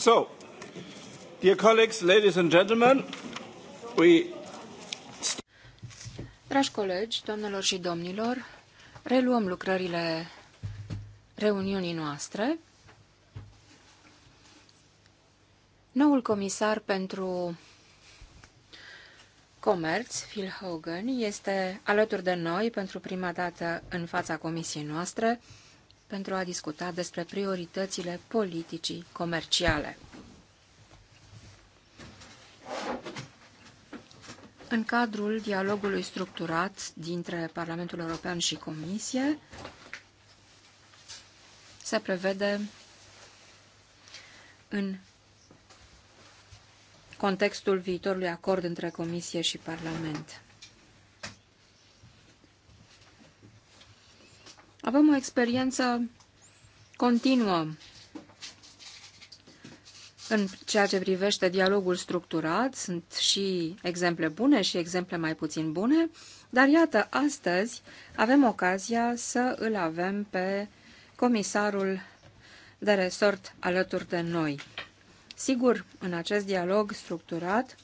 So, dear colleagues, ladies and gentlemen, we... Dragi colegi, domnilor și domnilor, reluăm lucrările reuniunii noastre. Noul comisar pentru Comerț, Phil Hogan, este alături de noi pentru prima dată în fața comisiei noastre pentru a discuta despre prioritățile politicii comerciale. În cadrul dialogului structurat dintre Parlamentul European și Comisie, se prevede în contextul viitorului acord între Comisie și Parlament. Avem o experiență continuă în ceea ce privește dialogul structurat. Sunt și exemple bune și exemple mai puțin bune, dar iată, astăzi avem ocazia să îl avem pe comisarul de resort alături de noi. Sigur, în acest dialog structurat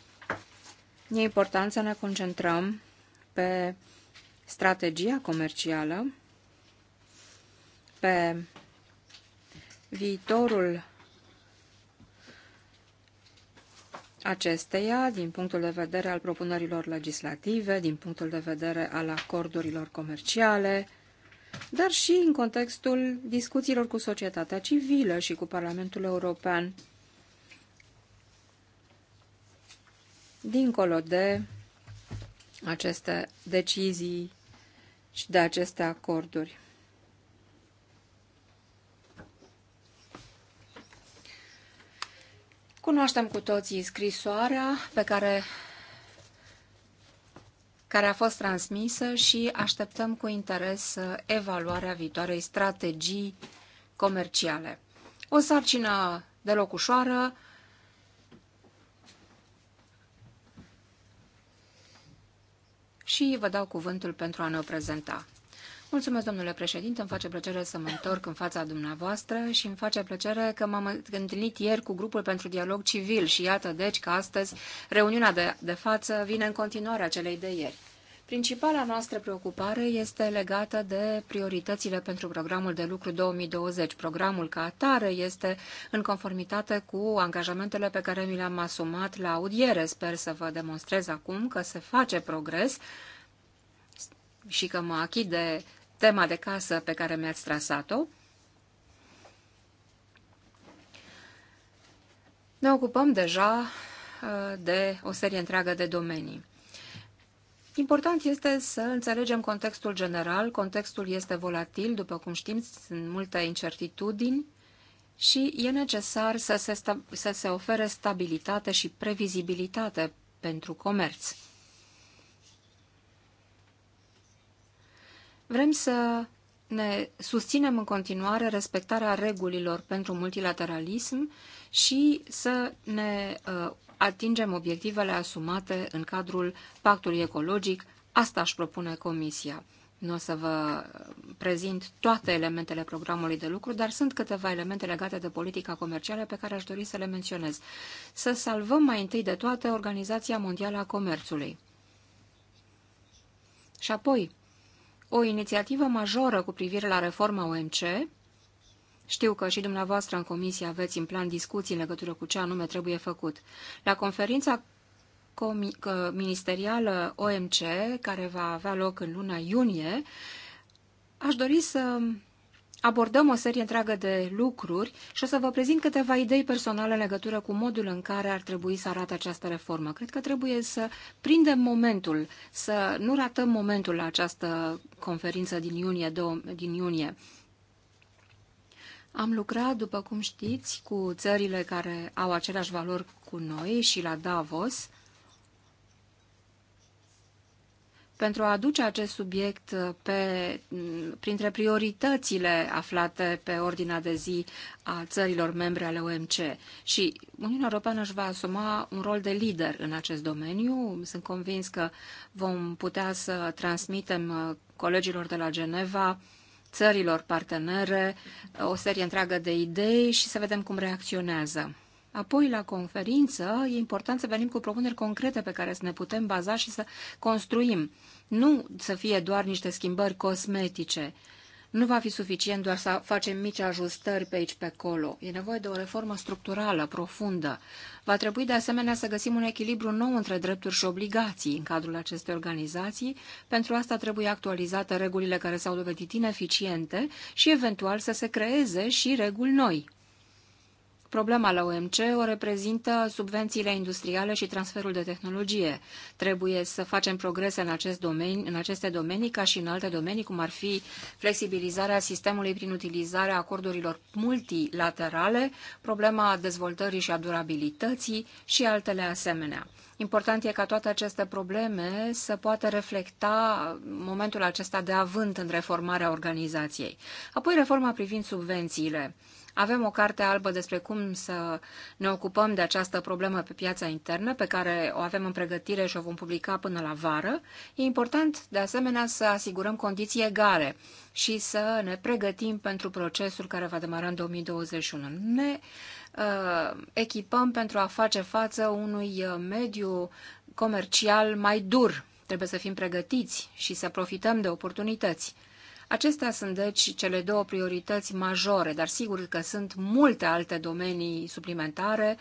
e important să ne concentrăm pe strategia comercială pe viitorul acesteia din punctul de vedere al propunerilor legislative, din punctul de vedere al acordurilor comerciale, dar și în contextul discuțiilor cu societatea civilă și cu Parlamentul European, dincolo de aceste decizii și de aceste acorduri. Cunoaștem cu toții scrisoarea pe care, care a fost transmisă și așteptăm cu interes uh, evaluarea viitoarei strategii comerciale. O sarcină deloc ușoară, și vă dau cuvântul pentru a ne prezenta. Mulțumesc, domnule președinte, îmi face plăcere să mă întorc în fața dumneavoastră și îmi face plăcere că m-am întâlnit ieri cu grupul pentru dialog civil și iată deci că astăzi reuniunea de, de față vine în continuare a celei de ieri. Principala noastră preocupare este legată de prioritățile pentru programul de lucru 2020. Programul ca atare este în conformitate cu angajamentele pe care mi le-am asumat la audiere. Sper să vă demonstrez acum că se face progres și că mă achid de tema de casă pe care mi-ați trasat-o. Ne ocupăm deja uh, de o serie întreagă de domenii. Important este să înțelegem contextul general. Contextul este volatil, după cum știm, sunt multe incertitudini și e necesar să se, să se ofere stabilitate și previzibilitate pentru comerț. Vrem să ne susținem în continuare respectarea regulilor pentru multilateralism și să ne uh, atingem obiectivele asumate în cadrul pactului ecologic. Asta își propune Comisia. Nu o să vă prezint toate elementele programului de lucru, dar sunt câteva elemente legate de politica comercială pe care aș dori să le menționez. Să salvăm mai întâi de toate Organizația Mondială a Comerțului. Și apoi, o inițiativă majoră cu privire la reforma OMC. Știu că și dumneavoastră în comisie aveți în plan discuții în legătură cu ce anume trebuie făcut. La conferința ministerială OMC, care va avea loc în luna iunie, aș dori să abordăm o serie întreagă de lucruri și o să vă prezint câteva idei personale în legătură cu modul în care ar trebui să arate această reformă. Cred că trebuie să prindem momentul, să nu ratăm momentul la această conferință din iunie. Din iunie. Am lucrat, după cum știți, cu țările care au aceleași valori cu noi și la Davos. pentru a aduce acest subiect uh, pe, mm, printre prioritățile aflate pe ordinea de zi a țărilor membre ale OMC. Și Uniunea Europeană își va asuma un rol de lider în acest domeniu. Sunt convins că vom putea să transmitem uh, colegilor de la Geneva țărilor partenere uh, o serie întreagă de idei și să vedem cum reacționează. Apoi, la conferință, e important să venim cu propuneri concrete pe care să ne putem baza și să construim. Nu să fie doar niște schimbări cosmetice. Nu va fi suficient doar să facem mici ajustări pe aici, pe acolo. E nevoie de o reformă structurală, profundă. Va trebui de asemenea să găsim un echilibru nou între drepturi și obligații în cadrul acestei organizații. Pentru asta trebuie actualizate regulile care s-au dovedit ineficiente și eventual să se creeze și reguli noi. Problema la OMC o reprezintă subvențiile industriale și transferul de tehnologie. Trebuie să facem progrese în, acest domeni, în aceste domenii ca și în alte domenii, cum ar fi flexibilizarea sistemului prin utilizarea acordurilor multilaterale, problema dezvoltării și a durabilității și altele asemenea. Important e ca toate aceste probleme să poată reflecta momentul acesta de avânt în reformarea organizației. Apoi reforma privind subvențiile. Avem o carte albă despre cum să ne ocupăm de această problemă pe piața internă, pe care o avem în pregătire și o vom publica până la vară. E important, de asemenea, să asigurăm condiții egale și să ne pregătim pentru procesul care va demara în 2021. Ne uh, echipăm pentru a face față unui uh, mediu comercial mai dur. Trebuie să fim pregătiți și să profităm de oportunități. Acestea sunt deci cele două priorități majore, dar sigur că sunt multe alte domenii suplimentare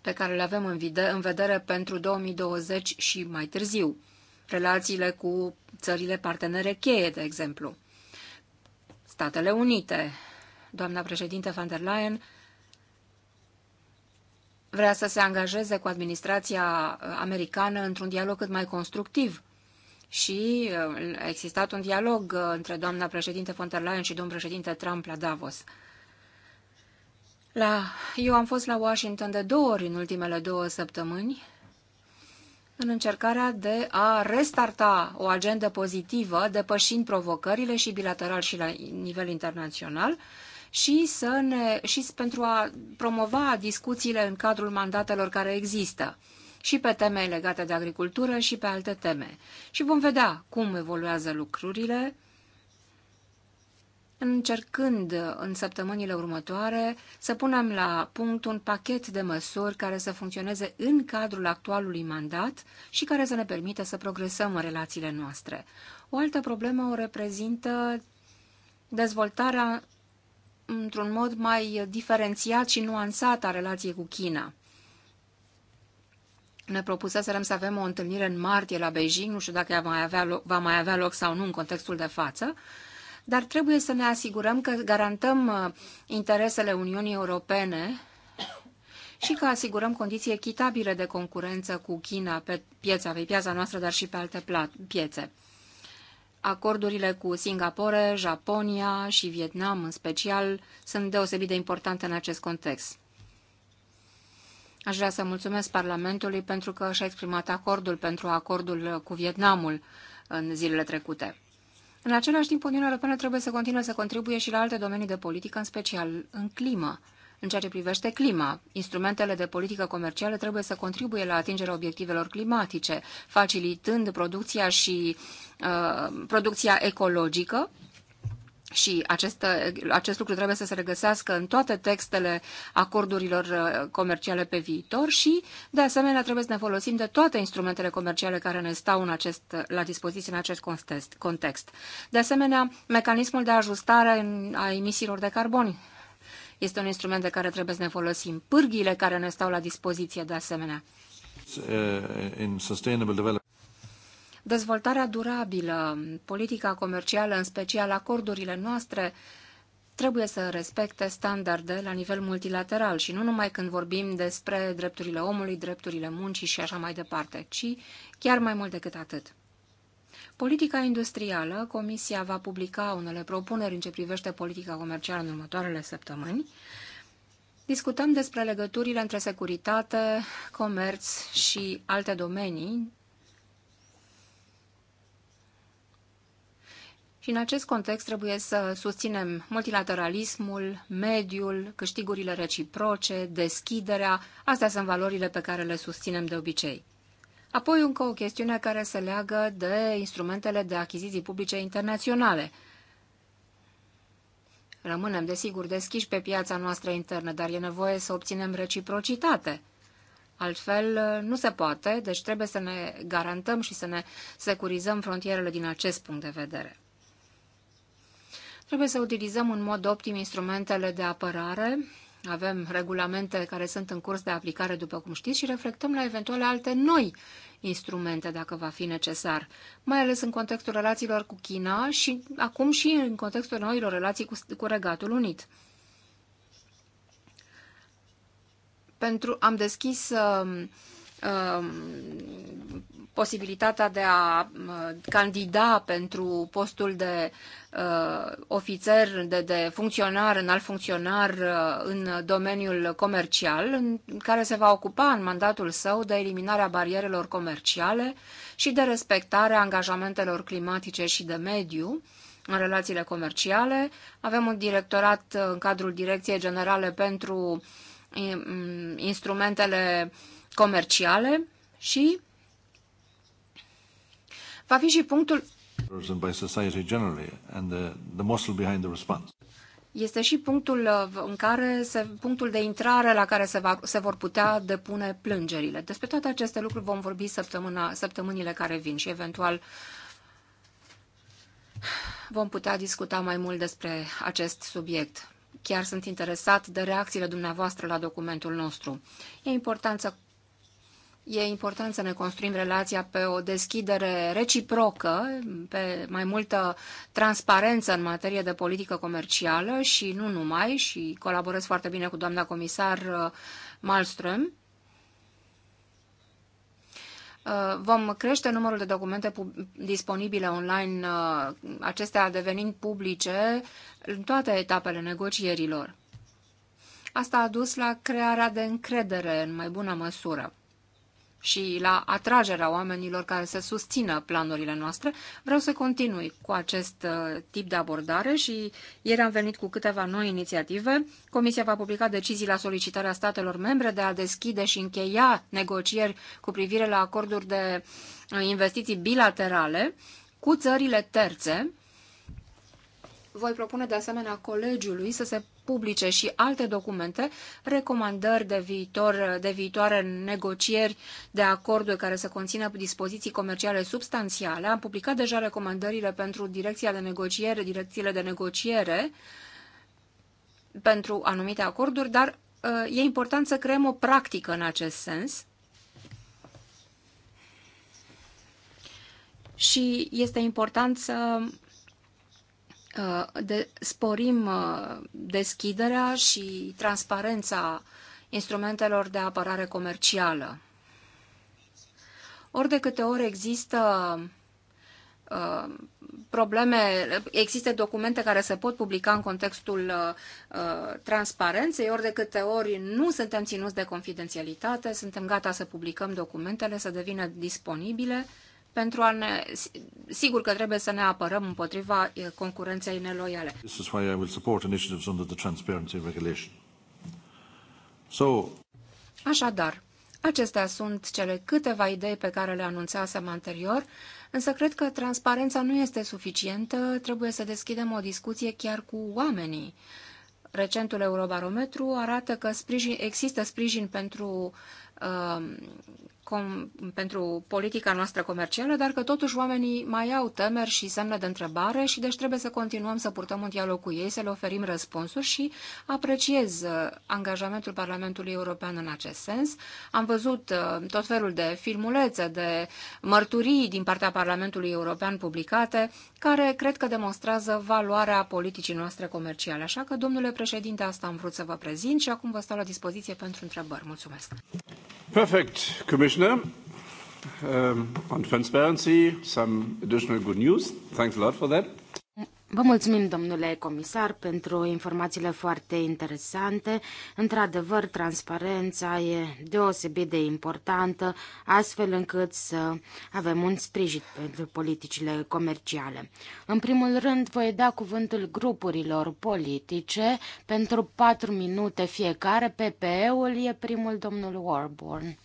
pe care le avem în, vide- în vedere pentru 2020 și mai târziu. Relațiile cu țările partenere cheie, de exemplu. Statele Unite. Doamna președinte van der Leyen vrea să se angajeze cu administrația americană într-un dialog cât mai constructiv și uh, a existat un dialog uh, între doamna președinte von der Leyen și domnul președinte Trump la Davos. La, eu am fost la Washington de două ori în ultimele două săptămâni în încercarea de a restarta o agendă pozitivă, depășind provocările și bilateral și la nivel internațional, și, să ne, și pentru a promova discuțiile în cadrul mandatelor care există și pe teme legate de agricultură și pe alte teme. Și vom vedea cum evoluează lucrurile, încercând în săptămânile următoare să punem la punct un pachet de măsuri care să funcționeze în cadrul actualului mandat și care să ne permită să progresăm în relațiile noastre. O altă problemă o reprezintă dezvoltarea într-un mod mai diferențiat și nuanțat a relației cu China ne propuseserăm să avem o întâlnire în martie la Beijing, nu știu dacă va mai avea loc, va mai avea loc sau nu în contextul de față, dar trebuie să ne asigurăm că garantăm uh, interesele Uniunii Europene și că asigurăm condiții echitabile de concurență cu China pe piața, pe piața noastră, dar și pe alte piețe. Acordurile cu Singapore, Japonia și Vietnam în special sunt deosebit de importante în acest context. Aș vrea să mulțumesc Parlamentului pentru că și-a exprimat acordul pentru acordul cu Vietnamul în zilele trecute. În același timp, Uniunea Europeană trebuie să continue să contribuie și la alte domenii de politică, în special în climă. În ceea ce privește clima, instrumentele de politică comercială trebuie să contribuie la atingerea obiectivelor climatice, facilitând producția și uh, producția ecologică și acest, acest lucru trebuie să se regăsească în toate textele acordurilor uh, comerciale pe viitor și, de asemenea, trebuie să ne folosim de toate instrumentele comerciale care ne stau în acest, la dispoziție în acest context. De asemenea, mecanismul de ajustare a emisiilor de carbon este un instrument de care trebuie să ne folosim. Pârghiile care ne stau la dispoziție, de asemenea. Uh, Dezvoltarea durabilă, politica comercială, în special acordurile noastre, trebuie să respecte standarde la nivel multilateral și nu numai când vorbim despre drepturile omului, drepturile muncii și așa mai departe, ci chiar mai mult decât atât. Politica industrială, Comisia va publica unele propuneri în ce privește politica comercială în următoarele săptămâni. Discutăm despre legăturile între securitate, comerț și alte domenii Și în acest context trebuie să susținem multilateralismul, mediul, câștigurile reciproce, deschiderea. Astea sunt valorile pe care le susținem de obicei. Apoi încă o chestiune care se leagă de instrumentele de achiziții publice internaționale. Rămânem, desigur, deschiși pe piața noastră internă, dar e nevoie să obținem reciprocitate. Altfel nu se poate, deci trebuie să ne garantăm și să ne securizăm frontierele din acest punct de vedere. Trebuie să utilizăm în mod optim instrumentele de apărare. Avem regulamente care sunt în curs de aplicare, după cum știți, și reflectăm la eventuale alte noi instrumente, dacă va fi necesar, mai ales în contextul relațiilor cu China și acum și în contextul noilor relații cu, cu Regatul Unit. Pentru, am deschis uh, posibilitatea de a uh, candida pentru postul de uh, ofițer, de, de funcționar, înalt funcționar uh, în domeniul comercial, în care se va ocupa în mandatul său de eliminarea barierelor comerciale și de respectarea angajamentelor climatice și de mediu în relațiile comerciale. Avem un directorat uh, în cadrul Direcției Generale pentru um, instrumentele comerciale și va fi și punctul este și punctul uh, în care se, punctul de intrare la care se, va, se vor putea depune plângerile. Despre toate aceste lucruri vom vorbi săptămâna, săptămânile care vin și eventual vom putea discuta mai mult despre acest subiect. Chiar sunt interesat de reacțiile dumneavoastră la documentul nostru. E important să E important să ne construim relația pe o deschidere reciprocă, pe mai multă transparență în materie de politică comercială și nu numai, și colaborez foarte bine cu doamna comisar uh, Malmström. Uh, vom crește numărul de documente disponibile online, uh, acestea devenind publice în toate etapele negocierilor. Asta a dus la crearea de încredere în mai bună măsură și la atragerea oamenilor care să susțină planurile noastre, vreau să continui cu acest uh, tip de abordare și ieri am venit cu câteva noi inițiative. Comisia va publica decizii la solicitarea statelor membre de a deschide și încheia negocieri cu privire la acorduri de uh, investiții bilaterale cu țările terțe, voi propune de asemenea colegiului să se publice și alte documente, recomandări de, viitor, de viitoare negocieri de acorduri care să conțină dispoziții comerciale substanțiale. Am publicat deja recomandările pentru direcția de negociere, direcțiile de negociere pentru anumite acorduri, dar uh, e important să creăm o practică în acest sens. Și este important să Uh, de, sporim uh, deschiderea și transparența instrumentelor de apărare comercială. Ori de câte ori există uh, probleme, există documente care se pot publica în contextul uh, transparenței, ori de câte ori nu suntem ținuți de confidențialitate, suntem gata să publicăm documentele, să devină disponibile uh, pentru a ne... Sigur că trebuie să ne apărăm împotriva concurenței neloiale. This is why I will support initiatives under the transparency regulation. So... Așadar, acestea sunt cele câteva idei pe care le anunțasem anterior, însă cred că transparența nu este suficientă, trebuie să deschidem o discuție chiar cu oamenii. Recentul Eurobarometru arată că sprijin, există sprijin pentru uh, pentru politica noastră comercială, dar că totuși oamenii mai au temeri și semne de întrebare și deci trebuie să continuăm să purtăm un dialog cu ei, să le oferim răspunsuri și apreciez uh, angajamentul Parlamentului European în acest sens. Am văzut uh, tot felul de filmulețe, de mărturii din partea Parlamentului European publicate, care cred că demonstrează valoarea politicii noastre comerciale. Așa că, domnule președinte, asta am vrut să vă prezint și acum vă stau la dispoziție pentru întrebări. Mulțumesc! Perfect, Commissioner. Commissioner, um, on transparency, some additional good news. Thanks a lot for that. Vă mulțumim, domnule comisar, pentru informațiile foarte interesante. Într-adevăr, transparența e deosebit de importantă, astfel încât să avem un sprijin pentru politicile comerciale. În primul rând, voi da cuvântul grupurilor politice pentru patru minute fiecare. PPE-ul e primul domnul Warborn.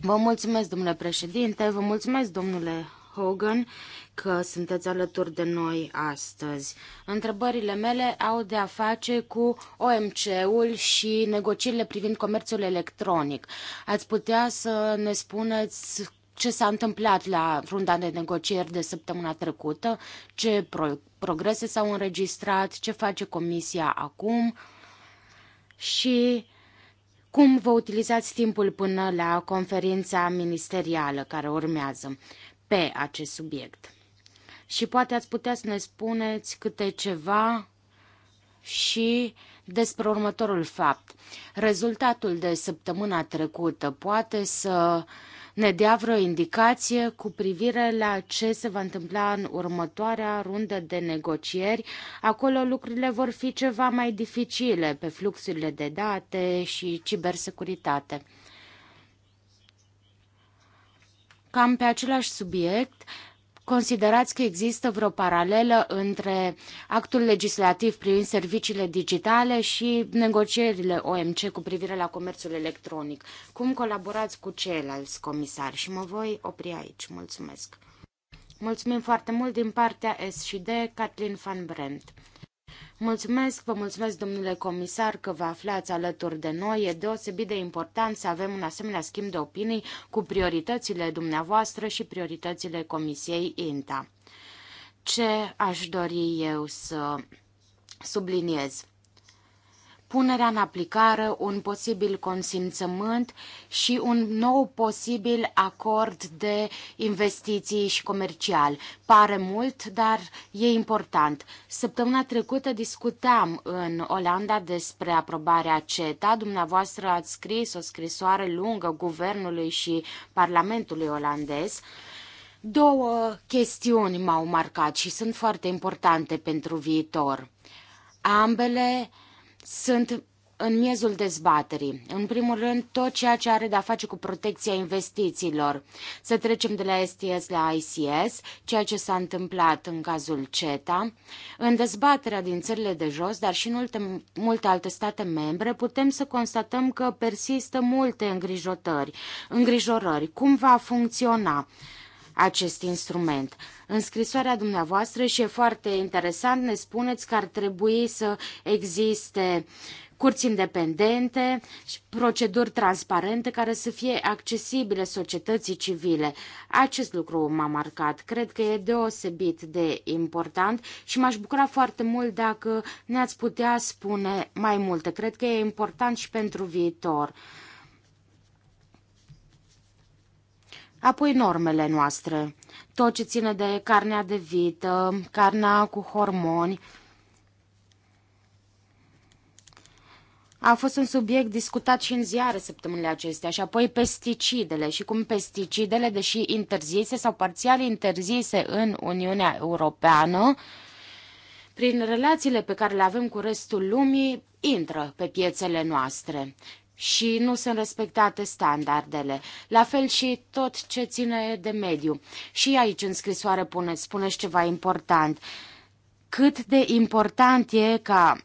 Vă mulțumesc, domnule președinte, vă mulțumesc, domnule Hogan, că sunteți alături de noi astăzi. Întrebările mele au de a face cu OMC-ul și negocierile privind comerțul electronic. Ați putea să ne spuneți ce s-a întâmplat la runda de negocieri de săptămâna trecută, ce pro- progrese s-au înregistrat, ce face Comisia acum și cum vă utilizați timpul până la conferința ministerială care urmează pe acest subiect? Și poate ați putea să ne spuneți câte ceva și despre următorul fapt. Rezultatul de săptămâna trecută poate să ne dea vreo indicație cu privire la ce se va întâmpla în următoarea rundă de negocieri. Acolo lucrurile vor fi ceva mai dificile pe fluxurile de date și cibersecuritate. Cam pe același subiect, Considerați că există vreo paralelă între actul legislativ privind serviciile digitale și negocierile OMC cu privire la comerțul electronic? Cum colaborați cu ceilalți comisari? Și mă voi opri aici. Mulțumesc! Mulțumim foarte mult din partea S&D, Kathleen van Brent. Mulțumesc, vă mulțumesc, domnule comisar, că vă aflați alături de noi. E deosebit de important să avem un asemenea schimb de opinii cu prioritățile dumneavoastră și prioritățile Comisiei INTA. Ce aș dori eu să subliniez? punerea în aplicare, un posibil consimțământ și un nou posibil acord de investiții și comercial. Pare mult, dar e important. Săptămâna trecută discutam în Olanda despre aprobarea CETA. Dumneavoastră ați scris o scrisoare lungă guvernului și Parlamentului olandez. Două chestiuni m-au marcat și sunt foarte importante pentru viitor. Ambele uh, sunt în miezul dezbaterii. În primul rând, tot ceea ce are de-a face cu protecția investițiilor. Să trecem de la STS la ICS, ceea ce s-a întâmplat în cazul CETA. În dezbaterea din țările de jos, dar și în multe, multe alte state membre, putem să constatăm că persistă multe îngrijorări. Îngrijorări. Cum va funcționa? acest instrument. În scrisoarea dumneavoastră și e foarte interesant, ne spuneți că ar trebui să existe curți independente și proceduri transparente care să fie accesibile societății civile. Acest lucru m-a marcat. Cred că e deosebit de important și m-aș bucura foarte mult dacă ne-ați putea spune mai multe. Cred că e important și pentru viitor. Apoi normele noastre, tot ce ține de carnea de vită, carnea cu hormoni, A fost un subiect discutat și în ziare săptămânile acestea și apoi pesticidele și cum pesticidele, deși interzise sau parțial interzise în Uniunea Europeană, prin relațiile pe care le avem cu restul lumii, intră pe piețele noastre și nu sunt respectate standardele. La fel și tot ce ține de mediu. Și aici în scrisoare puneți, spuneți ceva important. Cât de important e ca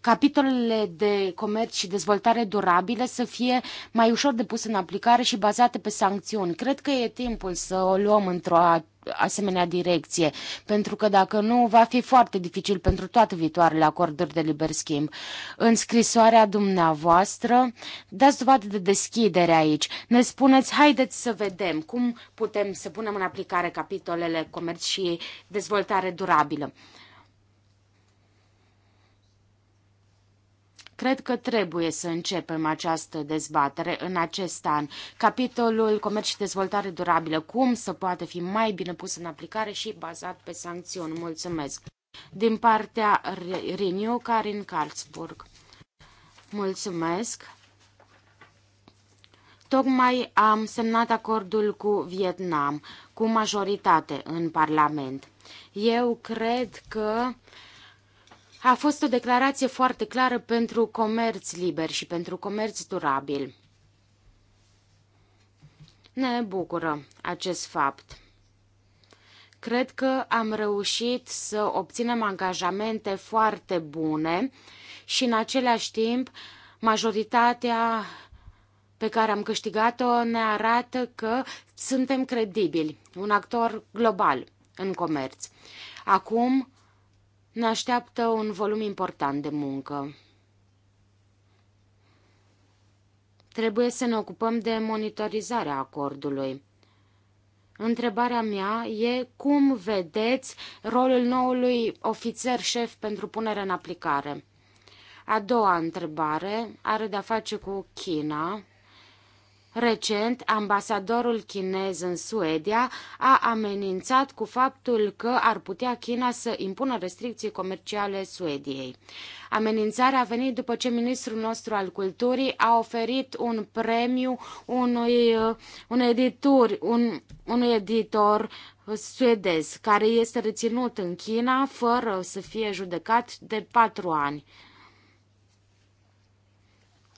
capitolele de comerț și dezvoltare durabile să fie mai ușor de pus în aplicare și bazate pe sancțiuni. Cred că e timpul să o luăm într-o asemenea direcție, pentru că dacă nu, va fi foarte dificil pentru toate viitoarele acorduri de liber schimb. În scrisoarea dumneavoastră, dați dovadă de deschidere aici. Ne spuneți, haideți să vedem cum putem să punem în aplicare capitolele comerț și dezvoltare durabilă. Cred că trebuie să începem această dezbatere în acest an. Capitolul Comerț și dezvoltare durabilă, cum să poate fi mai bine pus în aplicare și bazat pe sancțiuni. Mulțumesc! Din partea Renew, Karin Karlsburg. Mulțumesc! Tocmai am semnat acordul cu Vietnam, cu majoritate în Parlament. Eu cred că uh, a fost o declarație foarte clară pentru comerț liber și pentru comerț durabil. Ne bucură acest fapt. Cred că am reușit să obținem angajamente foarte bune și în același timp majoritatea pe care am câștigat-o ne arată că suntem credibili, un actor global în comerț. Acum ne așteaptă un volum important de muncă. Trebuie să ne ocupăm de monitorizarea acordului. Întrebarea mea e cum vedeți rolul noului ofițer șef pentru punere în aplicare? A doua întrebare are de-a face cu China. Recent, ambasadorul chinez în Suedia a amenințat cu faptul că ar putea China să impună restricții comerciale Suediei. Amenințarea a venit după ce ministrul nostru al culturii a oferit un premiu unui, uh, un editor, un, unui editor suedez care este reținut în China fără să fie judecat de patru ani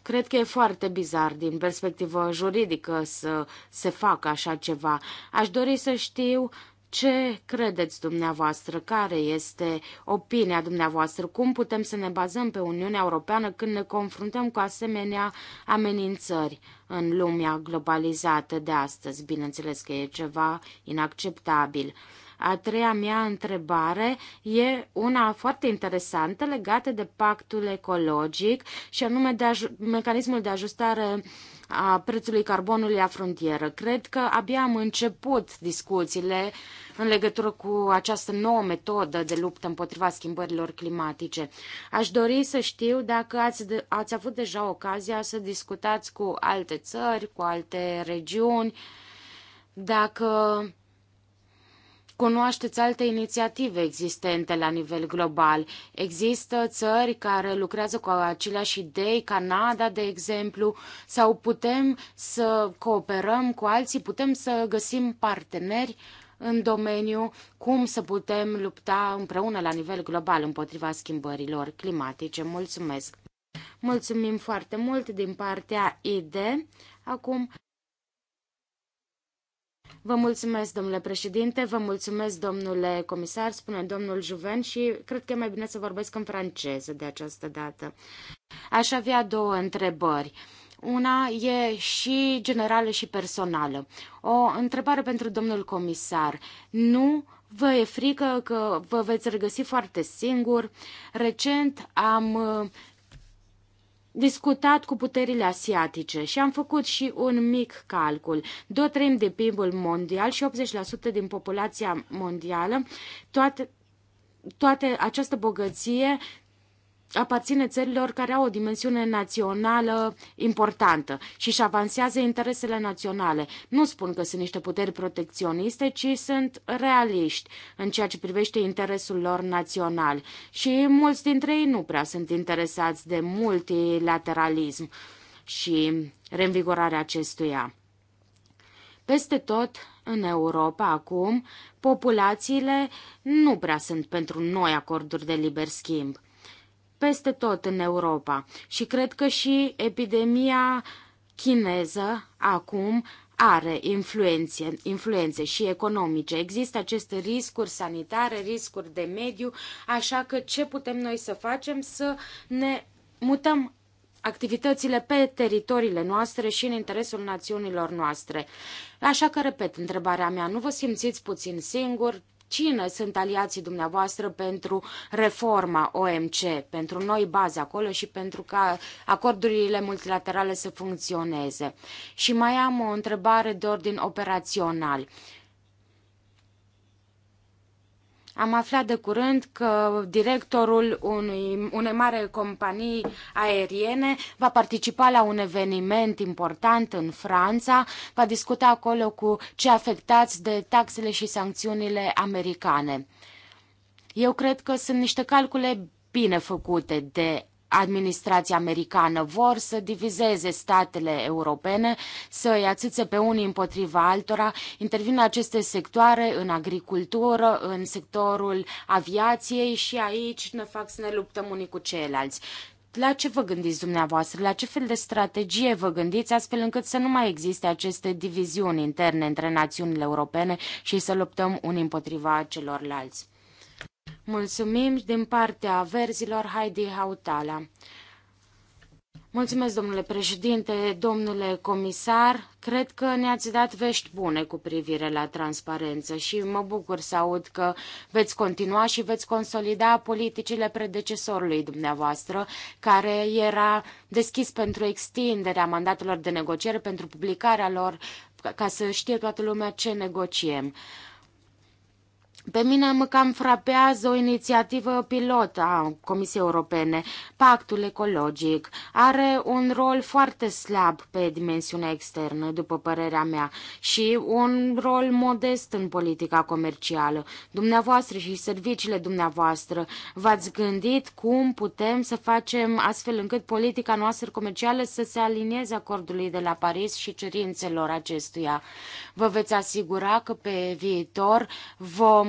Cred că e foarte bizar din perspectivă juridică să se facă așa ceva. Aș dori să știu ce credeți dumneavoastră, care este opinia dumneavoastră, cum putem să ne bazăm pe Uniunea Europeană când ne confruntăm cu asemenea amenințări în lumea globalizată de astăzi. Bineînțeles că e ceva inacceptabil. A treia mea întrebare e una foarte interesantă legată de pactul ecologic și anume de mecanismul de ajustare a prețului carbonului la frontieră. Cred că abia am început discuțiile în legătură cu această nouă metodă de luptă împotriva schimbărilor climatice. Aș dori să știu dacă ați, de, ați avut deja ocazia să discutați cu alte țări, cu alte regiuni, dacă Cunoașteți alte inițiative existente la nivel global. Există țări care lucrează cu aceleași idei, Canada, de exemplu, sau putem să cooperăm cu alții, putem să găsim parteneri în domeniu, cum să putem lupta împreună la nivel global împotriva schimbărilor climatice. Mulțumesc! Mulțumim foarte mult din partea IDE. Acum Vă mulțumesc, domnule președinte, vă mulțumesc, domnule comisar, spune domnul Juven și cred că e mai bine să vorbesc în franceză de această dată. Aș avea două întrebări. Una e și generală și personală. O întrebare pentru domnul comisar. Nu vă e frică că vă veți regăsi foarte singur? Recent am discutat cu puterile asiatice și am făcut și un mic calcul. Două treimi de PIB-ul mondial și 80% din populația mondială, toate, toate această bogăție aparține țărilor care au o dimensiune națională importantă și își avansează interesele naționale. Nu spun că sunt niște puteri protecționiste, ci sunt realiști în ceea ce privește interesul lor național. Și mulți dintre ei nu prea sunt interesați de multilateralism și reînvigorarea acestuia. Peste tot, în Europa acum, populațiile nu prea sunt pentru noi acorduri de liber schimb peste tot în Europa și cred că și epidemia chineză acum are influențe, influențe și economice. Există aceste riscuri sanitare, riscuri de mediu, așa că ce putem noi să facem? Să ne mutăm activitățile pe teritoriile noastre și în interesul națiunilor noastre. Așa că, repet, întrebarea mea, nu vă simțiți puțin singur? Cine sunt aliații dumneavoastră pentru reforma OMC, pentru noi baze acolo și pentru ca acordurile multilaterale să funcționeze? Și mai am o întrebare de ordin operațional. Am aflat de curând că directorul unui, unei mare companii aeriene va participa la un eveniment important în Franța, va discuta acolo cu cei afectați de taxele și sancțiunile americane. Eu cred că sunt niște calcule bine făcute de administrația americană. Vor să divizeze statele europene, să îi atâțe pe unii împotriva altora. Intervin aceste sectoare în agricultură, în sectorul aviației și aici ne fac să ne luptăm unii cu ceilalți la ce vă gândiți dumneavoastră, la ce fel de strategie vă gândiți astfel încât să nu mai existe aceste diviziuni interne între națiunile europene și să luptăm unii împotriva celorlalți. Mulțumim din partea verzilor Heidi Hautala. Mulțumesc, domnule președinte, domnule comisar. Cred că ne-ați dat vești bune cu privire la transparență și mă bucur să aud că veți continua și veți consolida politicile predecesorului dumneavoastră, care era deschis pentru extinderea mandatelor de negociere, pentru publicarea lor, ca să știe toată lumea ce negociem. Uh, pe mine mă cam frapează o inițiativă pilot a Comisiei Europene, Pactul Ecologic. Are un rol foarte slab pe dimensiunea externă, după părerea mea, și un rol modest în politica comercială. Dumneavoastră și serviciile dumneavoastră, v-ați gândit cum putem să facem astfel încât politica noastră comercială să se alinieze acordului de la Paris și cerințelor acestuia? Vă veți asigura că pe viitor vom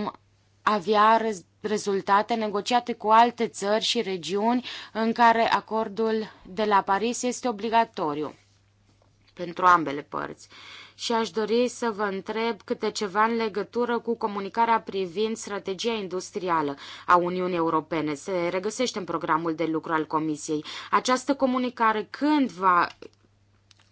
avea rezultate negociate cu alte țări și regiuni în care acordul de la Paris este obligatoriu pentru ambele părți. Și aș dori să vă întreb câte ceva în legătură cu comunicarea privind strategia industrială a Uniunii Europene. Se regăsește în programul de lucru al Comisiei. Această comunicare când va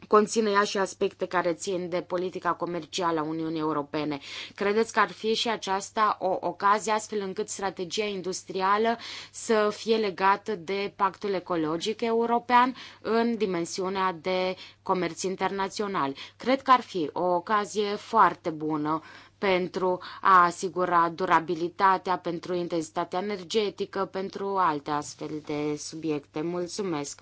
conține ea și aspecte care țin de politica comercială a Uniunii Europene. Credeți că ar fi și aceasta o ocazie astfel încât strategia industrială să fie legată de pactul ecologic european în dimensiunea de comerț internațional? Cred că ar fi o ocazie foarte bună pentru a asigura durabilitatea, pentru intensitatea energetică, pentru alte astfel de subiecte. Mulțumesc!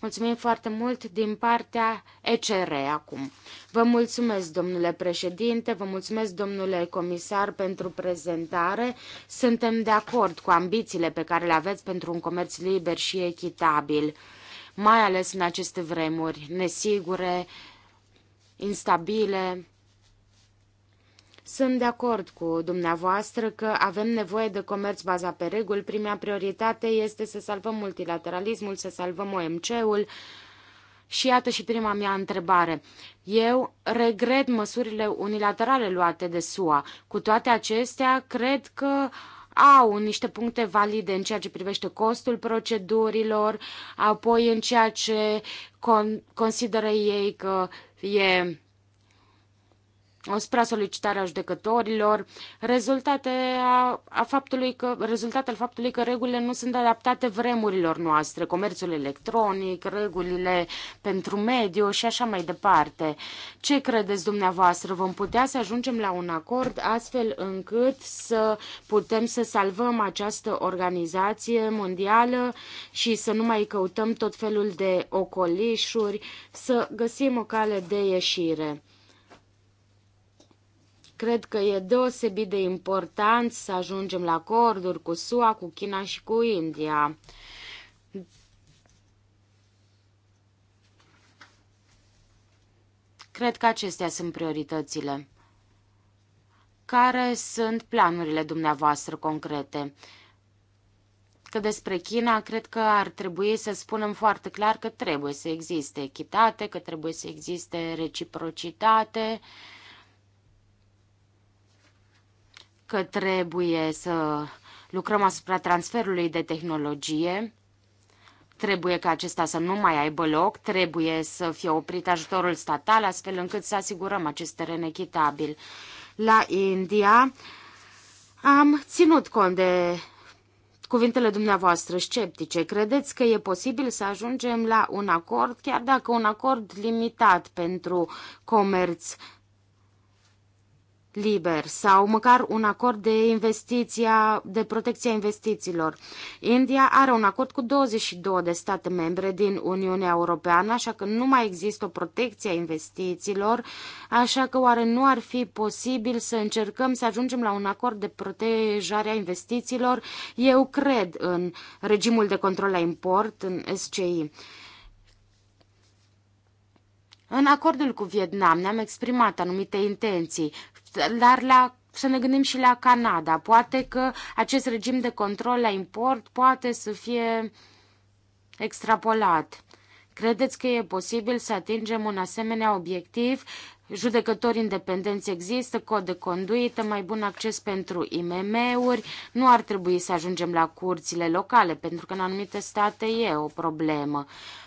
Mulțumim foarte mult din partea ECR acum. Vă mulțumesc, domnule președinte, vă mulțumesc, domnule comisar, pentru prezentare. Suntem de acord cu ambițiile pe care le aveți pentru un comerț liber și echitabil, mai ales în aceste vremuri nesigure, instabile sunt de acord cu dumneavoastră că avem nevoie de comerț bazat pe reguli. Prima prioritate este să salvăm multilateralismul, să salvăm OMC-ul. Și iată și prima mea întrebare. Eu regret măsurile unilaterale luate de SUA. Cu toate acestea, cred că au niște puncte valide în ceea ce privește costul procedurilor, apoi în ceea ce con- consideră ei că e asupra solicitarea judecătorilor, rezultate a, a faptului că, rezultatul faptului că regulile nu sunt adaptate vremurilor noastre, comerțul electronic, regulile pentru mediu și așa mai departe. Ce credeți dumneavoastră? Vom putea să ajungem la un acord astfel încât să putem să salvăm această organizație mondială și să nu mai căutăm tot felul de ocolișuri, să găsim o cale de ieșire. Cred că e deosebit de important să ajungem la acorduri cu SUA, cu China și cu India. Cred că acestea sunt prioritățile. Care sunt planurile dumneavoastră concrete? Că despre China, cred că ar trebui să spunem foarte clar că trebuie să existe echitate, că trebuie să existe reciprocitate, uh, că trebuie să lucrăm asupra transferului de tehnologie, trebuie ca acesta să nu mai aibă loc, trebuie să fie oprit ajutorul statal, astfel încât să asigurăm acest teren echitabil. La India am ținut cont de cuvintele dumneavoastră sceptice. Credeți că e posibil să ajungem la un acord, chiar dacă un acord limitat pentru comerț liber sau măcar un acord de investiția, de protecția investițiilor. India are un acord cu 22 de state membre din Uniunea Europeană, așa că nu mai există o protecție a investițiilor, așa că oare nu ar fi posibil să încercăm să ajungem la un acord de protejare a investițiilor? Eu cred în regimul de control la import, în SCI. În acordul cu Vietnam ne-am exprimat anumite intenții, dar la să ne gândim și la Canada. Poate că acest regim de control la import poate să fie extrapolat. Credeți că e posibil să atingem un asemenea obiectiv? Judecători independenți există, cod de conduită, mai bun acces pentru IMM-uri. Nu ar trebui să ajungem la curțile locale, pentru că în anumite state e o problemă. Uh,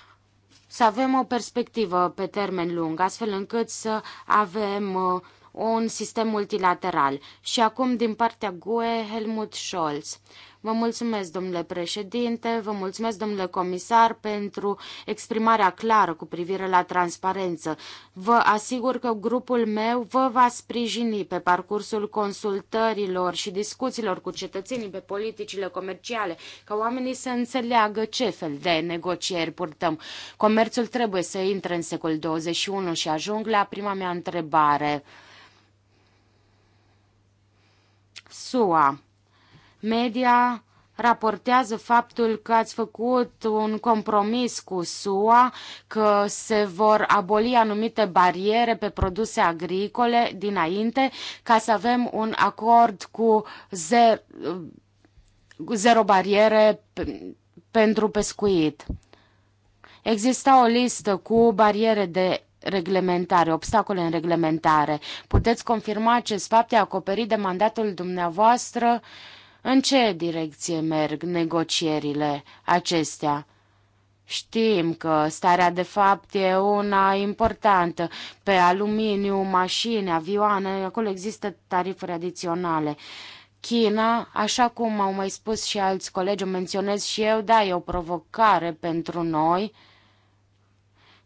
să avem o perspectivă pe termen lung, astfel încât să avem uh, un sistem multilateral. Și acum din partea GUE, Helmut Scholz. Vă mulțumesc, domnule președinte, vă mulțumesc, domnule comisar, pentru exprimarea clară cu privire la transparență. Vă asigur că grupul meu vă va sprijini pe parcursul consultărilor și discuțiilor cu cetățenii pe politicile comerciale, ca oamenii să înțeleagă ce fel de negocieri purtăm. Comerțul trebuie să intre în secolul 21 și ajung la prima mea întrebare. SUA Media raportează faptul că ați făcut un compromis cu SUA, că se vor aboli anumite bariere pe produse agricole dinainte, ca să avem un acord cu zero, zero bariere pentru pescuit. Există o listă cu bariere de reglementare, obstacole în reglementare. Puteți confirma acest fapt e acoperit de mandatul dumneavoastră uh, în ce direcție merg negocierile acestea? Știm că starea de fapt e una importantă. Pe aluminiu, mașini, avioane, acolo există tarifuri adiționale. China, așa cum au mai spus și alți colegi, o menționez și eu, da, e o provocare pentru noi.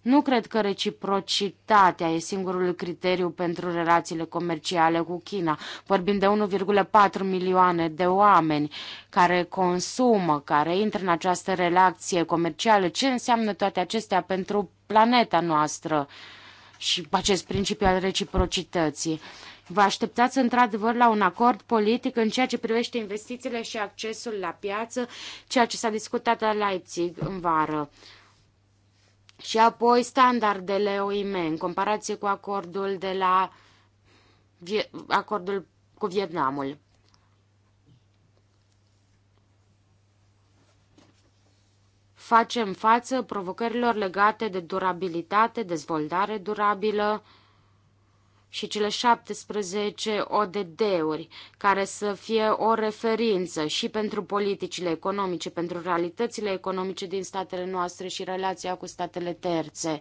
Nu cred că reciprocitatea e singurul criteriu pentru relațiile comerciale cu China. Vorbim de 1,4 milioane de oameni care consumă, care intră în această relație comercială. Ce înseamnă toate acestea pentru planeta noastră și acest principiu al reciprocității? Vă așteptați într-adevăr la un acord politic în ceea ce privește investițiile și accesul la piață, ceea ce s-a discutat la Leipzig în vară. Și apoi standardele OIM în comparație cu acordul de la acordul cu Vietnamul. Facem față provocărilor legate de durabilitate, dezvoltare durabilă, și cele 17 ODD-uri, care să fie o referință și pentru politicile economice, pentru realitățile economice din statele noastre și relația cu statele terțe.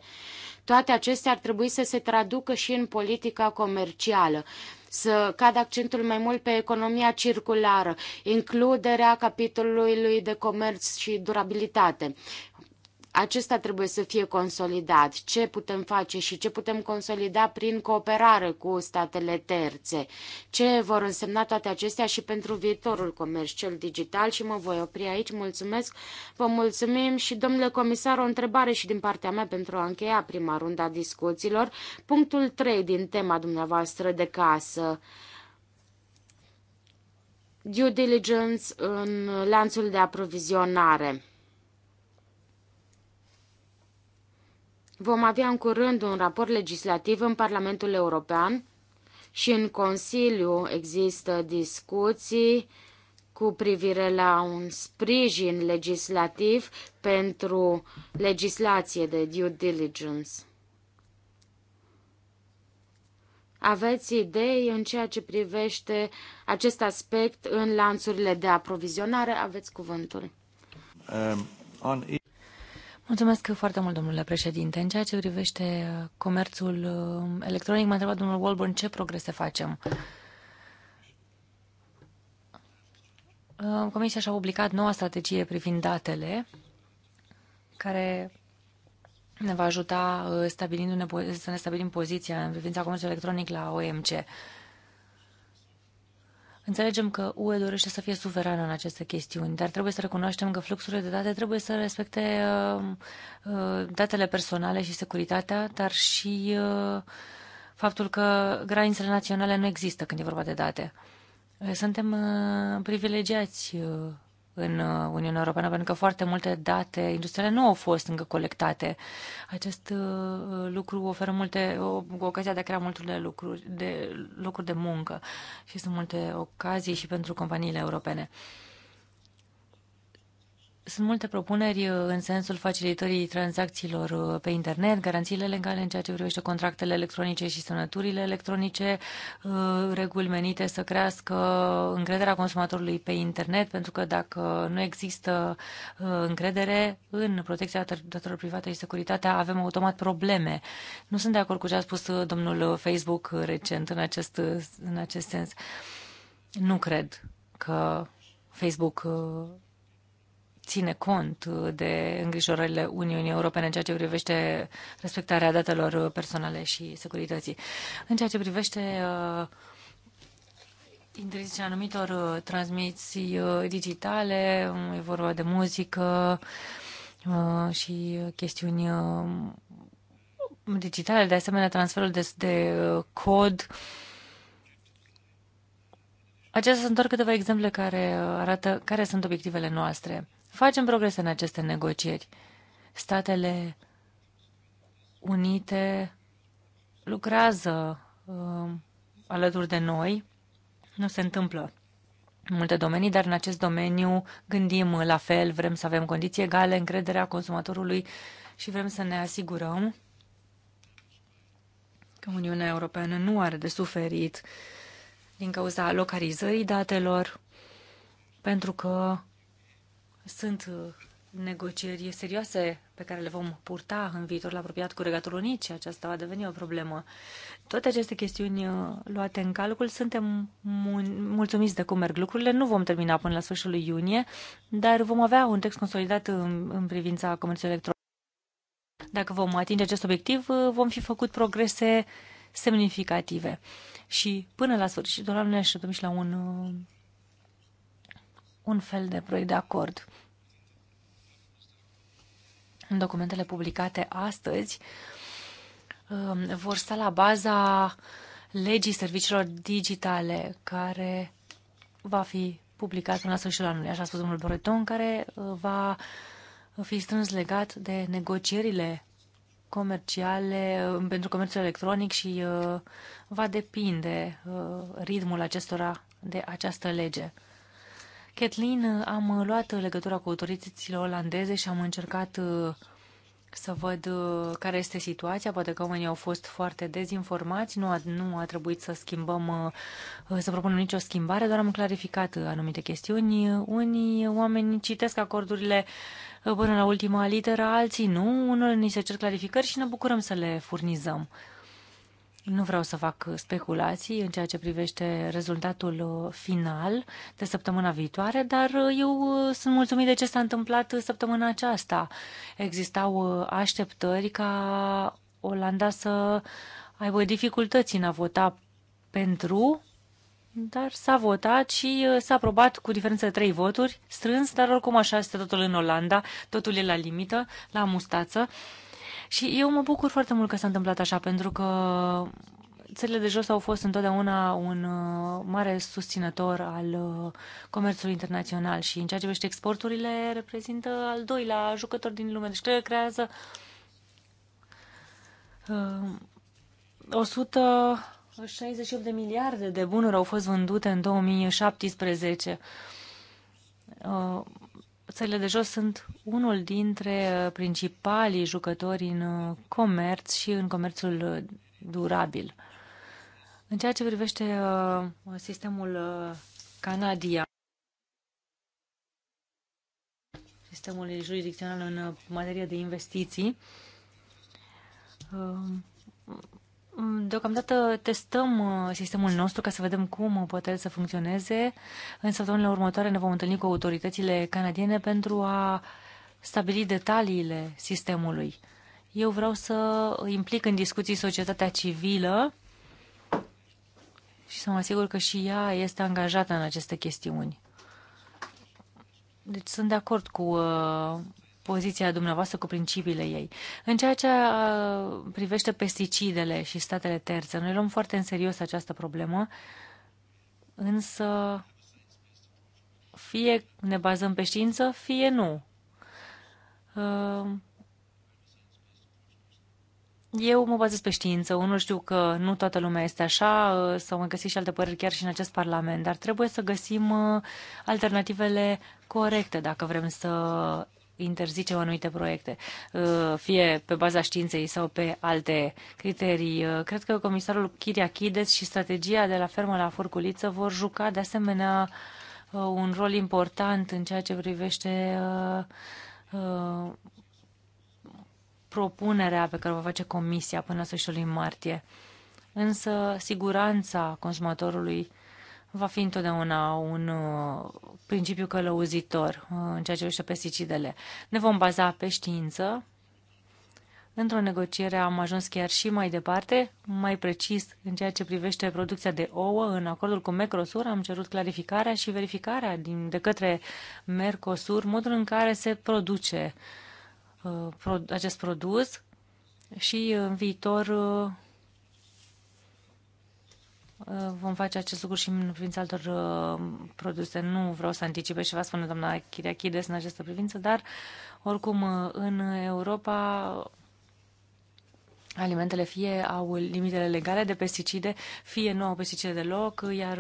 Toate acestea ar trebui să se traducă și în politica comercială să cadă accentul mai mult pe economia circulară, includerea capitolului de comerț și durabilitate acesta trebuie să fie consolidat. Ce putem face și ce putem consolida prin cooperare cu statele terțe? Ce vor însemna toate acestea și pentru viitorul comerț cel digital? Și mă voi opri aici. Mulțumesc, vă mulțumim și domnule comisar, o întrebare și din partea mea pentru a încheia prima rundă a discuțiilor. Punctul 3 din tema dumneavoastră de casă due diligence în lanțul de aprovizionare. Vom avea în curând un raport legislativ în Parlamentul European și în Consiliu există discuții cu privire la un sprijin legislativ pentru legislație de due diligence. Aveți idei în ceea ce privește acest aspect în lanțurile de aprovizionare? Aveți cuvântul. Um, on... Mulțumesc foarte mult, domnule președinte. În ceea ce privește uh, comerțul uh, electronic, m-a întrebat domnul Walburn ce progrese facem. Uh, Comisia și-a publicat noua strategie privind datele, care ne va ajuta stabilindu-ne, să ne stabilim poziția în privința comerțului electronic la OMC. Înțelegem că UE dorește să fie suverană în aceste chestiuni, dar trebuie să recunoaștem că fluxurile de date trebuie să respecte uh, uh, datele personale și securitatea, dar și uh, faptul că granițele naționale nu există când e vorba de date. Suntem privilegiați în uh, Uniunea Europeană, pentru că foarte multe date industriale nu au fost încă colectate. Acest uh, lucru oferă multe, o, ocazia de a crea multe lucruri de, lucruri de muncă și sunt multe ocazii și pentru companiile europene. Uh, sunt multe propuneri uh, în sensul facilitării tranzacțiilor uh, pe internet, garanțiile legale în ceea ce privește contractele electronice și semnăturile electronice, uh, reguli menite să crească încrederea consumatorului pe internet, pentru că dacă nu există încredere în protecția datorilor private și securitatea, avem automat probleme. Nu sunt de acord cu ce a spus domnul Facebook recent în acest, în acest sens. Nu cred că Facebook ține cont uh, de îngrijorările Uniunii Europene în ceea ce privește respectarea datelor personale și securității. În ceea ce privește uh, interzicerea anumitor uh, transmisii digitale, um, e vorba de muzică și chestiuni um, digitale, de asemenea transferul de, de cod. Acestea sunt doar câteva exemple care arată care sunt obiectivele noastre. Facem progrese în aceste negocieri. Statele Unite lucrează uh, alături de noi. Nu se întâmplă în multe domenii, dar în acest domeniu gândim la fel, vrem să avem condiții egale, încrederea consumatorului și vrem să ne asigurăm că Uniunea Europeană nu are de suferit din cauza localizării datelor, pentru că sunt uh, negocieri serioase pe care le vom purta în viitor la apropiat cu Regatul Unit și aceasta va deveni o problemă. Toate aceste chestiuni uh, luate în calcul, suntem mulțumiți de cum merg lucrurile. Nu vom termina până la sfârșitul lui iunie, dar vom avea un text consolidat în, în privința comerțului electronic. Dacă vom atinge acest obiectiv, uh, vom fi făcut progrese semnificative. Și până la sfârșitul anului ne așteptăm și la un un fel de proiect de acord. În documentele publicate astăzi um, vor sta la baza legii serviciilor digitale care va fi publicat până la sfârșitul anului, așa a spus domnul Breton, care uh, va fi strâns legat de negocierile comerciale um, pentru comerțul electronic și uh, va depinde uh, ritmul acestora de această lege. Kathleen, am luat legătura cu autoritățile olandeze și am încercat uh, să văd uh, care este situația. Poate că oamenii au fost foarte dezinformați, nu a, nu a trebuit să schimbăm, uh, să propunem nicio schimbare, doar am clarificat anumite chestiuni. Unii oameni citesc acordurile până la ultima literă, alții nu. Unul ni se cer clarificări și ne bucurăm să le furnizăm. Nu vreau să fac speculații în ceea ce privește rezultatul uh, final de săptămâna viitoare, dar uh, eu uh, sunt mulțumit de ce s-a întâmplat săptămâna aceasta. Existau așteptări ca Olanda să aibă dificultăți în a vota pentru, dar s-a votat și s-a aprobat cu diferență de trei voturi, strâns, dar oricum așa este totul în Olanda, totul e la limită, la mustață. Uh, și eu mă bucur foarte mult că s-a întâmplat așa, pentru că țările de jos au fost întotdeauna un uh, mare susținător al uh, comerțului internațional și în ceea ce vește exporturile reprezintă al doilea jucător din lume. Deci cred că creează 168 uh, de miliarde de bunuri au fost vândute în 2017 țările de jos sunt unul dintre uh, principalii jucători în uh, comerț și în comerțul uh, durabil. În ceea ce privește sistemul canadian, sistemul jurisdicțional în materie de investiții, Deocamdată testăm uh, sistemul nostru ca să vedem cum uh, poate să funcționeze. În săptămânile următoare ne vom întâlni cu autoritățile canadiene pentru a stabili detaliile sistemului. Eu vreau să implic în discuții societatea civilă și să mă asigur că și ea este angajată în aceste chestiuni. Deci sunt de acord cu uh, poziția dumneavoastră cu principiile ei. În ceea ce uh, privește pesticidele și statele terțe, noi luăm foarte în serios această problemă, însă fie ne bazăm pe știință, fie nu. Uh, eu mă bazez pe știință. Unul știu că nu toată lumea este așa, uh, sau mă găsit și alte păreri chiar și în acest parlament, dar trebuie să găsim alternativele corecte dacă vrem să interzicem anumite proiecte, uh, fie pe baza științei sau pe alte criterii. Uh, cred că comisarul Chiriachides și strategia de la fermă la furculiță vor juca de asemenea uh, un rol important în ceea ce privește propunerea pe care o va face comisia până la sfârșitul martie. Însă siguranța consumatorului va fi întotdeauna un uh, principiu călăuzitor uh, în ceea ce privește pesticidele. Ne vom baza pe știință. Într-o negociere am ajuns chiar și mai departe, mai precis în ceea ce privește producția de ouă. În acordul cu Mercosur am cerut clarificarea și verificarea din, de către Mercosur modul în care se produce uh, pro, acest produs și uh, în viitor uh, Uh, vom face acest lucru și în privința altor uh, produse. Nu vreau să anticipez și vă spune doamna Chiriachides în această privință, dar oricum uh, în Europa alimentele fie au limitele legale de pesticide, fie nu au pesticide deloc, iar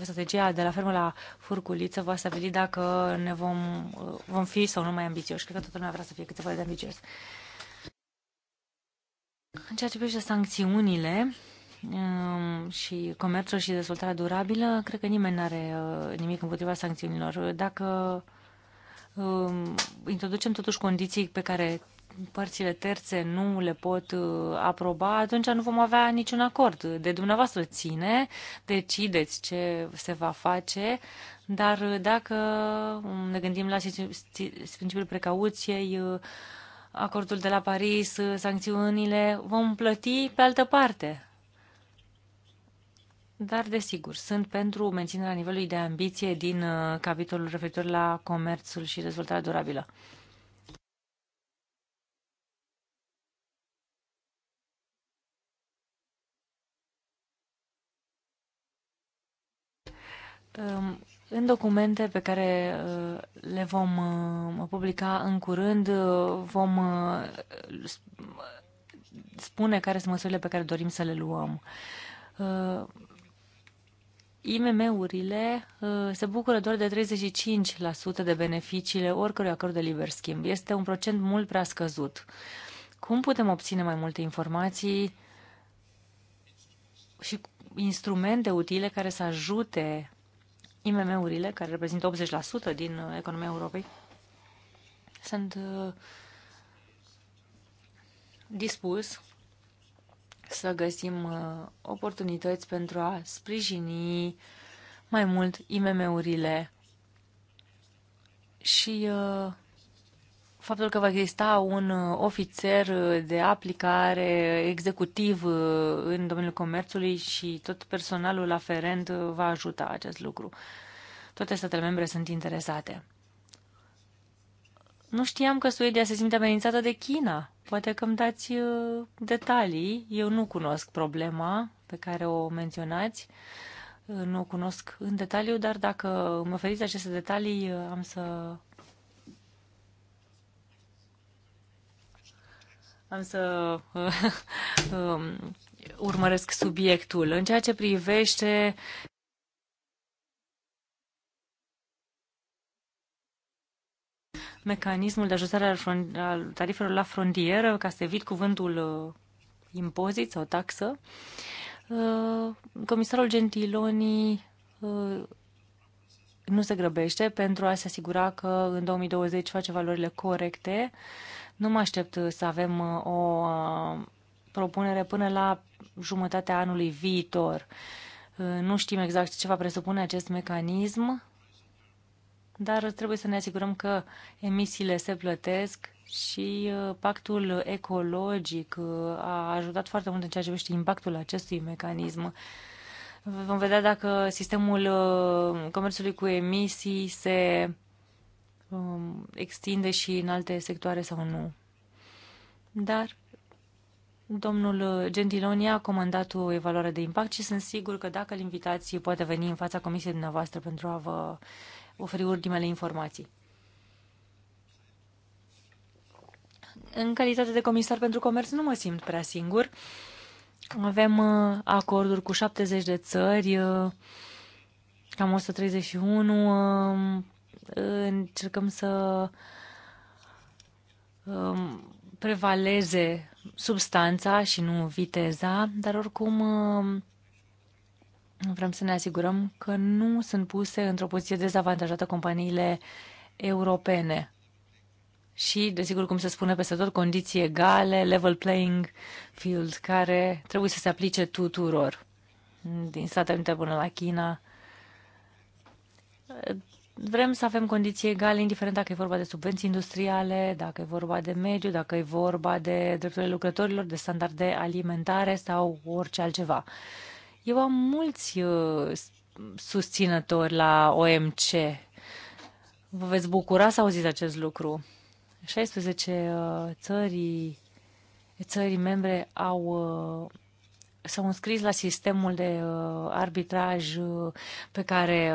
strategia de la fermă la furculiță va stabili dacă ne vom, vom fi sau nu mai ambițioși. Cred că toată lumea vrea să fie câteva de ambițios. În ceea ce privește sancțiunile, Ehm, și comerțul și dezvoltarea durabilă, cred că nimeni nu are uh, nimic împotriva sancțiunilor. Dacă ehm, introducem totuși condiții pe care părțile terțe nu le pot uh, aproba, atunci nu vom avea niciun acord. De dumneavoastră ține, decideți ce se va face, dar dacă ne gândim la principiul precauției, uh, acordul de la Paris, sancțiunile, vom plăti pe altă parte. Dar, desigur, sunt pentru menținerea nivelului de ambiție din uh, capitolul referitor la comerțul și dezvoltarea durabilă. Um, în documente pe care uh, le vom uh, publica în curând, vom spune care sunt măsurile pe care dorim să le luăm. IMM-urile uh, se bucură doar de 35% de beneficiile oricărui acord de liber schimb. Este un procent mult prea scăzut. Cum putem obține mai multe informații și instrumente utile care să ajute IMM-urile, care reprezintă 80% din uh, economia Europei, sunt uh, dispus să găsim uh, oportunități pentru a sprijini mai mult IMM-urile și uh, faptul că va exista un uh, ofițer de aplicare executiv în domeniul comerțului și tot personalul aferent va ajuta acest lucru. Toate statele membre sunt interesate. Nu știam că Suedia se simte amenințată de China. Poate că îmi dați uh, detalii. Eu nu cunosc problema pe care o menționați. Uh, nu o cunosc în detaliu, dar dacă mă oferiți aceste detalii, uh, am să am să um, urmăresc subiectul. În ceea ce privește mecanismul de ajustare al tarifelor la frontieră, ca să evit cuvântul uh, impozit sau taxă. Uh, comisarul Gentiloni uh, nu se grăbește pentru a se asigura că în 2020 face valorile corecte. Nu mă aștept să avem o propunere până la jumătatea anului viitor. Nu știm exact ce va presupune acest mecanism dar trebuie să ne asigurăm că emisiile se plătesc și uh, pactul ecologic uh, a ajutat foarte mult în ceea ce privește impactul acestui mecanism. Vom vedea dacă sistemul uh, comerțului cu emisii se um, extinde și în alte sectoare sau nu. Dar domnul Gentiloni a comandat o evaluare de impact și sunt sigur că dacă îl invitați, poate veni în fața comisiei dumneavoastră pentru a vă oferi ultimele informații. În calitate de comisar pentru comerț nu mă simt prea singur. Avem uh, acorduri cu 70 de țări, uh, cam 131. Uh, încercăm să um, prevaleze substanța și nu viteza, dar oricum um, Vrem să ne asigurăm că nu sunt puse într-o poziție dezavantajată companiile europene. Și, desigur, cum se spune peste tot, condiții egale, level playing field, care trebuie să se aplice tuturor, din Statele Unite până la China. Vrem să avem condiții egale, indiferent dacă e vorba de subvenții industriale, dacă e vorba de mediu, dacă e vorba de drepturile lucrătorilor, de standarde alimentare sau orice altceva. Eu am mulți uh, susținători la OMC. Vă veți bucura să auziți acest lucru. 16 uh, țări, țări membre au uh, s-au înscris la sistemul de arbitraj pe care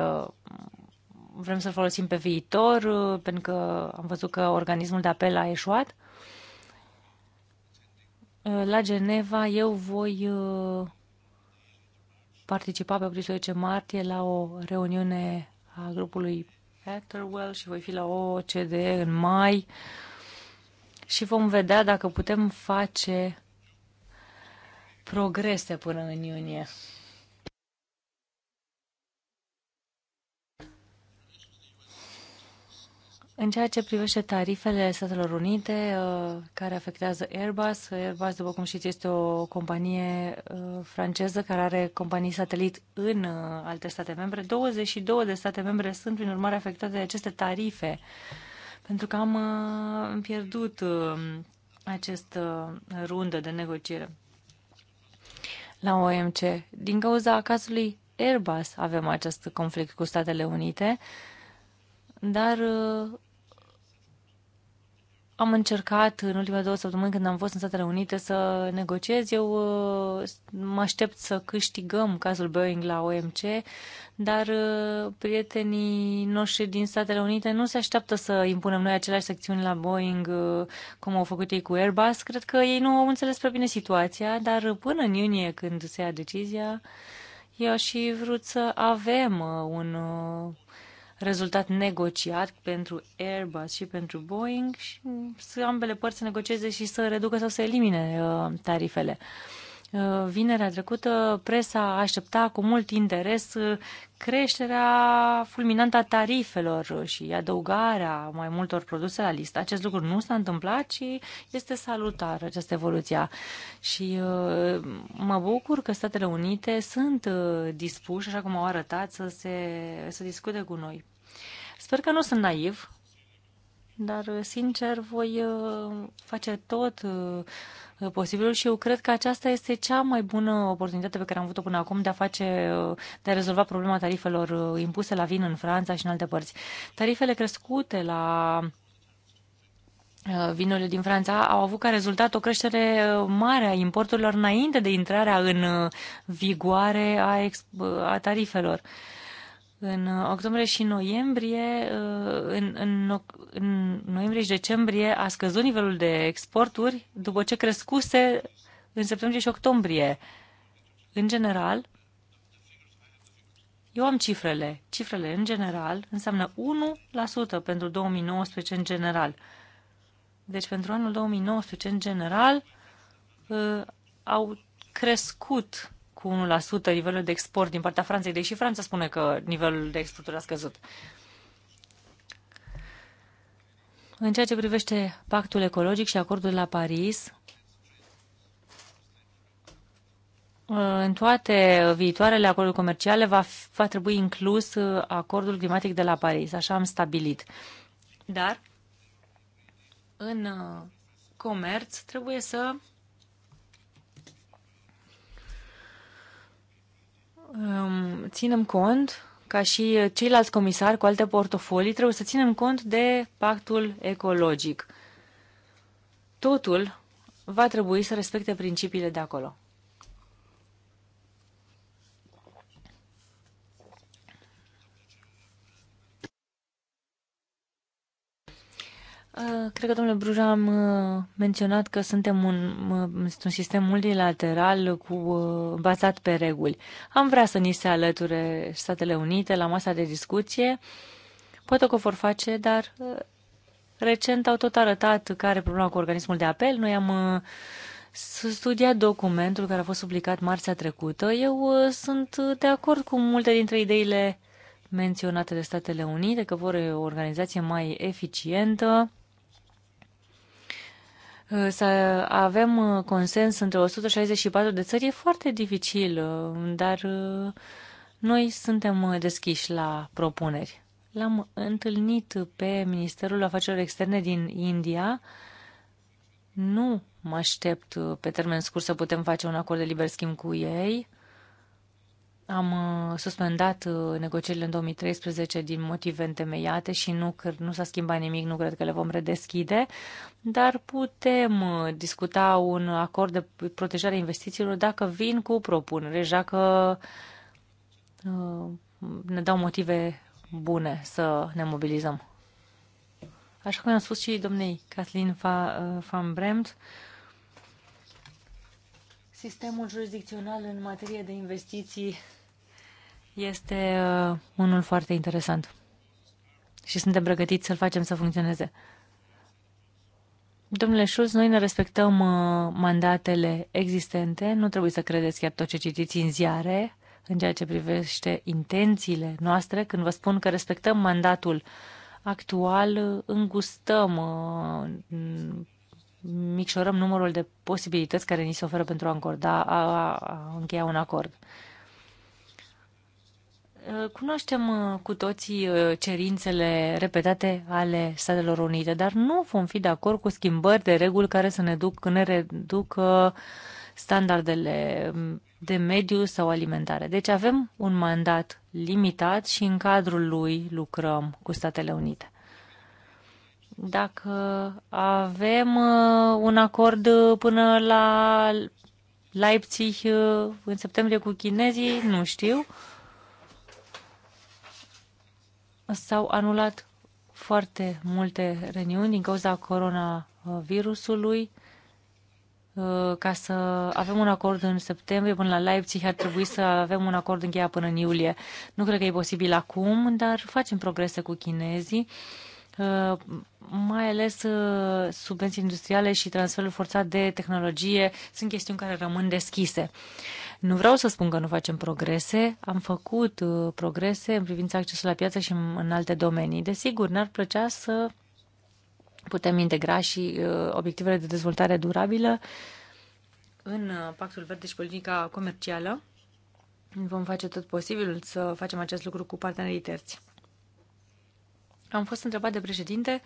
vrem să-l folosim pe viitor, pentru că am văzut că organismul de apel a eșuat. La Geneva eu voi participa pe 18 martie la o reuniune a grupului Actorwell și voi fi la OCD în mai și vom vedea dacă putem face progrese până în iunie. În ceea ce privește tarifele Statelor Unite uh, care afectează Airbus, Airbus, după cum știți, este o companie uh, franceză care are companii satelit în uh, alte state membre. 22 de state membre sunt, prin urmare, afectate de aceste tarife, pentru că am pierdut această rundă de negociere la OMC. Din cauza cazului Airbus avem acest conflict cu Statele Unite, dar am încercat în ultima două săptămâni când am fost în Statele Unite să negociez. Eu uh, mă aștept să câștigăm cazul Boeing la OMC, dar uh, prietenii noștri din Statele Unite nu se așteaptă să impunem noi aceleași secțiuni la Boeing uh, cum au făcut ei cu Airbus. Cred că ei nu au înțeles prea bine situația, dar până în iunie când se ia decizia, eu aș fi vrut să avem un rezultat negociat pentru Airbus și pentru Boeing și să ambele părți să negocieze și să reducă sau să elimine uh, tarifele. Uh, Uh, vinerea trecută, presa aștepta cu mult interes uh, creșterea fulminantă a tarifelor și adăugarea mai multor produse la listă. Acest lucru nu s-a întâmplat și este salutar această evoluție. Și uh, mă bucur că Statele Unite sunt dispuși, așa cum au arătat, să, se, să discute cu noi. Sper că nu sunt naiv dar, uh, sincer, voi uh, face tot uh, posibilul și eu cred că aceasta este cea mai bună oportunitate pe care am avut-o până acum de a face, de a rezolva problema tarifelor impuse la vin în Franța și în alte părți. Tarifele crescute la vinurile din Franța au avut ca rezultat o creștere mare a importurilor înainte de intrarea în vigoare a, a tarifelor. Uh, în uh, octombrie și noiembrie, uh, în, în, în noiembrie și decembrie a scăzut nivelul de exporturi după ce crescuse în septembrie și octombrie. În general, eu am cifrele. Cifrele în general înseamnă 1% pentru 2019 în general. Deci pentru anul 2019 în general uh, au crescut cu 1% nivelul de export din partea Franței, deși Franța spune că nivelul de exporturi a scăzut. În ceea ce privește pactul ecologic și acordul la Paris, în toate viitoarele acorduri comerciale va, va trebui inclus acordul climatic de la Paris, așa am stabilit. Dar în uh, comerț trebuie să ținem cont, ca și ceilalți comisari cu alte portofolii, trebuie să ținem cont de pactul ecologic. Totul va trebui să respecte principiile de acolo. Eh, cred că, domnule Bruja, am eh, menționat că suntem un, un sistem multilateral cu, eh, bazat pe reguli. Am vrea să ni se alăture Statele Unite la masa de discuție. Poate că o vor face, dar recent au tot arătat care e problema cu organismul de apel. Noi am studiat documentul care a fost publicat marțea trecută. Eu sunt de acord cu multe dintre ideile menționate de Statele Unite, că vor o organizație mai eficientă, Uh, să avem uh, consens între 164 de țări e foarte dificil, uh, dar noi suntem deschiși la propuneri. L-am întâlnit pe Ministerul Afacerilor Externe din India. Nu mă aștept pe termen scurt să putem face un acord de liber schimb cu ei, am uh, suspendat uh, negocierile în 2013 din motive întemeiate și nu, nu s-a schimbat nimic, nu cred că le vom redeschide, dar putem uh, discuta un acord de protejare investițiilor dacă vin cu propunere, deja că ne dau motive bune să ne mobilizăm. Așa cum am spus și domnei Kathleen Van Bremt, Sistemul jurisdicțional în materie de investiții este uh, unul foarte interesant și suntem pregătiți să-l facem să funcționeze. Domnule Schulz, noi ne respectăm uh, mandatele existente, nu trebuie să credeți chiar tot ce citiți în ziare în ceea ce privește intențiile noastre. Când vă spun că respectăm mandatul actual, îngustăm uh, micșorăm numărul de posibilități care ni se oferă pentru a, încorda, a, a încheia un acord. Cunoaștem uh, cu toții uh, cerințele repetate ale Statelor Unite, dar nu vom fi de acord cu schimbări de reguli care să ne, duc, ne reducă standardele de mediu sau alimentare. Deci avem un mandat limitat și în cadrul lui lucrăm cu Statele Unite. Dacă avem uh, un acord uh, până la Leipzig uh, în septembrie cu chinezii, nu știu. S-au anulat foarte multe reuniuni din cauza coronavirusului. Ca să avem un acord în septembrie până la Leipzig, ar trebui să avem un acord încheiat până în iulie. Nu cred că e posibil acum, dar facem progrese cu chinezii. Uh, Uh, mai ales uh, subvenții industriale și transferul forțat de tehnologie sunt chestiuni care rămân deschise. Nu vreau să spun că nu facem progrese, am făcut uh, progrese în privința accesului la piață și în alte domenii. Desigur, ne-ar plăcea să putem integra și obiectivele de dezvoltare durabilă în Pactul Verde și politica comercială. Vom face tot posibilul să facem acest lucru cu partenerii terți. Am fost întrebat de președinte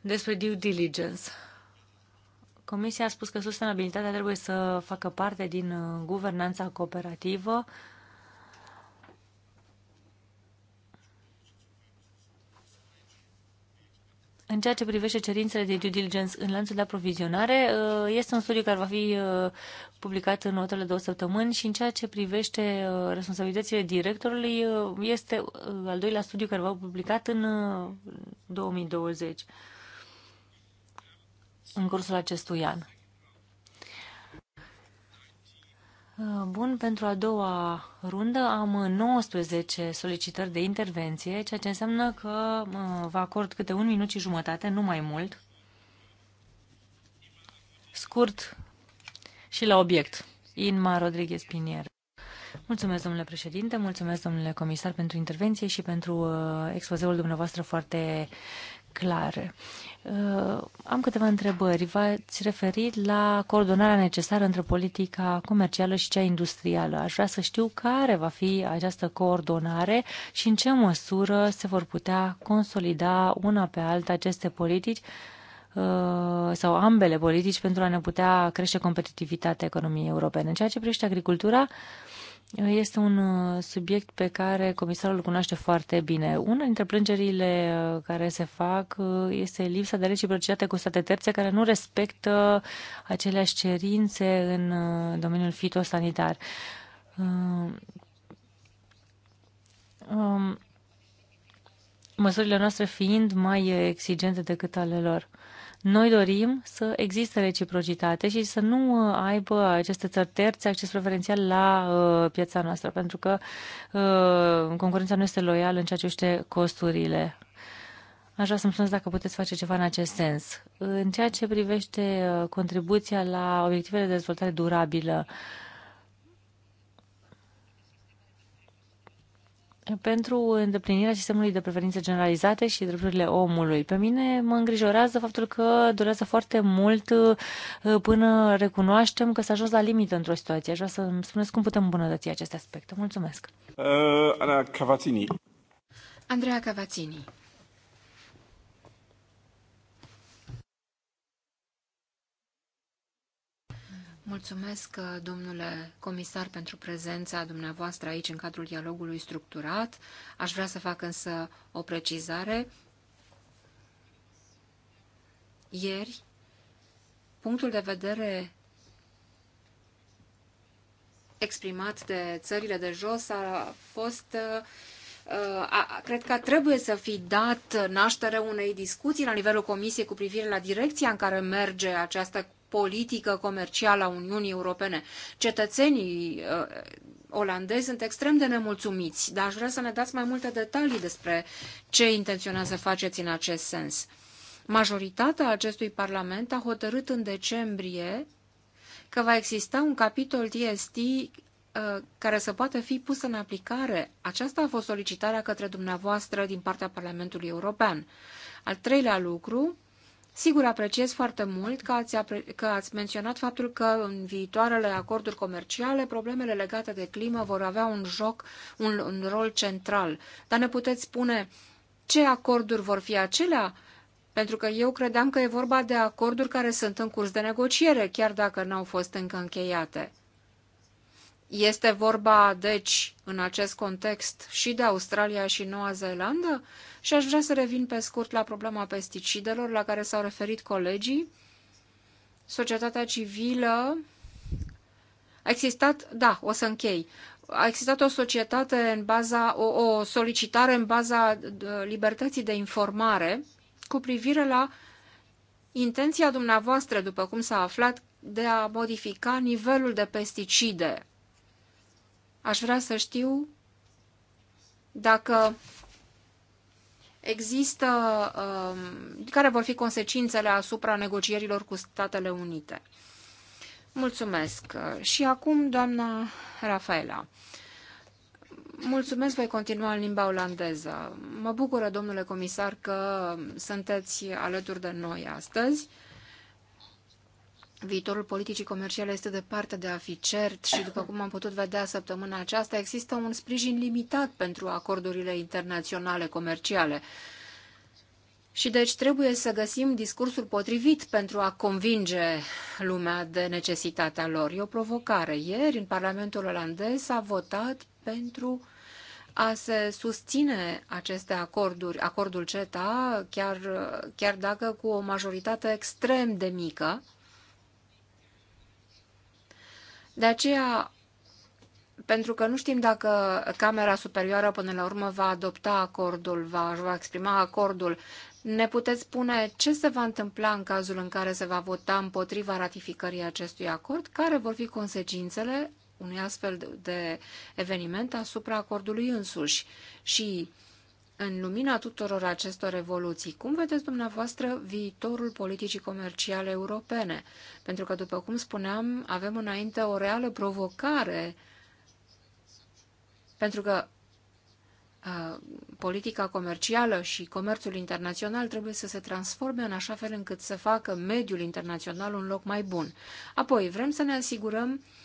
despre due diligence. Comisia a spus că sustenabilitatea trebuie să facă parte din uh, guvernanța cooperativă În ceea ce privește cerințele de due diligence în lanțul de aprovizionare, uh, este un studiu care va fi uh, publicat în următoarele două săptămâni și în ceea ce privește uh, responsabilitățile directorului, este al doilea studiu care va fi publicat în 2020, în cursul acestui an. Uh, bun, pentru a doua rundă am 19 solicitări de intervenție, ceea ce înseamnă că uh, vă acord câte un minut și jumătate, nu mai mult. Scurt și la obiect. Inma Rodriguez Pinier. Mulțumesc, domnule președinte, mulțumesc, domnule comisar, pentru intervenție și pentru uh, expozeul dumneavoastră foarte clare. Uh, am câteva întrebări. V-ați referit la coordonarea necesară între politica comercială și cea industrială. Aș vrea să știu care va fi această coordonare și în ce măsură se vor putea consolida una pe alta aceste politici uh, sau ambele politici pentru a ne putea crește competitivitatea economiei europene. În ceea ce privește agricultura, uh, este un uh, subiect pe care comisarul îl cunoaște foarte bine. Una dintre plângerile uh, care se fac uh, este lipsa de reciprocitate cu state terțe care nu respectă aceleași cerințe în domeniul fitosanitar. Um, măsurile noastre fiind mai exigente decât ale lor. Noi dorim să existe reciprocitate și să nu uh, aibă aceste țări terțe acces preferențial la uh, piața noastră, pentru că uh, concurența nu este loială în ceea ce uște costurile. Aș vrea să-mi spuneți dacă puteți face ceva în acest sens. În ceea ce privește contribuția la obiectivele de dezvoltare durabilă, uh, pentru îndeplinirea sistemului de preferințe generalizate și drepturile omului. Pe mine mă îngrijorează faptul că durează foarte mult uh, până recunoaștem că s-a ajuns la limită într-o situație. Aș vrea să îmi spuneți cum putem îmbunătăți aceste aspecte. Mulțumesc! Uh, Andreea Cavazzini. Andreea Cavazzini. Mulțumesc, uh, domnule comisar, pentru prezența dumneavoastră aici în cadrul dialogului structurat. Aș vrea să fac însă o precizare. Ieri, punctul de vedere exprimat de țările de jos a fost uh, a, cred că trebuie să fi dat naștere unei discuții la nivelul Comisiei cu privire la direcția în care merge această politică comercială a Uniunii Europene. Cetățenii uh, olandezi sunt extrem de nemulțumiți, dar aș vrea să ne dați mai multe detalii despre ce intenționați să faceți în acest sens. Majoritatea acestui parlament a hotărât în decembrie că va exista un capitol TST uh, care să poată fi pus în aplicare. Aceasta a fost solicitarea către dumneavoastră din partea Parlamentului European. Al treilea lucru, Sigur, apreciez foarte mult că ați, că ați menționat faptul că în viitoarele acorduri comerciale problemele legate de climă vor avea un joc, un, un rol central. Dar ne puteți spune ce acorduri vor fi acelea? Pentru că eu credeam că e vorba de acorduri care sunt în curs de negociere, chiar dacă n-au fost încă încheiate. Este vorba, deci, în acest context și de Australia și Noua Zeelandă? Și aș vrea să revin pe scurt la problema pesticidelor la care s-au referit colegii. Societatea civilă a existat, da, o să închei, a existat o societate în baza, o, o solicitare în baza libertății de informare cu privire la intenția dumneavoastră, după cum s-a aflat, de a modifica nivelul de pesticide Aș vrea să știu dacă există, um, care vor fi consecințele asupra negocierilor cu Statele Unite. Mulțumesc. Și acum, doamna Rafaela. Mulțumesc, voi continua în limba olandeză. Mă bucură, domnule comisar, că sunteți alături de noi astăzi. Viitorul politicii comerciale este departe de a fi cert și, după cum am putut vedea săptămâna aceasta, există un sprijin limitat pentru acordurile internaționale comerciale. Și deci trebuie să găsim discursul potrivit pentru a convinge lumea de necesitatea lor. E o provocare. Ieri, în Parlamentul olandez, s-a votat pentru a se susține aceste acorduri, acordul CETA, chiar, chiar dacă cu o majoritate extrem de mică, de aceea, pentru că nu știm dacă Camera Superioară până la urmă va adopta acordul, va, va exprima acordul, ne puteți spune ce se va întâmpla în cazul în care se va vota împotriva ratificării acestui acord, care vor fi consecințele unui astfel de eveniment asupra acordului însuși și în lumina tuturor acestor evoluții, cum vedeți dumneavoastră viitorul politicii comerciale europene? Pentru că, după cum spuneam, avem înainte o reală provocare, pentru că uh, politica comercială și comerțul internațional trebuie să se transforme în așa fel încât să facă mediul internațional un loc mai bun. Apoi, vrem să ne asigurăm uh,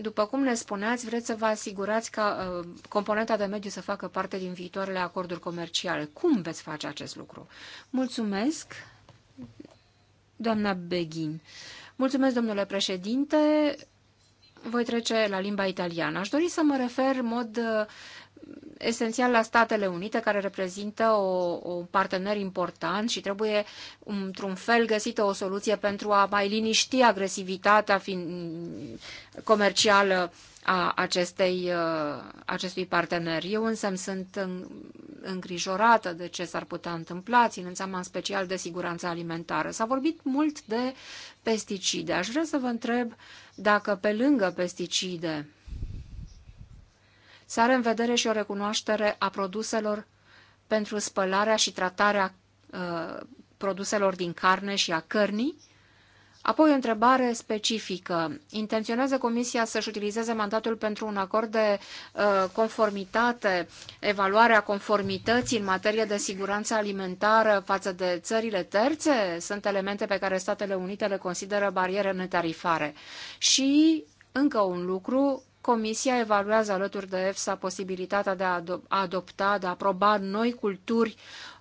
după cum ne spuneați, vreți să vă asigurați ca uh, componenta de mediu să facă parte din viitoarele acorduri comerciale. Cum veți face acest lucru? Mulțumesc, doamna Beghin. Mulțumesc, domnule președinte. Voi trece la limba italiană. Aș dori să mă refer în mod uh, esențial la Statele Unite, care reprezintă un partener important și trebuie, într-un fel, găsită o soluție pentru a mai liniști agresivitatea fiind comercială a acestei, uh, acestui partener. Eu însă îmi sunt îngrijorată de ce s-ar putea întâmpla, ținând seama în special de siguranța alimentară. S-a vorbit mult de pesticide. Aș vrea să vă întreb dacă pe lângă pesticide se are în vedere și o recunoaștere a produselor pentru spălarea și tratarea uh, produselor din carne și a cărnii. Apoi o întrebare specifică. Intenționează Comisia să-și utilizeze mandatul pentru un acord de uh, conformitate, evaluarea conformității în materie de siguranță alimentară față de țările terțe? Sunt elemente pe care Statele Unite le consideră bariere netarifare. Și încă un lucru, Comisia evaluează alături de EFSA posibilitatea de a adopta, de a aproba noi culturi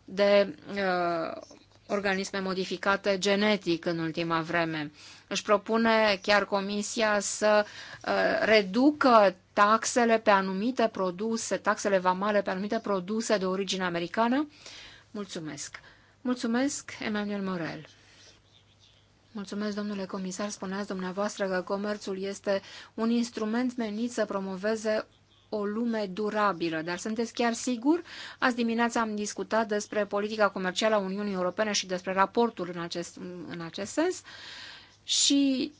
de uh, organisme modificate genetic în ultima vreme. Își propune chiar Comisia să uh, reducă taxele pe anumite produse, taxele vamale pe anumite produse de origine americană. Mulțumesc! Mulțumesc, Emmanuel Morel! Mulțumesc, domnule comisar. Spuneați dumneavoastră că comerțul este un instrument menit să promoveze o lume durabilă. Dar sunteți chiar sigur? Azi dimineața am discutat despre politica comercială a Uniunii Europene și despre raportul în acest, în acest sens. Și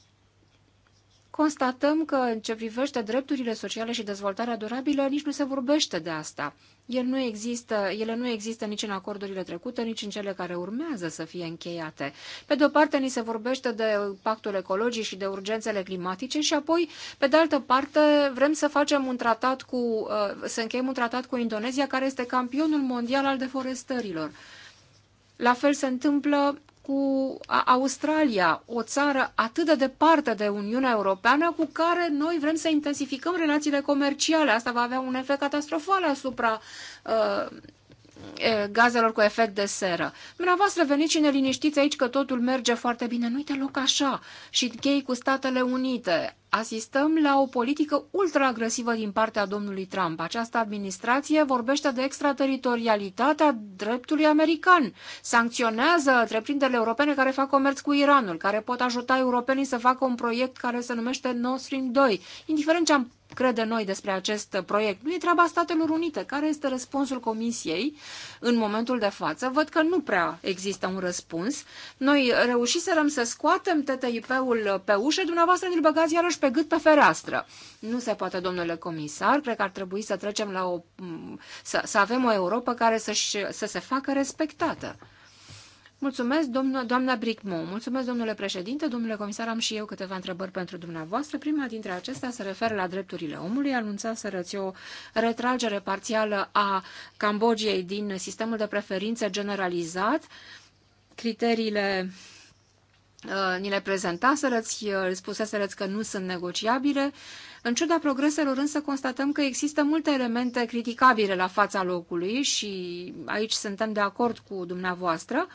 constatăm că în ce privește drepturile sociale și dezvoltarea durabilă, nici nu se vorbește de asta. El nu există, ele nu există nici în acordurile trecute, nici în cele care urmează să fie încheiate. Pe de o parte, ni se vorbește de pactul ecologic și de urgențele climatice și apoi, pe de altă parte, vrem să facem un tratat cu, uh, să încheiem un tratat cu Indonezia, care este campionul mondial al deforestărilor. La fel se întâmplă cu Australia, o țară atât de departe de Uniunea Europeană cu care noi vrem să intensificăm relațiile comerciale. Asta va avea un efect catastrofal asupra uh, gazelor cu efect de seră. Dumneavoastră veniți și ne liniștiți aici că totul merge foarte bine. Nu-i deloc așa. Și închei cu Statele Unite. Asistăm la o politică ultra-agresivă din partea domnului Trump. Această administrație vorbește de extraterritorialitatea dreptului american. Sancționează întreprinderile europene care fac comerț cu Iranul, care pot ajuta europenii să facă un proiect care se numește Nord Stream 2. Indiferent ce am crede noi despre acest proiect. Nu e treaba Statelor Unite. Care este răspunsul Comisiei în momentul de față? Văd că nu prea există un răspuns. Noi reușiserăm să scoatem TTIP-ul pe ușă, dumneavoastră ne-l băgați iarăși pe gât pe fereastră. Nu se poate, domnule comisar, cred că ar trebui să trecem la o... să, să avem o Europa care să, să se facă respectată. Mulțumesc, domnul, doamna Bricmo. Mulțumesc, domnule președinte. Domnule comisar, am și eu câteva întrebări pentru dumneavoastră. Prima dintre acestea se referă la drepturile omului. răți o retragere parțială a Cambogiei din sistemul de preferințe generalizat. Criteriile uh, ni le Să să răți că nu sunt negociabile. În ciuda progreselor însă constatăm că există multe elemente criticabile la fața locului și aici suntem de acord cu dumneavoastră.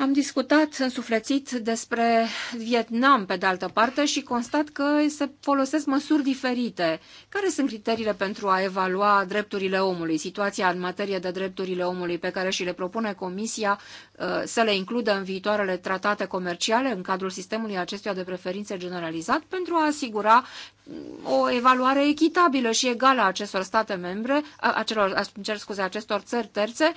Am discutat însuflețit despre Vietnam, pe de altă parte, și constat că se folosesc măsuri diferite. Care sunt criteriile pentru a evalua drepturile omului, situația în materie de drepturile omului pe care și le propune Comisia uh, să le includă în viitoarele tratate comerciale în cadrul sistemului acestuia de preferințe generalizat pentru a asigura o evaluare echitabilă și egală a acestor state membre, a celor, cer scuze, a acestor țări terțe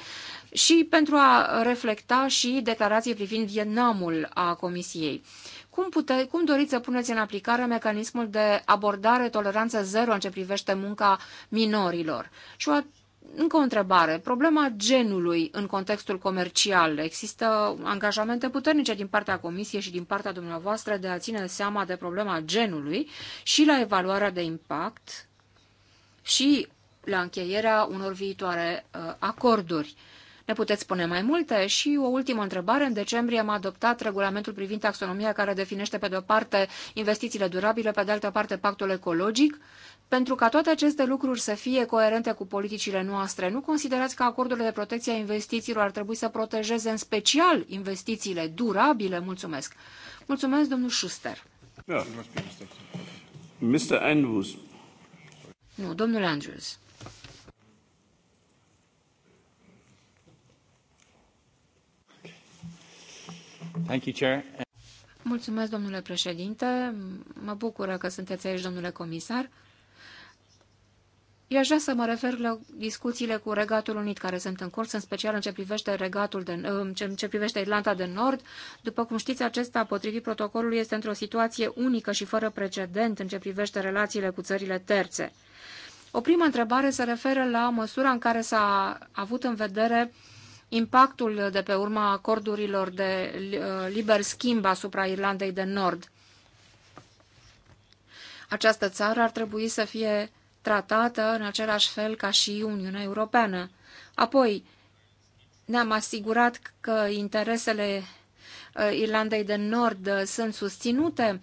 și pentru a reflecta și declarații privind Vietnamul a Comisiei. Cum, pute, cum doriți să puneți în aplicare mecanismul de abordare toleranță zero în ce privește munca minorilor? Și o a încă o întrebare. Problema genului în contextul comercial. Există angajamente puternice din partea Comisiei și din partea dumneavoastră de a ține seama de problema genului și la evaluarea de impact și la încheierea unor viitoare uh, acorduri. Ne puteți spune mai multe? Și o ultimă întrebare. În decembrie am adoptat regulamentul privind taxonomia care definește pe de-o parte investițiile durabile, pe de altă parte pactul ecologic pentru ca toate aceste lucruri să fie coerente cu politicile noastre, nu considerați că acordurile de protecție a investițiilor ar trebui să protejeze în special investițiile durabile? Mulțumesc! Mulțumesc, domnul Schuster! Da. Mr. Andrews. Nu, domnul Andrews. Thank you, Chair. Mulțumesc, domnule președinte. Mă bucură că sunteți aici, domnule comisar. Eu aș vrea să mă refer la discuțiile cu Regatul Unit care sunt în curs, în special în ce privește, regatul de, în ce privește Irlanda de Nord. După cum știți, acesta, potrivit protocolului, este într-o situație unică și fără precedent în ce privește relațiile cu țările terțe. O primă întrebare se referă la măsura în care s-a avut în vedere impactul de pe urma acordurilor de uh, liber schimb asupra Irlandei de Nord. Această țară ar trebui să fie tratată în același fel ca și Uniunea Europeană. Apoi, ne-am asigurat că interesele uh, Irlandei de Nord uh, sunt susținute,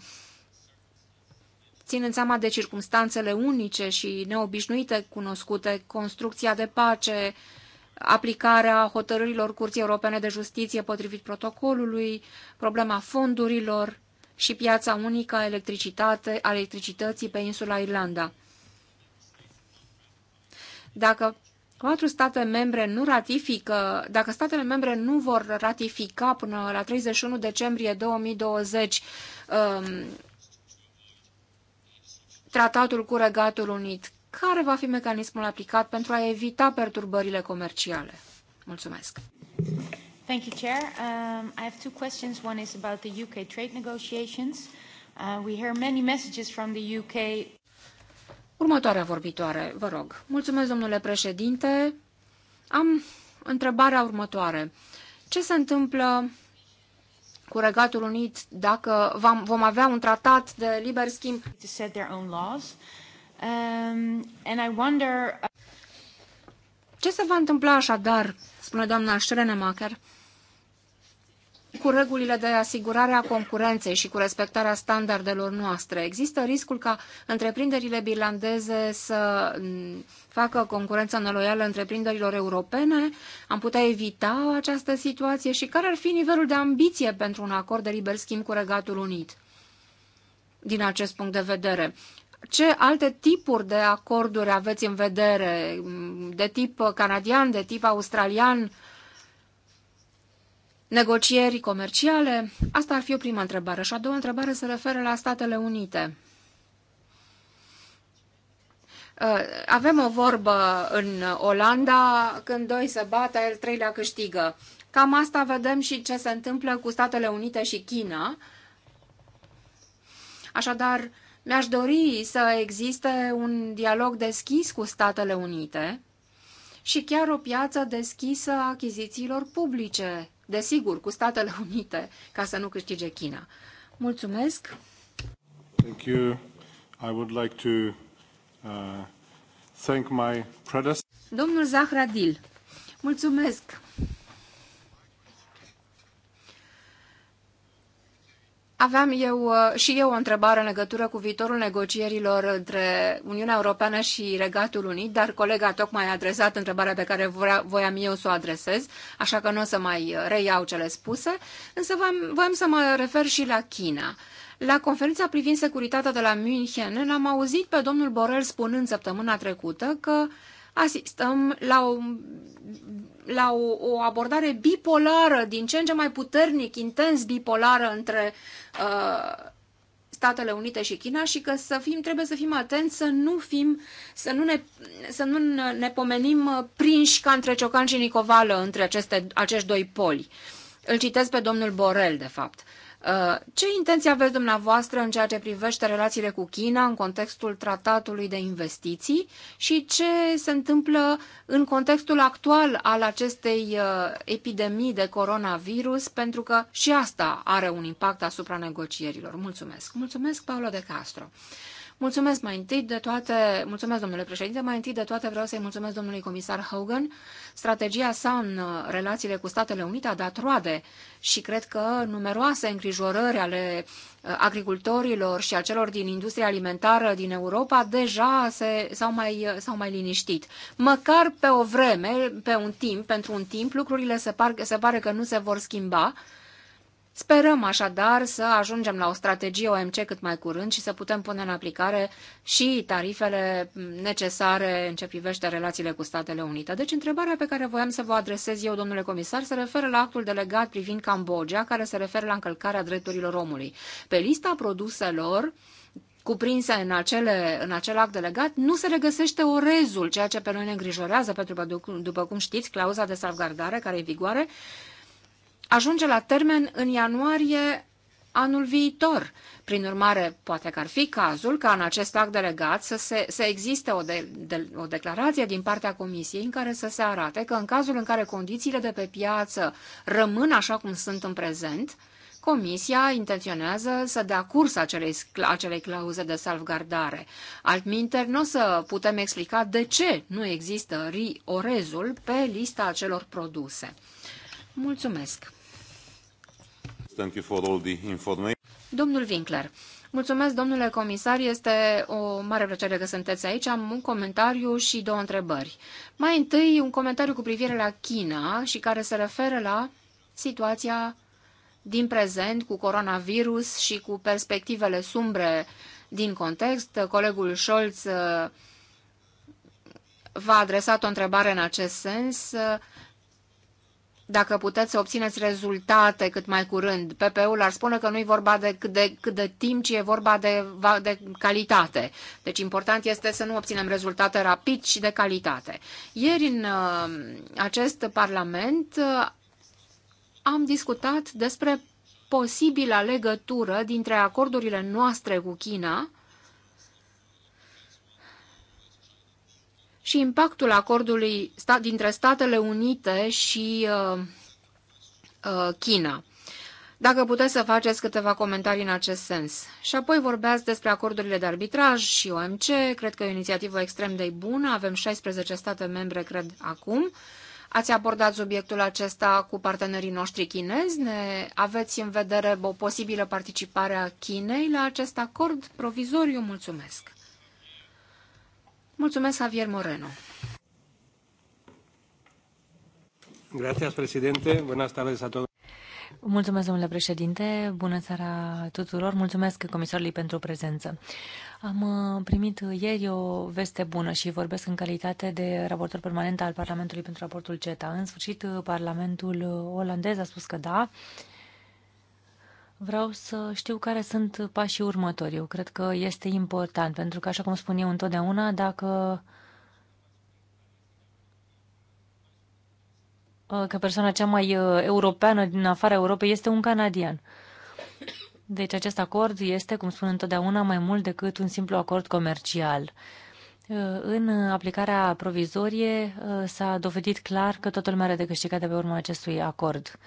ținând seama de circumstanțele unice și neobișnuite cunoscute, construcția de pace, aplicarea hotărârilor Curții Europene de Justiție potrivit protocolului, problema fondurilor și piața unică a, electricitate, a electricității pe insula Irlanda. Dacă patru state membre nu ratifică, dacă statele membre nu vor ratifica până la 31 decembrie 2020 um, tratatul cu Regatul Unit, care va fi mecanismul aplicat pentru a evita perturbările comerciale? Mulțumesc. Thank you, Chair. Um, I have two questions. One is about the UK trade negotiations. Uh, we hear many messages from the UK Următoarea vorbitoare, vă rog. Mulțumesc, domnule președinte. Am întrebarea următoare. Ce se întâmplă cu Regatul Unit dacă vom avea un tratat de liber schimb? Ce se va întâmpla așadar, spune doamna Schrenemacher, cu regulile de asigurare a concurenței și cu respectarea standardelor noastre. Există riscul ca întreprinderile birlandeze să facă concurență neloială întreprinderilor europene? Am putea evita această situație și care ar fi nivelul de ambiție pentru un acord de liber schimb cu Regatul Unit? Din acest punct de vedere, ce alte tipuri de acorduri aveți în vedere? De tip canadian, de tip australian? negocieri comerciale? Asta ar fi o prima întrebare. Și a doua întrebare se referă la Statele Unite. Uh, avem o vorbă în Olanda, când doi se bată, el treilea câștigă. Cam asta vedem și ce se întâmplă cu Statele Unite și China. Așadar, mi-aș dori să existe un dialog deschis cu Statele Unite și chiar o piață deschisă a achizițiilor publice desigur, cu Statele Unite, ca să nu câștige China. Mulțumesc! Thank you. I would like to uh, thank my Domnul Zahradil, mulțumesc! Aveam eu uh, și eu o întrebare în legătură cu viitorul negocierilor între Uniunea Europeană și Regatul Unit, dar colega tocmai a adresat întrebarea pe care voiam eu să o adresez, așa că nu o să mai uh, reiau cele spuse, însă voiam, voiam să mă refer și la China. La conferința privind securitatea de la München l-am auzit pe domnul Borel spunând săptămâna trecută că uh, asistăm la o, la o, o abordare bipolară, din ce în ce mai puternic, intens bipolară între uh, Statele Unite și China și că să fim, trebuie să fim atenți să nu fim, să nu ne, să nu ne pomenim uh, prinși ca între Ciocan și Nicovală între aceste, acești doi poli. Îl citesc pe domnul Borel, de fapt. Uh, Uh, ce intenții aveți dumneavoastră în ceea ce privește relațiile cu China în contextul tratatului de investiții și ce se întâmplă în contextul actual al acestei uh, epidemii de coronavirus, pentru că și asta are un impact asupra negocierilor. Mulțumesc! Mulțumesc, Paula de Castro! Mulțumesc mai întâi de toate, mulțumesc domnule președinte, mai întâi de toate vreau să-i mulțumesc domnului comisar Hogan. Strategia sa în relațiile cu Statele Unite a dat roade și cred că numeroase îngrijorări ale uh, agricultorilor și a celor din industria alimentară din Europa deja s-au mai, uh, s-au mai liniștit. Măcar pe o vreme, pe un timp, pentru un timp, lucrurile se, par, se pare că nu se vor schimba, Sperăm așadar să ajungem la o strategie OMC cât mai curând și să putem pune în aplicare și tarifele necesare în ce privește relațiile cu Statele Unite. Deci întrebarea pe care voiam să vă adresez eu, domnule comisar, se referă la actul delegat privind Cambodgia, care se referă la încălcarea drepturilor omului. Pe lista produselor cuprinse în, acele, în acel act delegat, nu se regăsește orezul, ceea ce pe noi ne îngrijorează, pentru că, după cum știți, clauza de salvgardare care e în vigoare ajunge la termen în ianuarie anul viitor. Prin urmare, poate că ar fi cazul ca în acest act delegat să, se, să existe o, de, de, o declarație din partea Comisiei în care să se arate că în cazul în care condițiile de pe piață rămân așa cum sunt în prezent, Comisia intenționează să dea curs acelei, acelei clauze de salvgardare. Altminteri, nu o să putem explica de ce nu există orezul pe lista acelor produse. Mulțumesc! Domnul Winkler, mulțumesc, domnule comisar, este o mare plăcere că sunteți aici. Am un comentariu și două întrebări. Mai întâi, un comentariu cu privire la China și care se referă la situația din prezent cu coronavirus și cu perspectivele sumbre din context. Colegul Scholz uh, v-a adresat o întrebare în acest sens dacă puteți să obțineți rezultate cât mai curând. PP-ul ar spune că nu e vorba de cât de, cât de timp, ci e vorba de, de calitate. Deci important este să nu obținem rezultate rapid, și de calitate. Ieri în uh, acest Parlament uh, am discutat despre posibila legătură dintre acordurile noastre cu China și impactul acordului dintre Statele Unite și uh, uh, China. Dacă puteți să faceți câteva comentarii în acest sens. Și apoi vorbeați despre acordurile de arbitraj și OMC. Cred că e o inițiativă extrem de bună. Avem 16 state membre, cred, acum. Ați abordat subiectul acesta cu partenerii noștri chinezi? Ne aveți în vedere o posibilă participare a Chinei la acest acord provizoriu? Mulțumesc! Mulțumesc, Javier Moreno. Gracias, presidente. Buenas tardes a todos. Mulțumesc, domnule președinte. Bună seara tuturor. Mulțumesc comisarului pentru prezență. Am uh, primit ieri o veste bună și vorbesc în calitate de raportor permanent al Parlamentului pentru raportul CETA. În sfârșit, uh, Parlamentul uh, olandez a spus că da, Vreau să știu care sunt pașii următori. Eu cred că este important, pentru că, așa cum spun eu întotdeauna, dacă uh, că persoana cea mai uh, europeană din afara Europei este un canadian. Deci acest acord este, cum spun întotdeauna, mai mult decât un simplu acord comercial. Uh, în aplicarea provizorie s-a dovedit clar că totul mai are de câștigat de pe urma acestui acord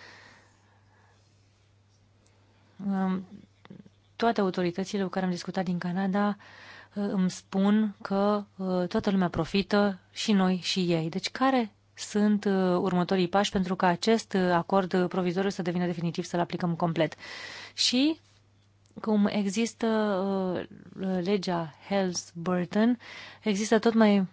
toate autoritățile cu care am discutat din Canada uh, îmi spun că uh, toată lumea profită și noi și ei. Deci care sunt uh, următorii pași pentru ca acest acord provizoriu să devină definitiv, să-l aplicăm complet? Și cum există legea Health burton există tot mai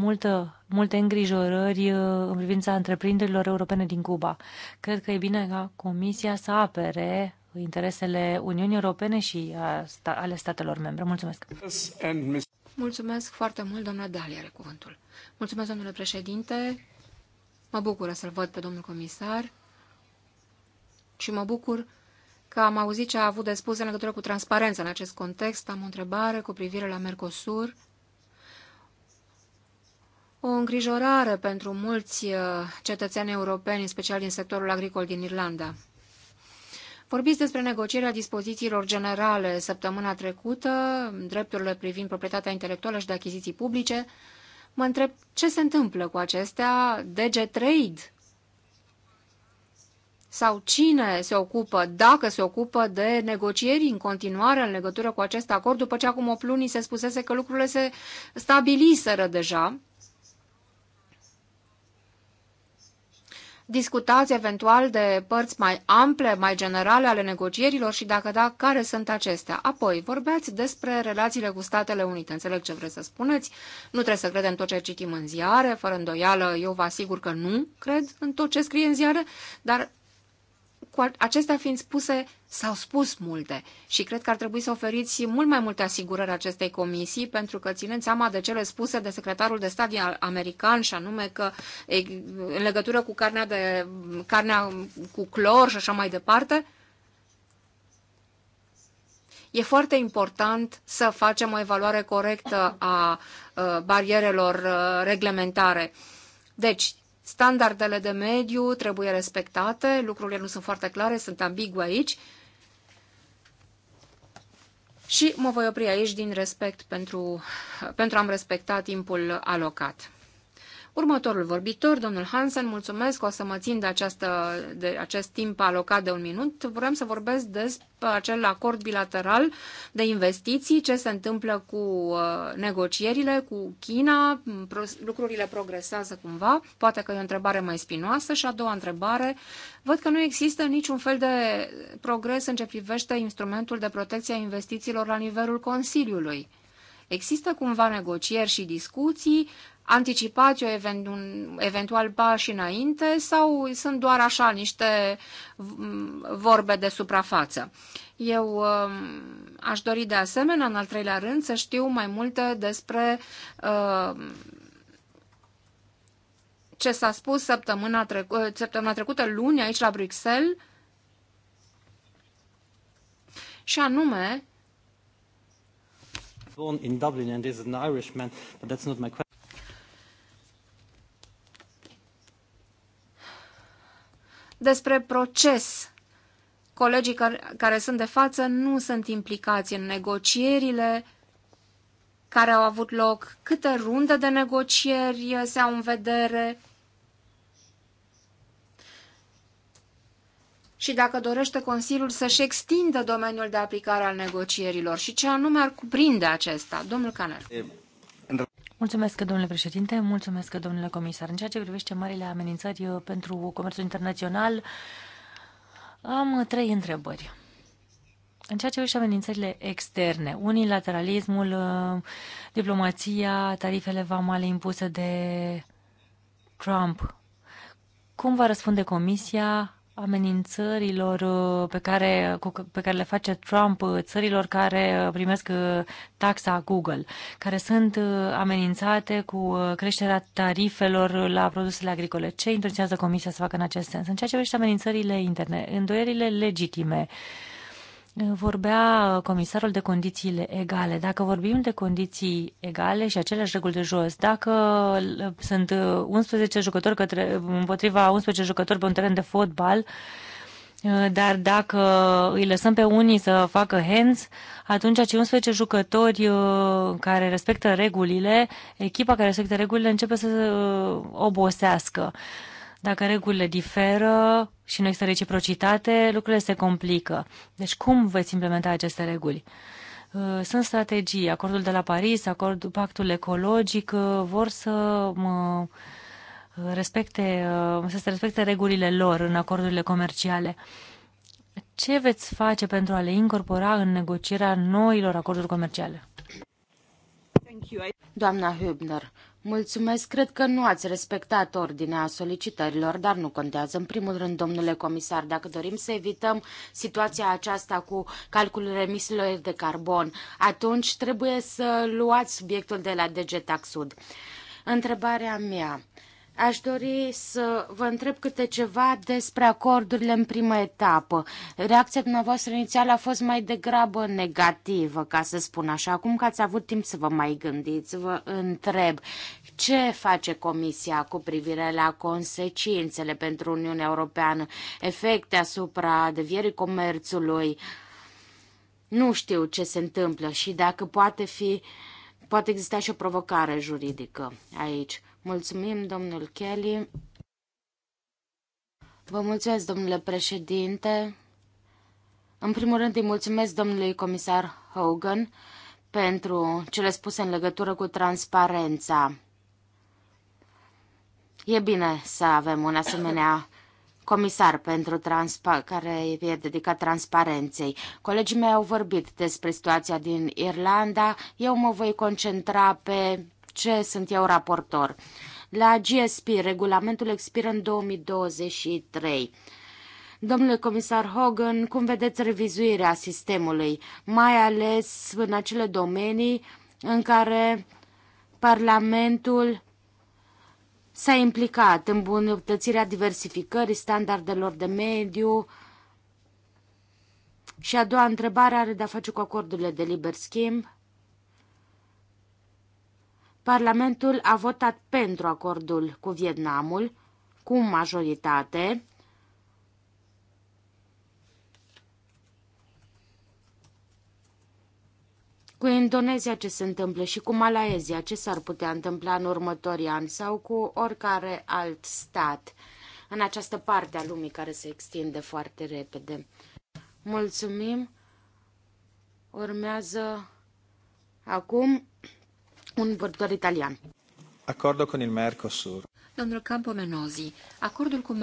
multă, multe îngrijorări în privința întreprinderilor europene din Cuba. Cred că e bine ca Comisia să apere interesele Uniunii Europene și uh, sta ale statelor membre. Mulțumesc! Mulțumesc foarte mult, doamna Dalia are cuvântul. Mulțumesc, domnule președinte. Mă bucur să-l văd pe domnul comisar și mă bucur că am auzit ce a avut de spus în legătură cu transparența în acest context. Am o întrebare cu privire la Mercosur. O îngrijorare pentru mulți uh, cetățeni europeni, în special din sectorul agricol din Irlanda. Vorbiți despre negocierea dispozițiilor generale săptămâna trecută, drepturile privind proprietatea intelectuală și de achiziții publice. Mă întreb ce se întâmplă cu acestea, DG Trade sau cine se ocupă, dacă se ocupă de negocieri în continuare în legătură cu acest acord, după ce acum o plunii se spusese că lucrurile se stabiliseră deja. discutați eventual de părți mai ample, mai generale ale negocierilor și dacă da, care sunt acestea. Apoi, vorbeați despre relațiile cu Statele Unite. Înțeleg ce vreți să spuneți. Nu trebuie să credem tot ce citim în ziare. Fără îndoială, eu vă asigur că nu cred în tot ce scrie în ziare, dar cu acestea fiind spuse, s-au spus multe și cred că ar trebui să oferiți mult mai multe asigurări acestei comisii, pentru că ținând seama de cele spuse de secretarul de stat american și anume că în legătură cu carnea, de, carnea cu clor și așa mai departe, e foarte important să facem o evaluare corectă a barierelor reglementare. Deci, Standardele de mediu trebuie respectate, lucrurile nu sunt foarte clare, sunt ambigue aici. Și mă voi opri aici din respect pentru, pentru am respecta timpul alocat. Următorul vorbitor, domnul Hansen, mulțumesc, o să mă țin de, această, de acest timp alocat de un minut. Vreau să vorbesc despre acel acord bilateral de investiții, ce se întâmplă cu uh, negocierile cu China, lucrurile progresează cumva, poate că e o întrebare mai spinoasă și a doua întrebare, văd că nu există niciun fel de progres în ce privește instrumentul de protecție a investițiilor la nivelul Consiliului. Există cumva negocieri și discuții anticipați o event, un eventual pași înainte sau sunt doar așa niște mm, vorbe de suprafață. Eu uh, aș dori de asemenea, în al treilea rând, să știu mai multe despre uh, ce s-a spus săptămâna, trecu- uh, săptămâna trecută, luni, aici la Bruxelles, și anume born in Dublin and is an Irishman, but that's not my question. despre proces. Colegii care, care sunt de față nu sunt implicați în negocierile care au avut loc, câte runde de negocieri se au în vedere, și dacă dorește Consiliul să-și extindă domeniul de aplicare al negocierilor și ce anume ar cuprinde acesta. Domnul Caner. Mulțumesc, domnule președinte, mulțumesc, domnule comisar. În ceea ce privește marile amenințări pentru comerțul internațional, am trei întrebări. În ceea ce privește amenințările externe, unilateralismul, diplomația, tarifele vamale impuse de Trump, cum va răspunde Comisia amenințărilor uh, pe care, pe care le face Trump uh, țărilor care uh, primesc taxa Google, care sunt amenințate cu creșterea tarifelor la produsele agricole. Ce intenționează Comisia să facă în acest sens? În ceea ce privește amenințările interne, îndoierile legitime, uh, Vorbea comisarul de condițiile egale. Dacă vorbim de condiții egale și aceleași reguli de jos, dacă sunt 11 jucători către, împotriva 11 jucători pe un teren de fotbal, uh, dar dacă îi lăsăm pe unii să facă hands, atunci cei 11 jucători uh, care respectă regulile, echipa care respectă regulile începe să uh, obosească. Dacă regulile diferă și nu există reciprocitate, lucrurile se complică. Deci cum veți implementa aceste reguli? Uh, sunt strategii, acordul de la Paris, acordul, pactul ecologic, uh, vor să mă uh, respecte, să se respecte regulile lor în acordurile comerciale. Ce veți face pentru a le incorpora în negocierea noilor acorduri comerciale? Doamna Hübner, Mulțumesc, cred că nu ați respectat ordinea solicitărilor, dar nu contează. În primul rând, domnule comisar, dacă dorim să evităm situația aceasta cu calculul emisiilor de carbon, atunci trebuie să luați subiectul de la DG Taxud. Întrebarea mea Aș dori să vă întreb câte ceva despre acordurile în prima etapă. Reacția dumneavoastră inițială a fost mai degrabă negativă, ca să spun așa. Acum că ați avut timp să vă mai gândiți, vă întreb ce face Comisia cu privire la consecințele pentru Uniunea Europeană, efecte asupra devierii comerțului. Nu știu ce se întâmplă și dacă poate fi, poate exista și o provocare juridică aici. Mulțumim, domnul Kelly. Vă mulțumesc, domnule președinte. În primul rând îi mulțumesc domnului comisar Hogan pentru cele spuse în legătură cu transparența. E bine să avem un asemenea comisar pentru transpa- care e dedicat transparenței. Colegii mei au vorbit despre situația din Irlanda. Eu mă voi concentra pe ce sunt eu raportor. La GSP, regulamentul expiră în 2023. Domnule comisar Hogan, cum vedeți revizuirea sistemului, mai ales în acele domenii în care Parlamentul s-a implicat în bunătățirea diversificării standardelor de mediu? Și a doua întrebare are de-a face cu acordurile de liber schimb. Parlamentul a votat pentru acordul cu Vietnamul, cu majoritate, cu Indonezia ce se întâmplă și cu Malaezia ce s-ar putea întâmpla în următorii ani sau cu oricare alt stat în această parte a lumii care se extinde foarte repede. Mulțumim! Urmează acum un vorbitor italian. Acordul cu Mercosur. Domnul Campo Menozi, acordul cu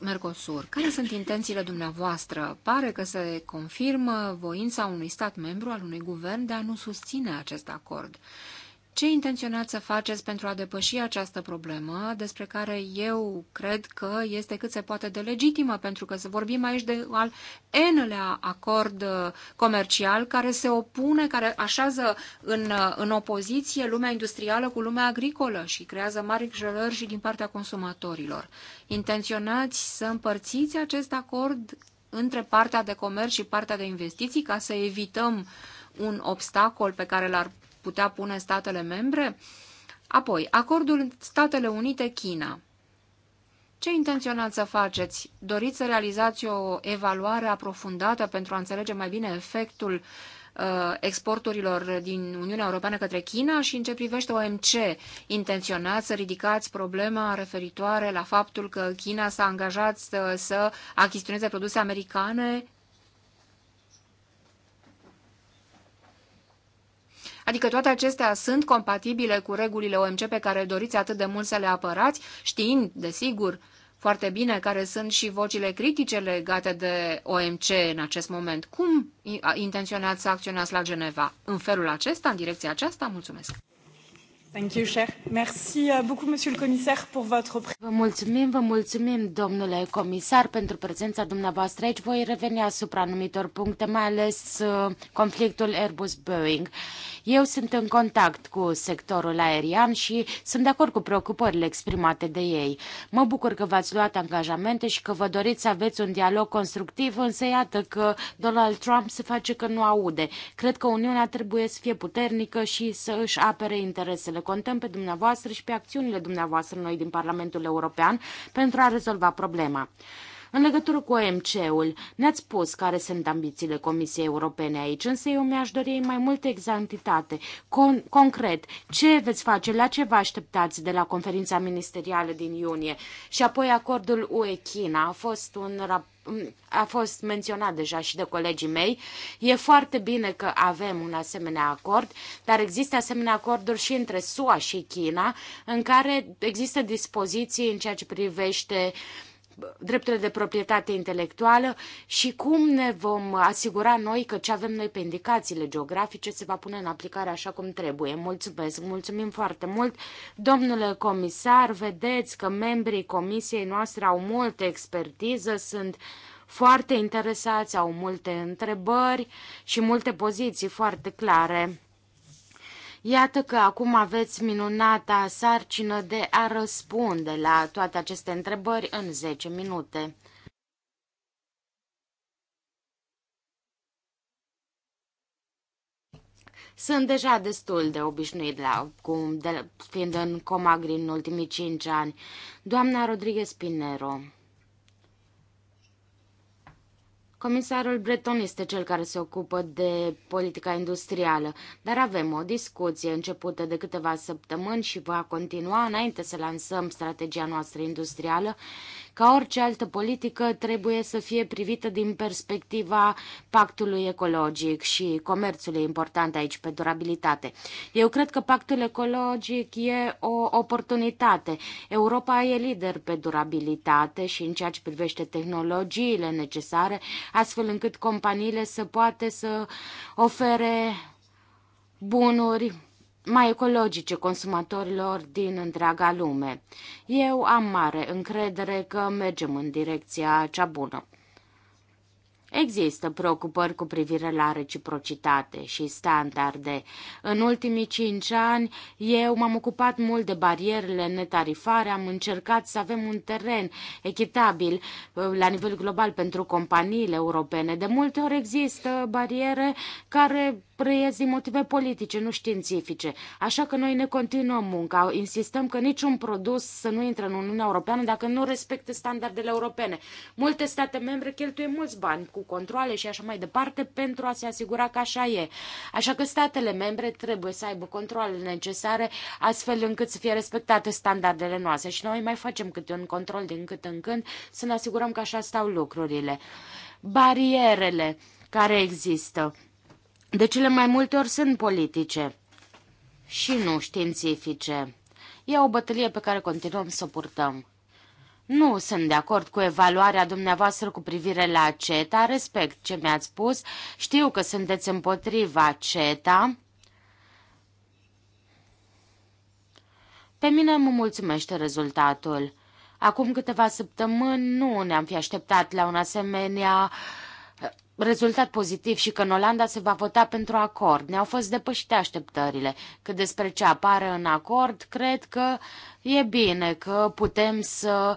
Mercosur, care sunt intențiile dumneavoastră? Pare că se confirmă voința unui stat membru al unui guvern de a nu susține acest acord. Ce intenționați să faceți pentru a depăși această problemă, despre care eu cred că este cât se poate de legitimă, pentru că să vorbim aici de al N-lea acord comercial care se opune, care așează în, în opoziție lumea industrială cu lumea agricolă și creează mari îngrijorări și din partea consumatorilor. Intenționați să împărțiți acest acord între partea de comerț și partea de investiții ca să evităm un obstacol pe care l-ar putea pune statele membre? Apoi, acordul Statele Unite-China. Ce intenționați să faceți? Doriți să realizați o evaluare aprofundată pentru a înțelege mai bine efectul uh, exporturilor din Uniunea Europeană către China și în ce privește OMC, intenționați să ridicați problema referitoare la faptul că China s-a angajat să, uh, să achiziționeze produse americane Adică toate acestea sunt compatibile cu regulile OMC pe care doriți atât de mult să le apărați, știind, desigur, foarte bine care sunt și vocile critice legate de OMC în acest moment. Cum intenționați să acționați la Geneva? În felul acesta, în direcția aceasta? Mulțumesc! Thank you, cher. Merci euh, beaucoup, monsieur le commissaire, pour votre... Vă mulțumim, vă mulțumim, domnule comisar, pentru prezența dumneavoastră aici. Voi reveni asupra anumitor puncte, mai ales uh, conflictul Airbus-Boeing. Eu sunt în contact cu sectorul aerian și sunt de acord cu preocupările exprimate de ei. Mă bucur că v-ați luat angajamente și că vă doriți să aveți un dialog constructiv, însă iată că Donald Trump se face că nu aude. Cred că Uniunea trebuie să fie puternică și să își apere interesele. Contăm pe dumneavoastră și pe acțiunile dumneavoastră noi din Parlamentul European pentru a rezolva problema. În legătură cu OMC-ul, ne-ați spus care sunt ambițiile Comisiei Europene aici, însă eu mi-aș dori mai multă exactitate. Con- concret, ce veți face, la ce vă așteptați de la conferința ministerială din iunie? Și apoi acordul UE-China a fost un raport a fost menționat deja și de colegii mei. E foarte bine că avem un asemenea acord, dar există asemenea acorduri și între SUA și China, în care există dispoziții în ceea ce privește uh, drepturile de proprietate intelectuală și cum ne vom asigura noi că ce avem noi pe indicațiile geografice se va pune în aplicare așa cum trebuie. Mulțumesc, mulțumim foarte mult. Domnule comisar, vedeți că membrii comisiei noastre au multă expertiză, sunt foarte interesați, au multe întrebări și multe poziții foarte clare. Iată că acum aveți minunata sarcină de a răspunde la toate aceste întrebări în 10 minute. Sunt deja destul de obișnuit la, cum de, fiind în Comagri în ultimii 5 ani. Doamna Rodriguez Pinero. Comisarul Breton este cel care se ocupă de politica industrială, dar avem o discuție începută de câteva săptămâni și va continua înainte să lansăm strategia noastră industrială ca orice altă politică, trebuie să fie privită din perspectiva pactului ecologic și comerțul e important aici pe durabilitate. Eu cred că pactul ecologic e o oportunitate. Europa e lider pe durabilitate și în ceea ce privește tehnologiile necesare, astfel încât companiile să poate să ofere bunuri mai ecologice consumatorilor din întreaga lume. Eu am mare încredere că mergem în direcția cea bună. Există preocupări cu privire la reciprocitate și standarde. În ultimii cinci ani eu m-am ocupat mult de barierele netarifare, am încercat să avem un teren echitabil uh, la nivel global pentru companiile europene. De multe ori există bariere care preiez din motive politice, nu științifice. Așa că noi ne continuăm munca, insistăm că niciun produs să nu intre în Uniunea Europeană dacă nu respectă standardele europene. Multe state membre cheltuie mulți bani cu controle și așa mai departe pentru a se asigura că așa e. Așa că statele membre trebuie să aibă controle necesare astfel încât să fie respectate standardele noastre și noi mai facem câte un control din cât în când să ne asigurăm că așa stau lucrurile. Barierele care există de cele mai multe ori sunt politice și nu științifice. E o bătălie pe care continuăm să o purtăm. Nu sunt de acord cu evaluarea dumneavoastră cu privire la CETA, respect ce mi-ați spus, știu că sunteți împotriva CETA. Pe mine mă mulțumește rezultatul. Acum câteva săptămâni nu ne-am fi așteptat la un asemenea uh, rezultat pozitiv și că în Olanda se va vota pentru acord. Ne-au fost depășite așteptările. Că despre ce apare în acord, cred că e bine, că putem să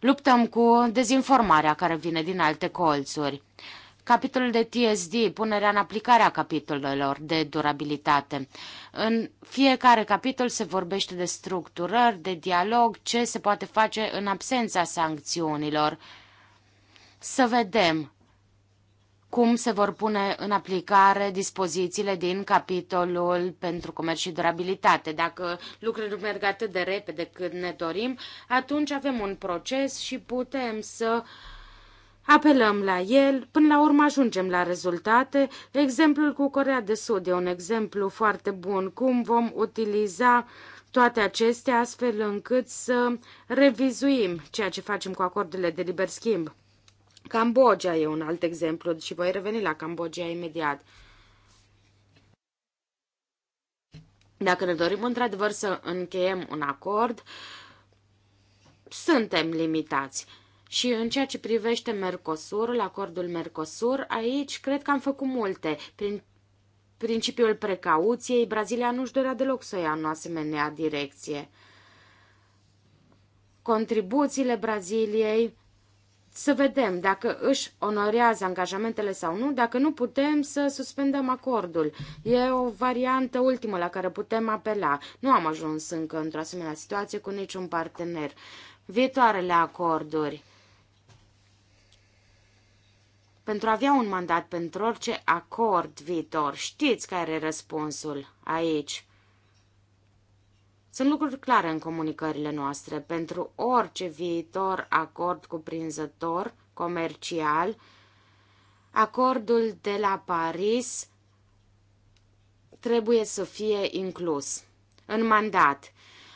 luptăm cu dezinformarea care vine din alte colțuri. Capitolul de TSD, punerea în aplicare a capitolelor de durabilitate. În fiecare capitol se vorbește de structurări, de dialog, ce se poate face în absența sancțiunilor. Să vedem cum se vor pune în aplicare dispozițiile din capitolul pentru comerț și durabilitate. Dacă lucrurile merg atât de repede cât ne dorim, atunci avem un proces și putem să apelăm la el, până la urmă ajungem la rezultate. Exemplul cu Corea de Sud e un exemplu foarte bun, cum vom utiliza toate acestea astfel încât să revizuim ceea ce facem cu acordurile de liber schimb. Cambodgia e un alt exemplu și voi reveni la Cambodgia imediat. Dacă ne dorim într-adevăr să încheiem un acord, suntem limitați. Și în ceea ce privește Mercosurul, acordul Mercosur, aici cred că am făcut multe. Prin principiul precauției, Brazilia nu-și dorea deloc să o ia în o asemenea direcție. Contribuțiile Braziliei să vedem dacă își onorează angajamentele sau nu, dacă nu putem să suspendăm acordul. E o variantă ultimă la care putem apela. Nu am ajuns încă într-o asemenea situație cu niciun partener. Viitoarele acorduri. Pentru a avea un mandat pentru orice acord viitor, știți care e răspunsul aici. Sunt lucruri clare în comunicările noastre. Pentru orice viitor acord cuprinzător, comercial, acordul de la Paris trebuie să fie inclus în mandat.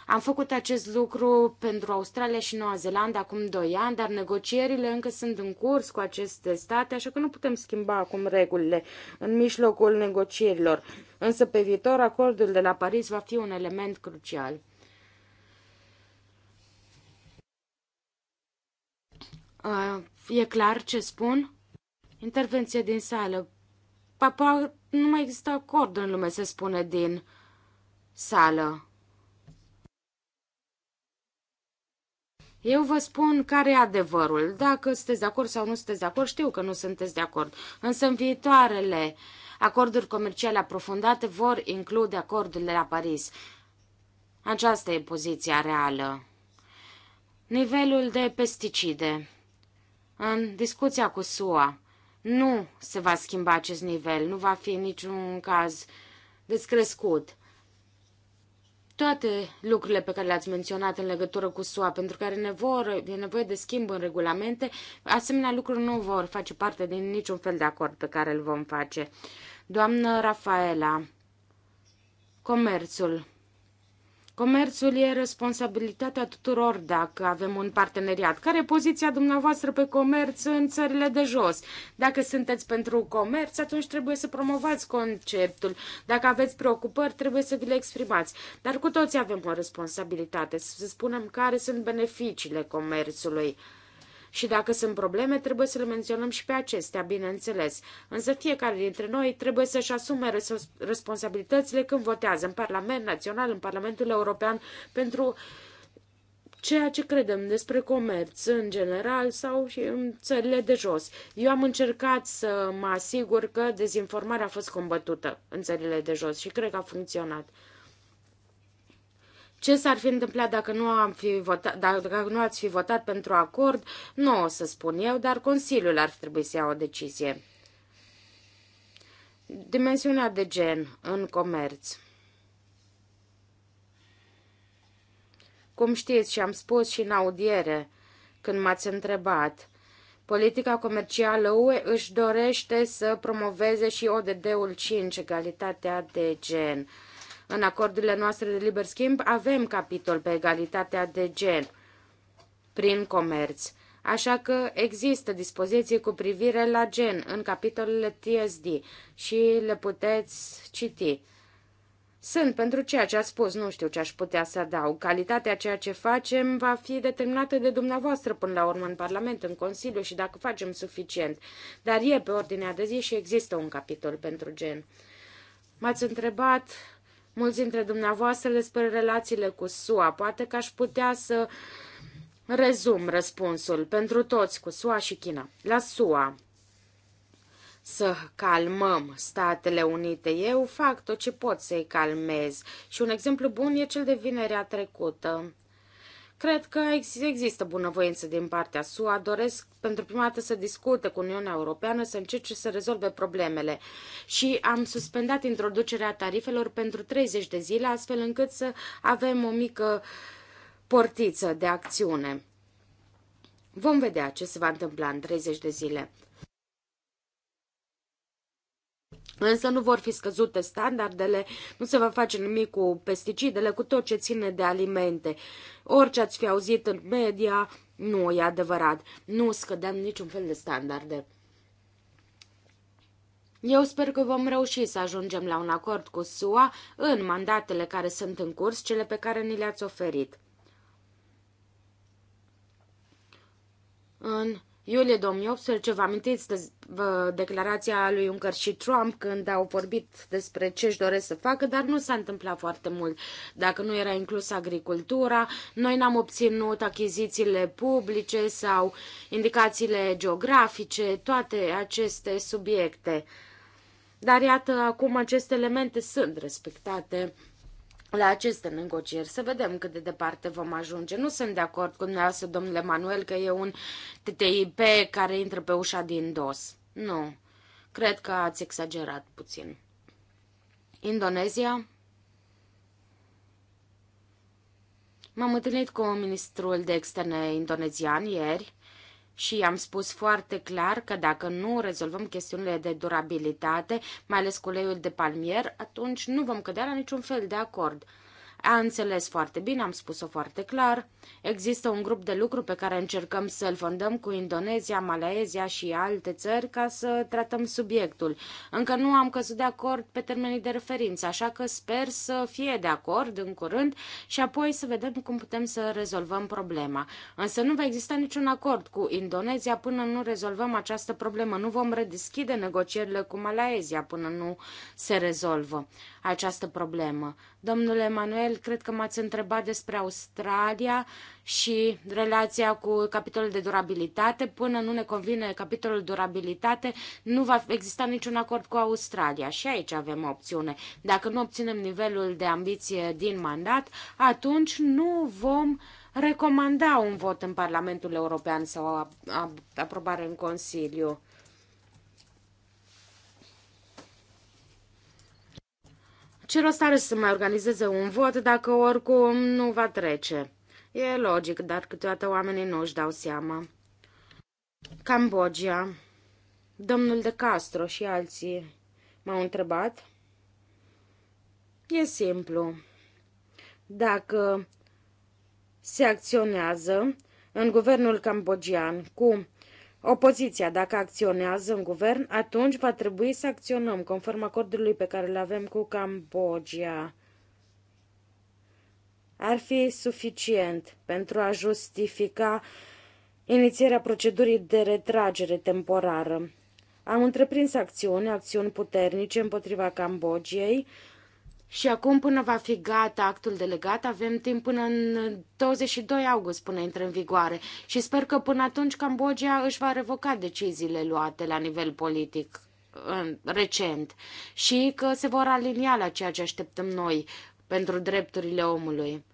Am făcut acest lucru pentru Australia și Noua Zeelandă acum 2 ani, dar negocierile încă sunt în curs cu aceste state, așa că nu putem schimba acum regulile în mijlocul negocierilor. Însă pe viitor acordul de la Paris va fi un element crucial. Uh, e clar ce spun? Intervenție din sală. Papa, nu mai există acord în lume, se spune din sală. Eu vă spun care e adevărul. Dacă sunteți de acord sau nu sunteți de acord, știu că nu sunteți de acord. Însă în viitoarele acorduri comerciale aprofundate vor include acordurile la Paris. Aceasta e poziția reală. Nivelul de pesticide. În discuția cu SUA, nu se va schimba acest nivel, nu va fi niciun caz descrescut toate lucrurile pe care le-ați menționat în legătură cu SUA, pentru care nevoie, e nevoie de schimb în regulamente, asemenea lucruri nu vor face parte din niciun fel de acord pe care îl vom face. Doamnă Rafaela, comerțul. Comerțul e responsabilitatea tuturor dacă avem un parteneriat. Care e poziția dumneavoastră pe comerț în țările de jos? Dacă sunteți pentru comerț, atunci trebuie să promovați conceptul. Dacă aveți preocupări, trebuie să vi le exprimați. Dar cu toți avem o responsabilitate să spunem care sunt beneficiile comerțului. Și dacă sunt probleme, trebuie să le menționăm și pe acestea, bineînțeles. Însă fiecare dintre noi trebuie să-și asume responsabilitățile când votează în Parlament Național, în Parlamentul European, pentru ceea ce credem despre comerț în general sau și în țările de jos. Eu am încercat să mă asigur că dezinformarea a fost combătută în țările de jos și cred că a funcționat. Ce s-ar fi întâmplat dacă nu, am fi votat, dacă nu ați fi votat pentru acord? Nu o să spun eu, dar Consiliul ar trebui să ia o decizie. Dimensiunea de gen în comerț. Cum știți și am spus și în audiere, când m-ați întrebat, politica comercială UE își dorește să promoveze și ODD-ul 5, egalitatea de gen. În acordurile noastre de liber schimb avem capitol pe egalitatea de gen prin comerț. Așa că există dispoziții cu privire la gen în capitolele TSD și le puteți citi. Sunt pentru ceea ce a spus, nu știu ce aș putea să adaug. Calitatea ceea ce facem va fi determinată de dumneavoastră până la urmă în Parlament, în Consiliu și dacă facem suficient. Dar e pe ordinea de zi și există un capitol pentru gen. M-ați întrebat mulți dintre dumneavoastră despre relațiile cu SUA. Poate că aș putea să rezum răspunsul pentru toți cu SUA și China. La SUA, să calmăm Statele Unite. Eu fac tot ce pot să-i calmez. Și un exemplu bun e cel de vinerea trecută. Cred că există bunăvoință din partea SUA, doresc pentru prima dată să discute cu Uniunea Europeană, să încerce să rezolve problemele. Și am suspendat introducerea tarifelor pentru 30 de zile, astfel încât să avem o mică portiță de acțiune. Vom vedea ce se va întâmpla în 30 de zile. însă nu vor fi scăzute standardele, nu se va face nimic cu pesticidele, cu tot ce ține de alimente. Orice ați fi auzit în media, nu e adevărat. Nu scădem niciun fel de standarde. Eu sper că vom reuși să ajungem la un acord cu SUA în mandatele care sunt în curs, cele pe care ni le-ați oferit. În Iulie 2018, vă amintiți de declarația lui Juncker și Trump când au vorbit despre ce își doresc să facă, dar nu s-a întâmplat foarte mult. Dacă nu era inclusă agricultura, noi n-am obținut achizițiile publice sau indicațiile geografice, toate aceste subiecte. Dar iată, acum aceste elemente sunt respectate la aceste negocieri, să vedem cât de departe vom ajunge. Nu sunt de acord cu dumneavoastră, domnule Manuel, că e un TTIP care intră pe ușa din dos. Nu. Cred că ați exagerat puțin. Indonezia? M-am întâlnit cu ministrul de externe indonezian ieri și am spus foarte clar că dacă nu rezolvăm chestiunile de durabilitate, mai ales cu uleiul de palmier, atunci nu vom cădea la niciun fel de acord. A înțeles foarte bine, am spus-o foarte clar. Există un grup de lucru pe care încercăm să-l fondăm cu Indonezia, Malaezia și alte țări ca să tratăm subiectul. Încă nu am căzut de acord pe termenii de referință, așa că sper să fie de acord în curând și apoi să vedem cum putem să rezolvăm problema. Însă nu va exista niciun acord cu Indonezia până nu rezolvăm această problemă. Nu vom redeschide negocierile cu Malaezia până nu se rezolvă această problemă. Domnule Emanuel, cred că m-ați întrebat despre Australia și relația cu capitolul de durabilitate. Până nu ne convine capitolul durabilitate, nu va exista niciun acord cu Australia și aici avem o opțiune. Dacă nu obținem nivelul de ambiție din mandat, atunci nu vom recomanda un vot în Parlamentul European sau aprobare în Consiliu. Ce rost are să mai organizeze un vot dacă oricum nu va trece? E logic, dar câteodată oamenii nu își dau seama. Cambodgia. Domnul de Castro și alții m-au întrebat. E simplu. Dacă se acționează în guvernul cambogian cu Opoziția, dacă acționează în guvern, atunci va trebui să acționăm conform acordului pe care îl avem cu Cambodgia. Ar fi suficient pentru a justifica inițierea procedurii de retragere temporară. Am întreprins acțiuni, acțiuni puternice împotriva Cambodgiei, și acum, până va fi gata actul delegat, avem timp până în 22 august până intră în vigoare și sper că până atunci Cambodgia își va revoca deciziile luate la nivel politic recent și că se vor alinia la ceea ce așteptăm noi pentru drepturile omului.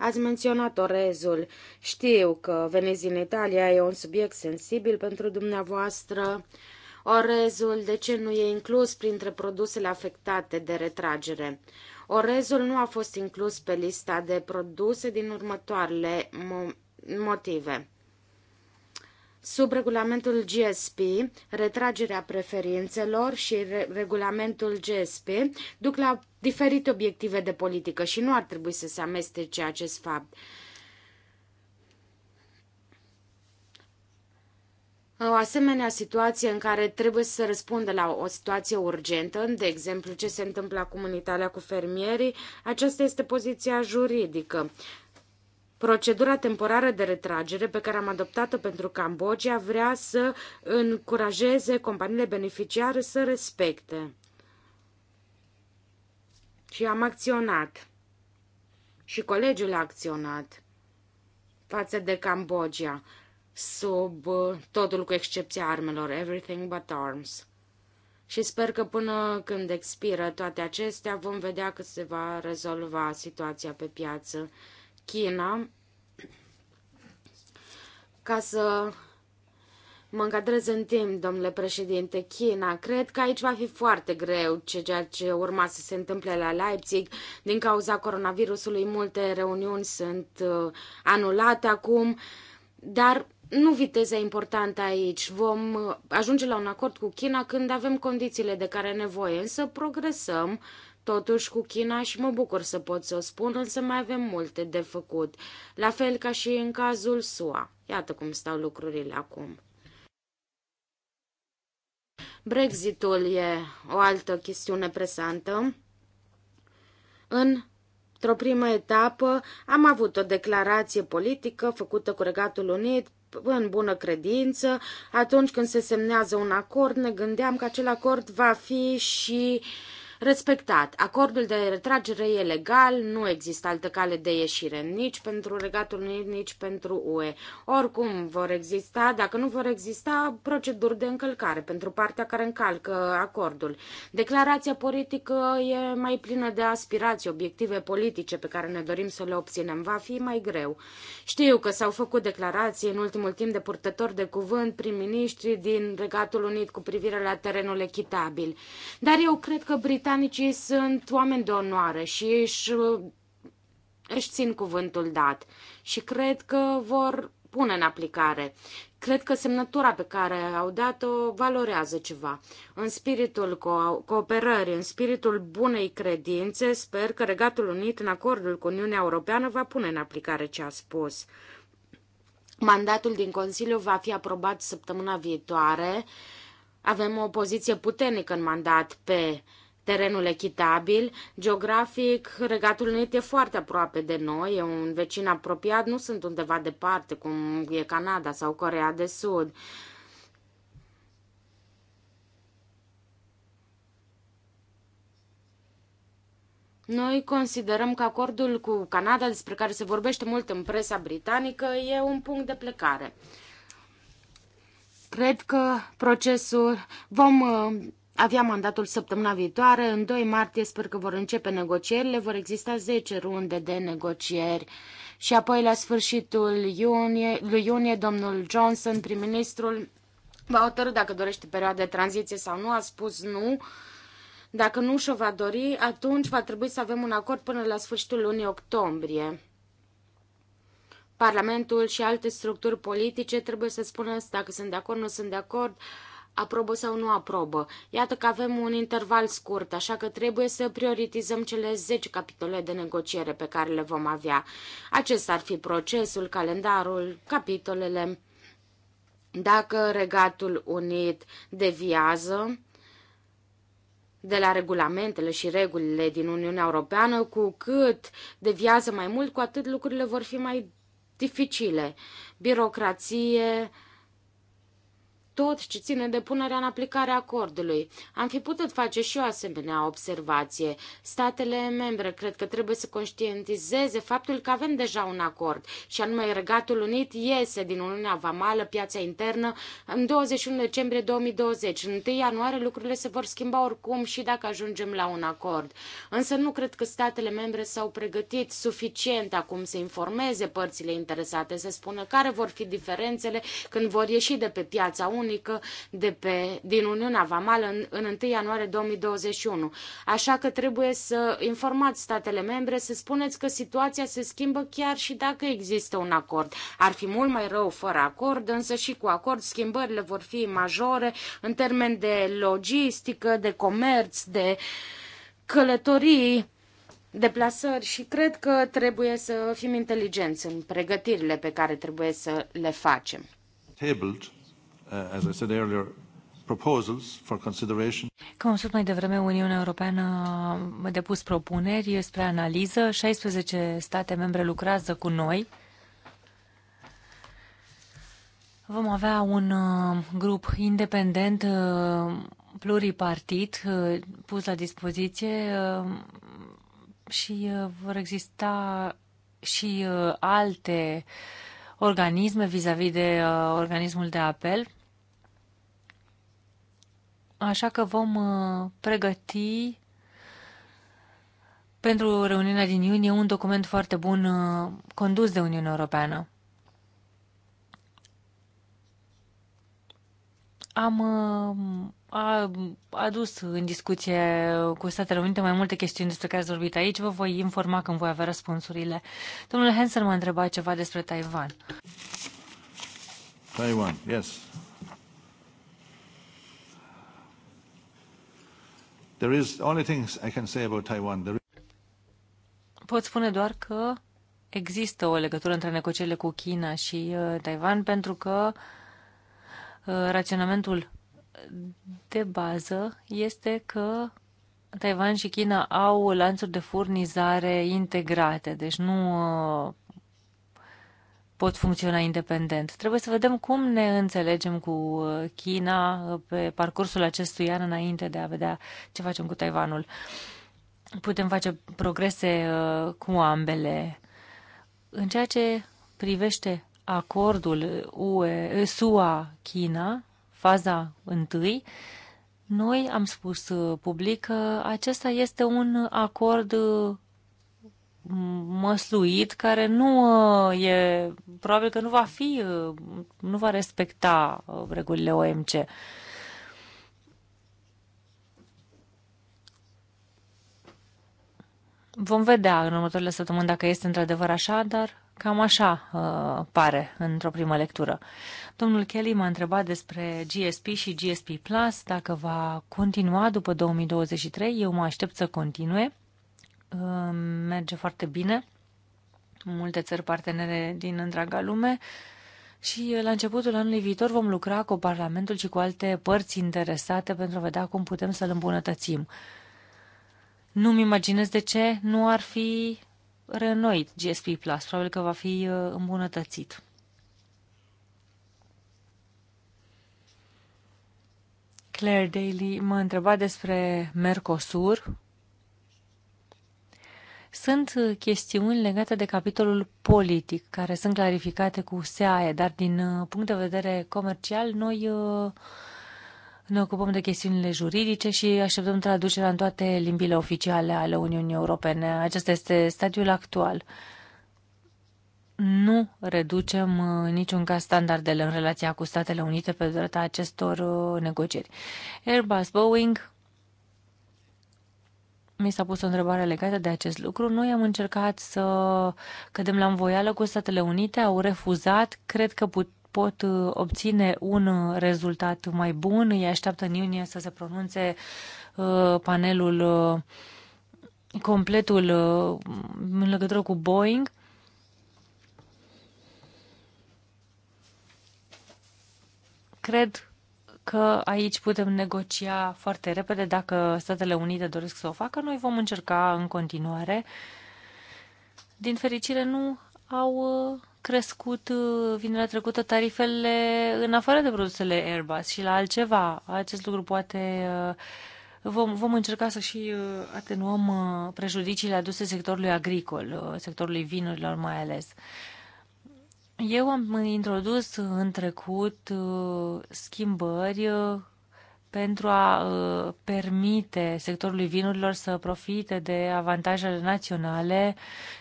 Ați menționat orezul. Știu că veniți din Italia, e un subiect sensibil pentru dumneavoastră. Orezul, de ce nu e inclus printre produsele afectate de retragere? Orezul nu a fost inclus pe lista de produse din următoarele motive. Sub regulamentul GSP, retragerea preferințelor și re regulamentul GSP duc la diferite obiective de politică și nu ar trebui să se amestece acest fapt. O asemenea situație în care trebuie să răspundă la o situație urgentă, de exemplu ce se întâmplă acum în Italia cu fermierii, aceasta este poziția juridică. Procedura temporară de retragere pe care am adoptat-o pentru Cambodgia vrea să încurajeze companiile beneficiare să respecte. Și am acționat. Și colegiul a acționat față de Cambodgia, sub uh, totul cu excepția armelor, everything but arms. Și sper că până când expiră toate acestea vom vedea că se va rezolva situația pe piață. China ca să mă încadrez în timp, domnule președinte, China. Cred că aici va fi foarte greu ceea ce urma să se întâmple la Leipzig. Din cauza coronavirusului, multe reuniuni sunt uh, anulate acum, dar nu viteza importantă aici. Vom uh, ajunge la un acord cu China când avem condițiile de care nevoie, însă progresăm. Uh, totuși cu China și mă bucur să pot să o spun, însă mai avem multe de făcut, la fel ca și în cazul SUA. Iată cum stau lucrurile acum. Brexitul e o altă chestiune presantă. În Într-o primă etapă am avut o declarație politică făcută cu Regatul Unit în bună credință. Atunci când se semnează un acord, ne gândeam că acel acord va fi și uh, respectat. Acordul de retragere e legal, nu există altă cale de ieșire, nici pentru Regatul Unit, nici pentru UE. Oricum vor exista, dacă nu vor exista, proceduri de încălcare pentru partea care încalcă acordul. Declarația politică e mai plină de aspirații, obiective politice pe care ne dorim să le obținem. Va fi mai greu. Știu că s-au făcut declarații în ultimul timp de purtători de cuvânt prim-ministri din Regatul Unit cu privire la terenul echitabil. Dar eu cred că Britania britanicii sunt oameni de onoare și își, își țin cuvântul dat și cred că vor pune în aplicare. Cred că semnătura pe care au dat-o valorează ceva. În spiritul co- cooperării, în spiritul bunei credințe, sper că Regatul Unit, în acordul cu Uniunea Europeană, va pune în aplicare ce a spus. Mandatul din Consiliu va fi aprobat săptămâna viitoare. Avem o poziție puternică în mandat pe uh, terenul echitabil. Geografic, Regatul Unit e foarte aproape de noi, e un vecin apropiat, nu sunt undeva departe, cum e Canada sau Corea de Sud. Noi considerăm că acordul cu Canada, despre care se vorbește mult în presa britanică, e un punct de plecare. Cred că procesul vom uh, avea mandatul săptămâna viitoare. În 2 martie sper că vor începe negocierile, vor exista 10 runde de negocieri. Și apoi la sfârșitul iunie, lui iunie, domnul Johnson, prim-ministrul, va hotărâ dacă dorește perioada de tranziție sau nu, a spus nu. Dacă nu și-o va dori, atunci va trebui să avem un acord până la sfârșitul lunii octombrie. Parlamentul și alte structuri politice trebuie să spună dacă sunt de acord, nu sunt de acord. Uh, aprobă sau nu aprobă. Iată că avem un interval scurt, așa că trebuie să prioritizăm cele 10 capitole de negociere pe care le vom avea. Acesta ar fi procesul, calendarul, capitolele. Dacă Regatul Unit deviază, de la regulamentele și regulile din Uniunea Europeană, cu cât deviază mai mult, cu atât lucrurile vor fi mai dificile. Birocrație, uh, tot ce ține de punerea în aplicare a acordului. Am fi putut face și o asemenea observație. Statele membre cred că trebuie să conștientizeze faptul că avem deja un acord și anume Regatul Unit iese din Uniunea Vamală, piața internă, în 21 decembrie 2020. În 1 ianuarie lucrurile se vor schimba oricum și dacă ajungem la un acord. Însă nu cred că statele membre s-au pregătit suficient acum să informeze părțile interesate, să spună care vor fi diferențele când vor ieși de pe piața unică unică de pe, din Uniunea Vamală în, în 1 ianuarie 2021. Așa că trebuie să informați statele membre, să spuneți că situația se schimbă chiar și dacă există un acord. Ar fi mult mai rău fără acord, însă și cu acord schimbările vor fi majore în termen de logistică, de comerț, de călătorii deplasări și cred că trebuie să fim inteligenți în pregătirile pe care trebuie să le facem. Tabled Uh, as I said earlier, proposals for consideration. Ca am spus mai devreme, Uniunea Europeană a depus propuneri spre analiză. 16 state membre lucrează cu noi. Vom avea un uh, grup independent uh, pluripartit pus la dispoziție și vor exista și alte organisme vis-a-vis -vis de organismul de apel așa că vom uh, pregăti pentru reuniunea din iunie un document foarte bun uh, condus de Uniunea Europeană. Am uh, a adus în discuție cu Statele Unite mai multe chestiuni despre care ați vorbit aici. Vă voi informa când voi avea răspunsurile. Domnul Hansen m-a întrebat ceva despre Taiwan. Taiwan, yes. There is only things I can say about Taiwan. There... Pot spune doar că există o legătură între negocierile cu China și uh, Taiwan pentru că uh, raționamentul de bază este că Taiwan și China au lanțuri de furnizare integrate, deci nu uh, pot funcționa independent. Trebuie să vedem cum ne înțelegem cu uh, China uh, pe parcursul acestui an înainte de a vedea ce facem cu Taiwanul. Putem face progrese uh, cu ambele. În ceea ce privește acordul UE, SUA-China, faza întâi, noi am spus public că acesta este un acord măsluit care nu uh, e, probabil că nu va fi, uh, nu va respecta uh, regulile OMC. Vom vedea în următoarele săptămâni dacă este într-adevăr așa, dar cam așa uh, pare într-o primă lectură. Domnul Kelly m-a întrebat despre GSP și GSP Plus, dacă va continua după 2023. Eu mă aștept să continue merge foarte bine. Multe țări partenere din întreaga lume. Și la începutul anului viitor vom lucra cu Parlamentul și cu alte părți interesate pentru a vedea cum putem să-l îmbunătățim. Nu-mi imaginez de ce nu ar fi reînnoit GSP Plus. Probabil că va fi uh, îmbunătățit. Claire Daly mă întreba despre Mercosur sunt uh, chestiuni legate de capitolul politic, care sunt clarificate cu SEAE, dar din uh, punct de vedere comercial, noi uh, ne ocupăm de chestiunile juridice și așteptăm traducerea în toate limbile oficiale ale Uniunii Europene. Acesta este stadiul actual. Nu reducem în niciun caz standardele în relația cu Statele Unite pe durata acestor negocieri. Airbus Boeing mi s-a pus o întrebare legată de acest lucru. Noi am încercat să cădem la învoială cu Statele Unite, au refuzat, cred că put, pot uh, obține un uh, rezultat mai bun. Îi așteaptă în iunie să se pronunțe uh, panelul uh, completul uh, în legătură cu Boeing. Cred că aici putem negocia foarte repede. Dacă Statele Unite doresc să o facă, noi vom încerca în continuare. Din fericire, nu au uh, crescut uh, vinerea trecută tarifele în afară de produsele Airbus și la altceva. Acest lucru poate uh, vom, vom încerca să și atenuăm prejudiciile aduse sectorului agricol, sectorului vinurilor mai ales. Eu am introdus în trecut uh, schimbări uh, pentru a uh, permite sectorului vinurilor să profite de avantajele naționale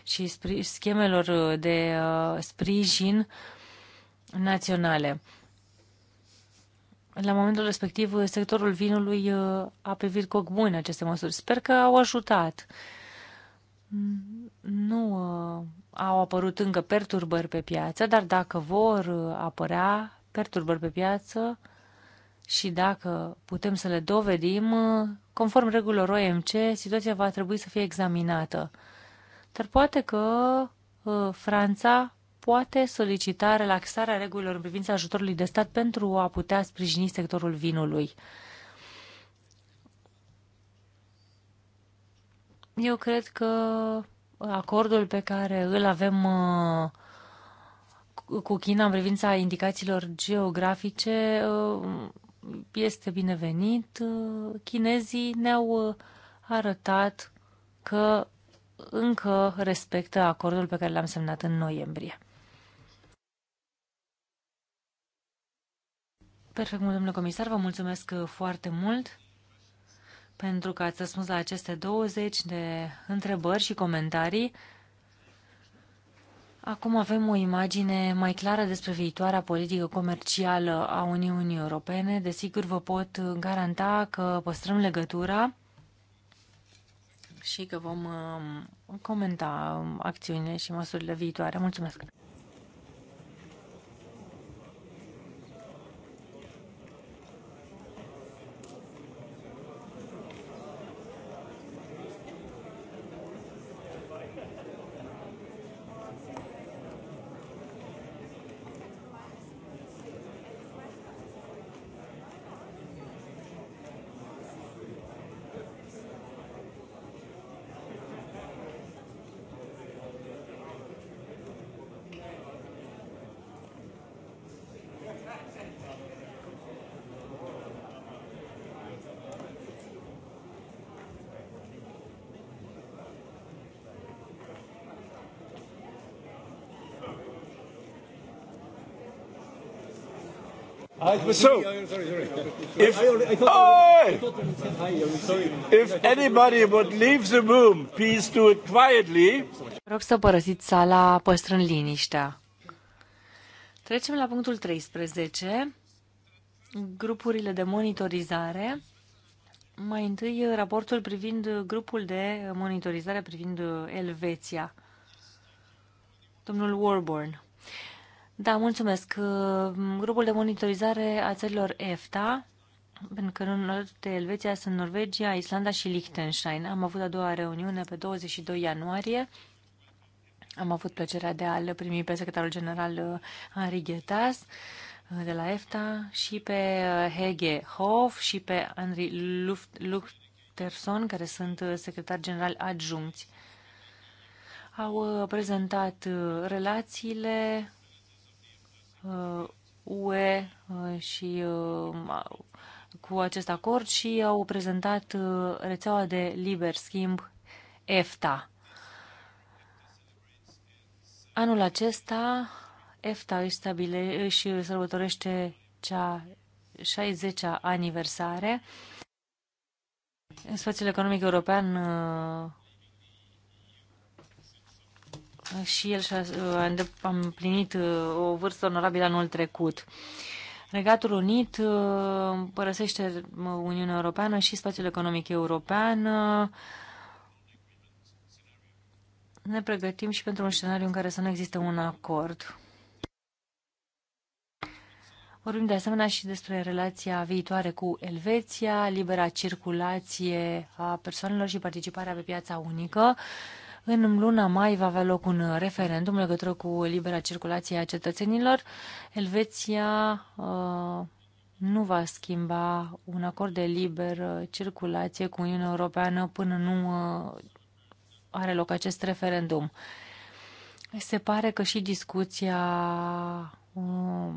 și schemelor de sprijin naționale. La momentul respectiv, sectorul vinului a privit cu ochi buni aceste măsuri. Sper că au ajutat. Mm, nu au apărut încă perturbări pe piață, dar dacă vor uh, apărea perturbări pe piață și dacă putem să le dovedim, uh, conform regulilor OMC, situația va trebui să fie examinată. Dar poate că uh, Franța poate solicita relaxarea regulilor în privința ajutorului de stat pentru a putea sprijini sectorul vinului. Eu cred că acordul pe care îl avem uh, cu China în privința indicațiilor geografice uh, este binevenit. Uh, chinezii ne-au arătat că încă respectă acordul pe care l-am semnat în noiembrie. Perfect, domnule comisar, vă mulțumesc foarte mult pentru că ați răspuns la aceste 20 de întrebări și comentarii. Acum avem o imagine mai clară despre viitoarea politică comercială a Uniunii Europene. Desigur, vă pot garanta că păstrăm legătura și că vom um, comenta um, acțiunile și măsurile viitoare. Mulțumesc! So, if, oh, if anybody would leave the room, please do it quietly. Rog să părăsiți sala păstrând liniștea. Trecem la punctul 13. Grupurile de monitorizare. Mai întâi raportul privind grupul de monitorizare privind Elveția. Domnul Warborn. Da, mulțumesc. Uh, grupul de monitorizare a țărilor EFTA, pentru că în de Elveția sunt Norvegia, Islanda și Liechtenstein. Am avut a doua reuniune pe 22 ianuarie. Am avut plăcerea de a-l primi pe secretarul general uh, Henri Ghetas uh, de la EFTA și pe Hege Hof și pe Henri Lufterson, care sunt secretari general adjuncți. Au prezentat relațiile Uh, UE uh, și uh, cu acest acord și au prezentat rețeaua de liber schimb EFTA. Anul acesta EFTA își, stabile, își sărbătorește cea 60-a aniversare. În spațiul economic european și el și-a uh, împlinit uh, o vârstă onorabilă anul trecut. Regatul Unit uh, părăsește Uniunea Europeană și spațiul economic european. Ne pregătim și pentru un scenariu în care să nu existe un acord. Vorbim de asemenea și despre relația viitoare cu Elveția, libera circulație a persoanelor și participarea pe piața unică. Uh, în luna mai va avea loc un uh, referendum legătură cu libera circulație a cetățenilor. Elveția uh, nu va schimba un acord de liberă circulație cu Uniunea Europeană până nu uh, are loc acest referendum. Se pare că și discuția uh,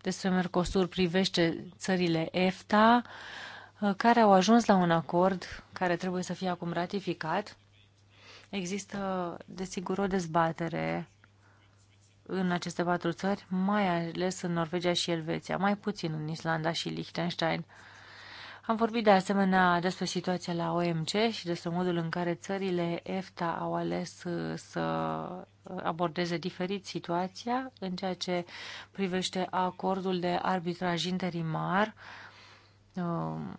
despre Mercosur privește țările EFTA, care au ajuns la un acord care trebuie să fie acum ratificat. Există, desigur, o dezbatere în aceste patru țări, mai ales în Norvegia și Elveția, mai puțin în Islanda și Liechtenstein. Am vorbit de asemenea despre situația la OMC și despre modul în care țările EFTA au ales uh, să abordeze diferit situația în ceea ce privește acordul de arbitraj interimar. Um,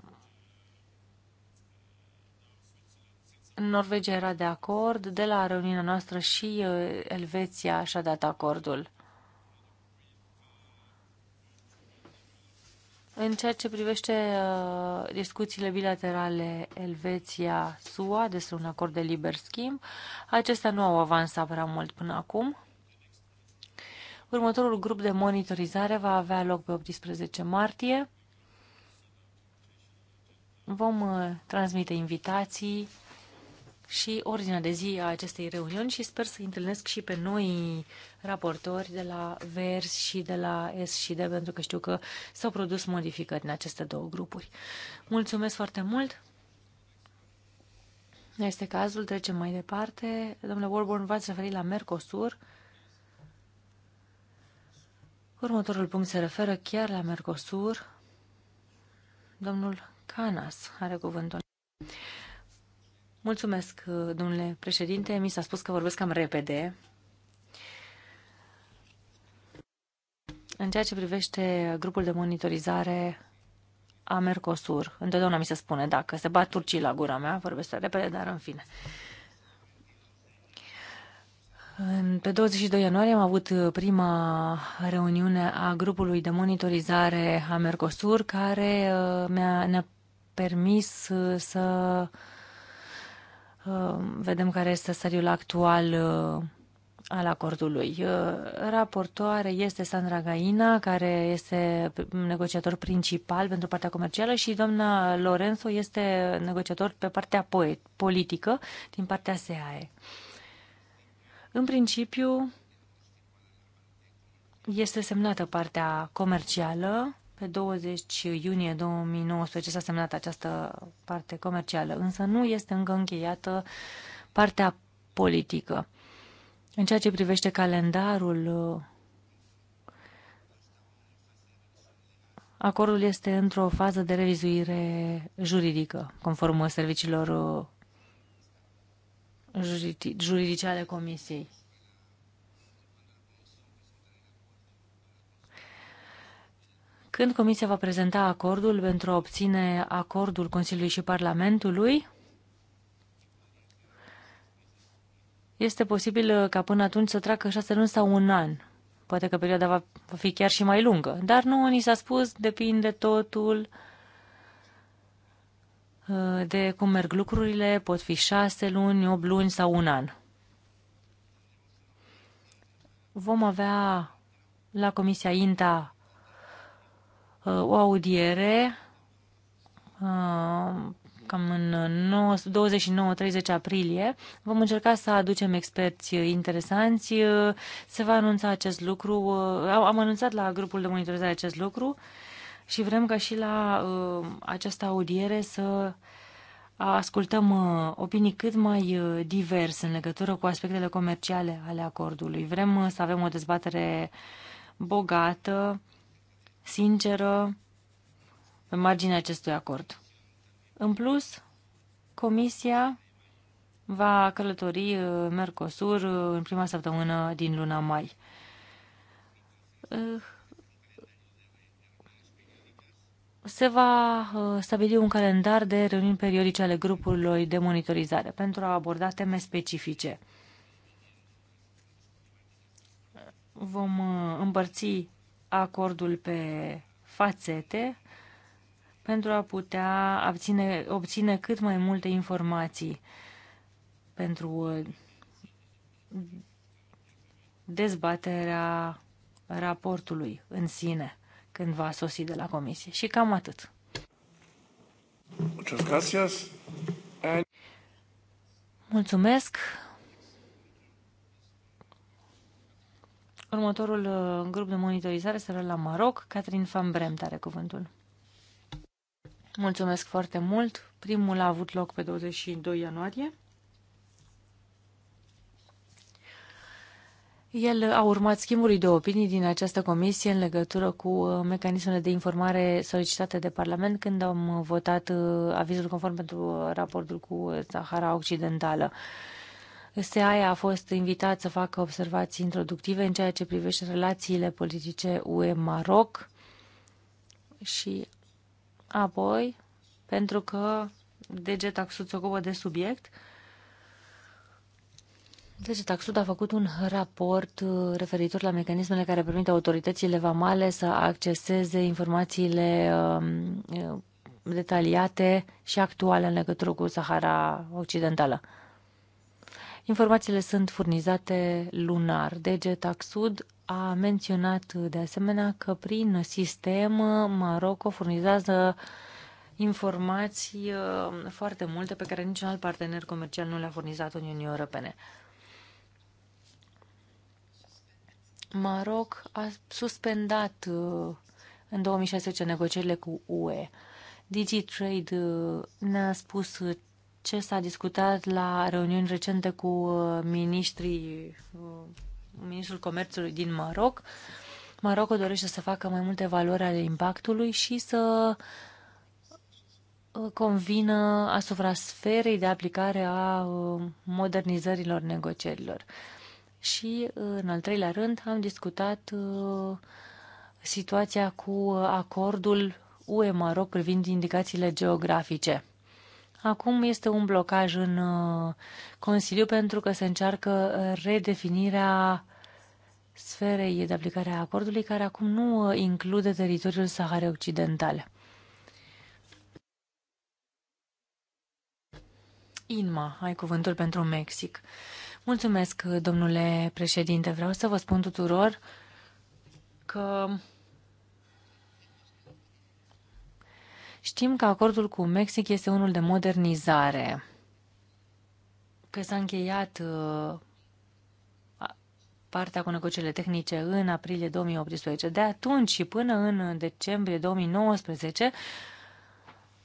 Norvegia era de acord, de la reuniunea noastră și uh, Elveția și-a dat acordul. În ceea ce privește uh, discuțiile bilaterale Elveția-SUA despre un acord de liber schimb, acestea nu au avansat prea mult până acum. Următorul grup de monitorizare va avea loc pe 18 martie. Vom uh, transmite invitații și ordinea de zi a acestei reuniuni și sper să întâlnesc și pe noi raportori de la VERS și de la S și D, pentru că știu că s-au produs modificări în aceste două grupuri. Mulțumesc foarte mult! Este cazul, trecem mai departe. Domnule Warburn, v-ați referit la Mercosur. Următorul punct se referă chiar la Mercosur. Domnul Canas are cuvântul. Mulțumesc, uh, domnule președinte. Mi s-a spus că vorbesc cam repede. În ceea ce privește grupul de monitorizare a Mercosur, întotdeauna mi se spune, dacă se bat turcii la gura mea, vorbesc repede, dar în fine. Pe 22 ianuarie am avut prima reuniune a grupului de monitorizare a Mercosur, care uh, ne-a permis uh, să Uh, vedem care este stadiul actual uh, al acordului. Uh, raportoare este Sandra Gaina, care este negociator principal pentru partea comercială și doamna Lorenzo este negociator pe partea politică din partea SEAE. În principiu, este semnată partea comercială pe 20 iunie 2019 s-a semnat această parte comercială, însă nu este încă încheiată partea politică. În ceea ce privește calendarul, acordul este într-o fază de revizuire juridică, conform serviciilor juridice ale Comisiei. Când Comisia va prezenta acordul pentru a obține acordul Consiliului și Parlamentului, este posibil ca până atunci să treacă șase luni sau un an. Poate că perioada va fi chiar și mai lungă. Dar nu, ni s-a spus, depinde totul uh, de cum merg lucrurile, pot fi șase luni, opt luni sau un an. Vom avea la Comisia INTA Uh, o audiere uh, cam în 29-30 aprilie. Vom încerca să aducem experți interesanți. Uh, se va anunța acest lucru. Am anunțat la grupul de monitorizare acest lucru și vrem ca și la această audiere să ascultăm opinii cât mai diverse în legătură cu aspectele comerciale ale acordului. Vrem să avem o dezbatere bogată, sinceră pe marginea acestui acord. În plus, Comisia va călători uh, Mercosur uh, în prima săptămână din luna mai. Uh, se va stabili un calendar de reuniuni periodice ale grupurilor de monitorizare pentru a aborda teme specifice. Vom împărți acordul pe fațete pentru a putea obține, obține cât mai multe informații pentru uh, dezbaterea raportului în sine când va sosi de la comisie. Și cam atât. Mulțumesc. Următorul uh, grup de monitorizare se la Maroc. Catherine Van Bremt are cuvântul. Mulțumesc foarte mult. Primul a avut loc pe 22 ianuarie. El a urmat schimbului de opinii din această comisie în legătură cu uh, mecanismele de informare solicitate de Parlament când am votat uh, avizul conform pentru raportul cu Sahara Occidentală. SEAE a fost invitat să facă observații introductive în ceea ce privește relațiile politice UE-Maroc și apoi, pentru că Sud se ocupă de subiect, deci Taxud a făcut un raport uh, referitor la mecanismele care permit autoritățile vamale să acceseze informațiile um, uh, detaliate și actuale în legătură cu Sahara Occidentală. Informațiile sunt furnizate lunar. DG Taxud a menționat de asemenea că prin sistem Maroco furnizează informații uh, foarte multe pe care niciun alt partener comercial nu le-a furnizat Uniunii Europene. Maroc a suspendat uh, în 2016 negocierile cu UE. DigiTrade uh, ne-a spus ce s-a discutat la reuniuni recente cu uh, ministrii, uh, ministrul comerțului din Maroc. Marocul dorește să facă mai multe valori ale impactului și să uh, convină asupra sferei de aplicare a modernizărilor negocierilor. Și, în al treilea rând, am discutat situația cu acordul UE-Maroc privind indicațiile geografice. Acum este un blocaj în uh, Consiliu pentru că se încearcă uh, redefinirea sferei de aplicare a acordului, care acum nu uh, include teritoriul Sahara Occidental. Inma, ai cuvântul pentru Mexic. Mulțumesc, domnule președinte. Vreau să vă spun tuturor că Știm că acordul cu Mexic este unul de modernizare, că s-a încheiat uh, partea cu negocierile tehnice în aprilie 2018. De atunci și până în decembrie 2019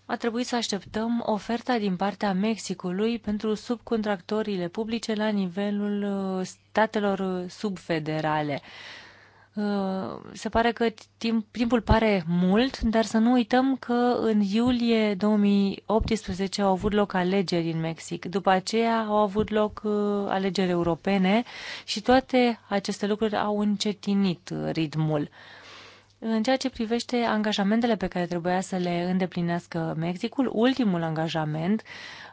a trebuit să așteptăm oferta din partea Mexicului pentru subcontractorile publice la nivelul uh, statelor uh, subfederale. Uh, se pare că timp, timpul pare mult, dar să nu uităm că în iulie 2018 au avut loc alegeri în Mexic. După aceea au avut loc uh, alegeri europene și toate aceste lucruri au încetinit uh, ritmul. În ceea ce privește angajamentele pe care trebuia să le îndeplinească Mexicul, ultimul angajament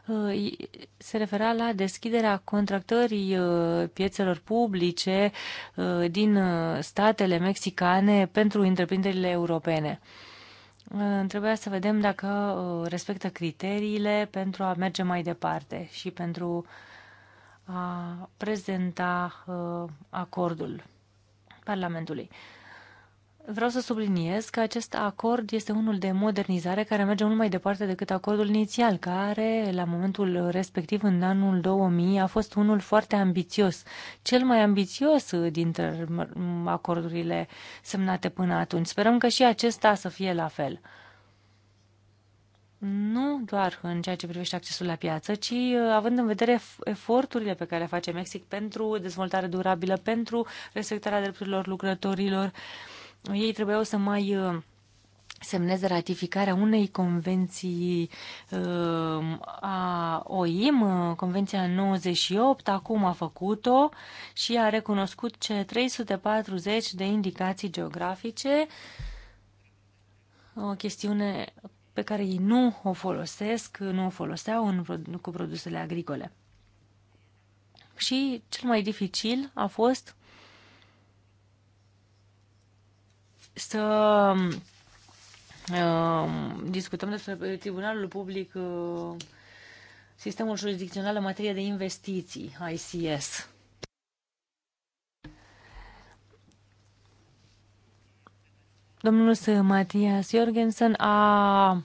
Uh, se refera la deschiderea contractării uh, piețelor publice uh, din statele mexicane pentru întreprinderile europene. Trebuia să vedem dacă respectă criteriile pentru a merge mai departe și pentru a prezenta acordul Parlamentului. Vreau să subliniez că acest acord este unul de modernizare care merge mult mai departe decât acordul inițial, care la momentul respectiv în anul 2000 a fost unul foarte ambițios, cel mai ambițios dintre acordurile semnate până atunci. Sperăm că și acesta să fie la fel. Nu doar în ceea ce privește accesul la piață, ci uh, având în vedere eforturile pe care le face Mexic pentru dezvoltare durabilă, pentru respectarea drepturilor lucrătorilor, ei trebuiau să mai uh, semneze ratificarea unei convenții uh, a OIM, uh, Convenția 98, acum a făcut-o și a recunoscut ce 340 de indicații geografice, o chestiune pe care ei nu o folosesc, nu o foloseau în, cu produsele agricole. Și cel mai dificil a fost să uh, discutăm despre Tribunalul Public, uh, Sistemul Jurisdicțional în materie de investiții, ICS. Domnul Matias Jorgensen a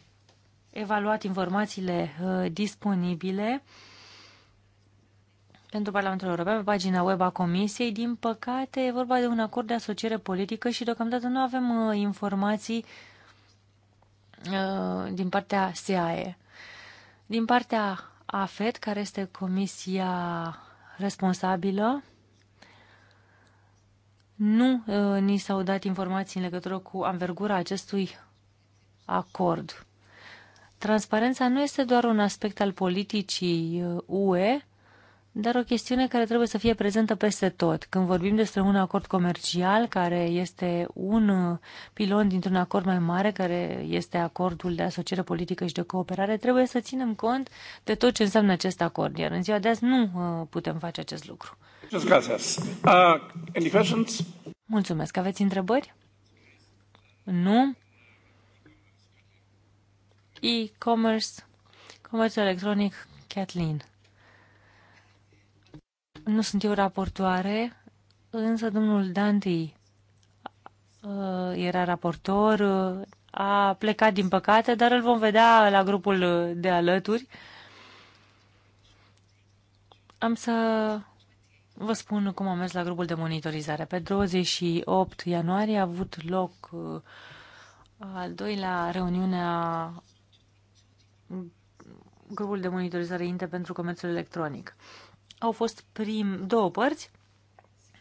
evaluat informațiile uh, disponibile pentru Parlamentul European pe pagina web a Comisiei. Din păcate, e vorba de un acord de asociere politică și deocamdată nu avem uh, informații uh, din partea SEAE. Din partea AFET, care este comisia responsabilă, nu uh, ni s-au dat informații în legătură cu anvergura acestui acord. Transparența nu este doar un aspect al politicii UE, dar o chestiune care trebuie să fie prezentă peste tot. Când vorbim despre un acord comercial, care este un uh, pilon dintr-un acord mai mare, care este acordul de asociere politică și de cooperare, trebuie să ținem cont de tot ce înseamnă acest acord, iar în ziua de azi nu uh, putem face acest lucru. Uh, Mulțumesc. Aveți întrebări? Nu? E-commerce, comerțul electronic, Kathleen. Nu sunt eu raportoare, însă domnul Danti uh, era raportor, uh, a plecat din păcate, dar îl vom vedea la grupul de alături. Am să vă spun cum am mers la grupul de monitorizare. Pe 28 ianuarie a avut loc uh, al doilea reuniunea grupul de monitorizare INTE pentru comerțul electronic. Au fost prim, două părți.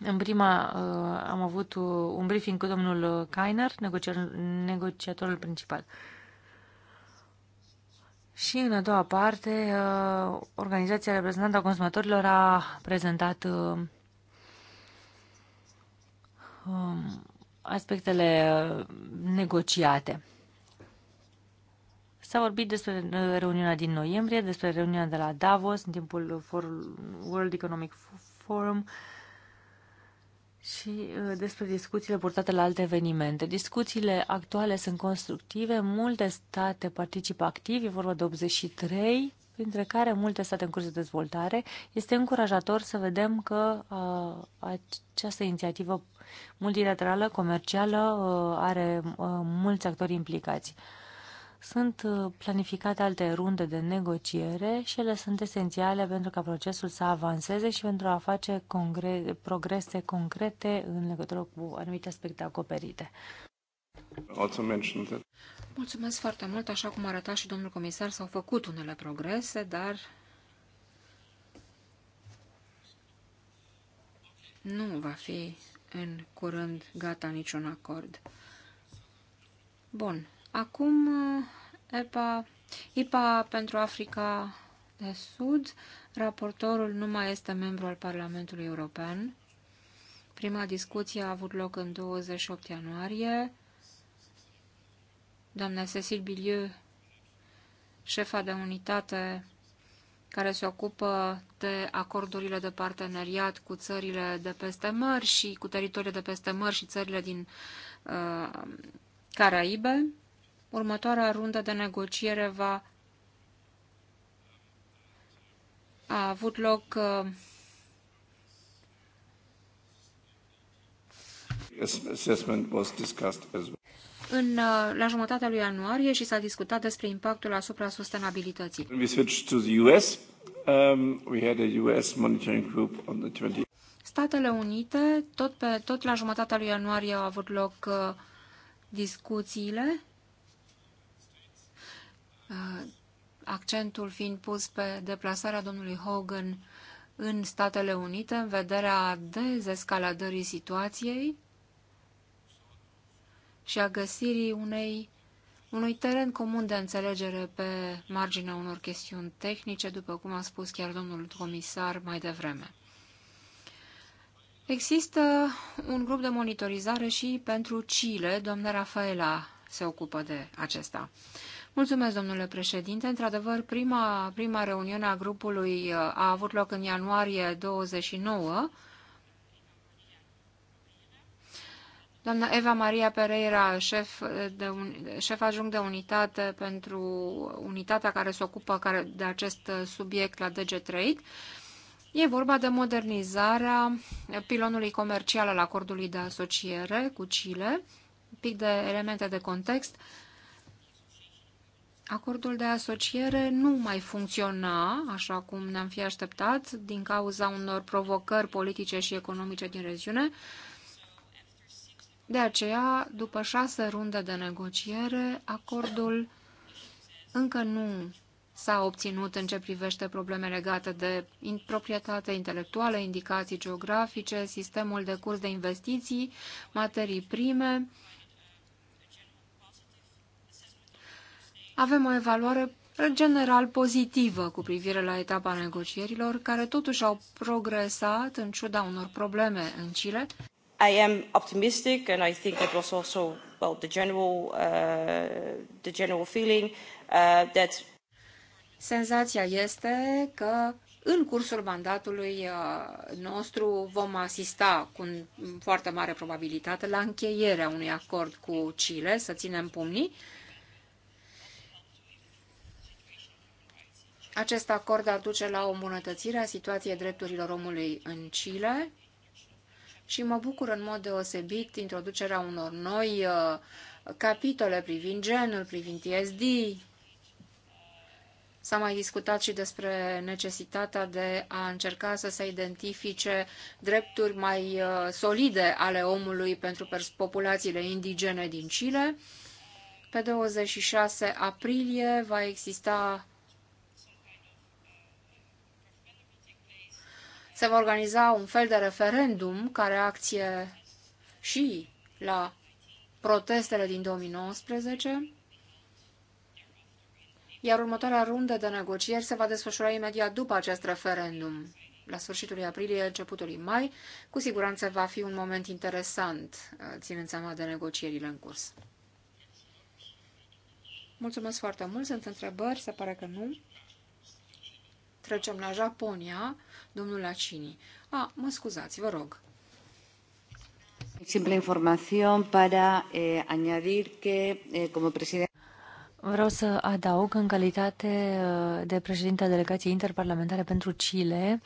În prima uh, am avut un briefing cu domnul Kainer, negociatorul principal. Și în a doua parte, uh, Organizația Reprezentantă a Consumatorilor a prezentat uh, um, aspectele negociate. S-a vorbit despre uh, reuniunea din noiembrie, despre reuniunea de la Davos în timpul World Economic Forum și uh, despre discuțiile purtate la alte evenimente. Discuțiile actuale sunt constructive, multe state participă activ, e vorba de 83, printre care multe state în curs de dezvoltare. Este încurajator să vedem că uh, această inițiativă multilaterală, comercială, uh, are uh, mulți actori implicați. Sunt uh, planificate alte runde de negociere și ele sunt esențiale pentru ca procesul să avanseze și pentru a face congre- progrese concrete în legătură cu anumite aspecte acoperite. Mulțumesc foarte mult, așa cum arăta și domnul comisar, s-au făcut unele progrese, dar nu va fi în curând gata niciun acord. Bun, Acum, eh, EPA, IPA pentru Africa de Sud, raportorul nu mai este membru al Parlamentului European. Prima discuție a avut loc în 28 ianuarie. Doamna Cecil Bilieu, șefa de unitate care se ocupă de acordurile de parteneriat cu țările de peste mări și cu teritoriile de peste mări și țările din uh, Caraibe, următoarea rundă de negociere va a avut loc uh, În, uh, la jumătatea lui ianuarie și s-a discutat despre impactul asupra sustenabilității. Um, Statele Unite, tot, pe, tot la jumătatea lui ianuarie au avut loc uh, discuțiile Uh, accentul fiind pus pe deplasarea domnului Hogan în Statele Unite în vederea dezescaladării situației și a găsirii unei, unui teren comun de înțelegere pe marginea unor chestiuni tehnice, după cum a spus chiar domnul comisar mai devreme. Există un grup de monitorizare și pentru Chile, domnul Rafaela se ocupă de acesta. Mulțumesc, domnule președinte. Într-adevăr, prima, prima reuniune a grupului uh, a avut loc în ianuarie 29. Doamna Eva Maria Pereira, șef, uh, de un, șef ajung de unitate pentru unitatea care se ocupă care, de acest uh, subiect la DG Trade, E vorba de modernizarea pilonului comercial al acordului de asociere cu Chile, un pic de elemente de context. Acordul de asociere nu mai funcționa așa cum ne-am fi așteptat din cauza unor provocări politice și economice din regiune. De aceea, după șase runde de negociere, acordul încă nu s-a obținut în ce privește probleme legate de proprietate intelectuală, indicații geografice, sistemul de curs de investiții, materii prime, avem o evaluare general pozitivă cu privire la etapa negocierilor, care totuși au progresat în ciuda unor probleme în Chile. I am optimistic and I think that was also well the general uh, the general feeling uh, that Senzația este că în cursul mandatului uh, nostru vom asista cu foarte mare probabilitate la încheierea unui acord cu Chile, să ținem pumnii, Acest acord ar duce la o îmbunătățire a situației drepturilor omului în Chile și mă bucur în mod deosebit introducerea unor noi uh, capitole privind genul, privind TSD. S-a mai discutat și despre necesitatea de a încerca să se identifice drepturi mai uh, solide ale omului pentru populațiile indigene din Chile. Pe 26 aprilie va exista se va organiza un fel de referendum ca reacție și la protestele din 2019, iar următoarea rundă de negocieri se va desfășura imediat după acest referendum, la sfârșitul aprilie, începutul mai. Cu siguranță va fi un moment interesant, uh, ținând seama de negocierile în curs. Mulțumesc foarte mult. Sunt întrebări? Se pare că nu. Trecem la Japonia, domnul Acini. A, ah, mă scuzați, vă rog. Simple información para eh, añadir que, eh, como presidente... Vreau să adaug, în calitate eh, de președinte a delegației interparlamentare pentru Chile,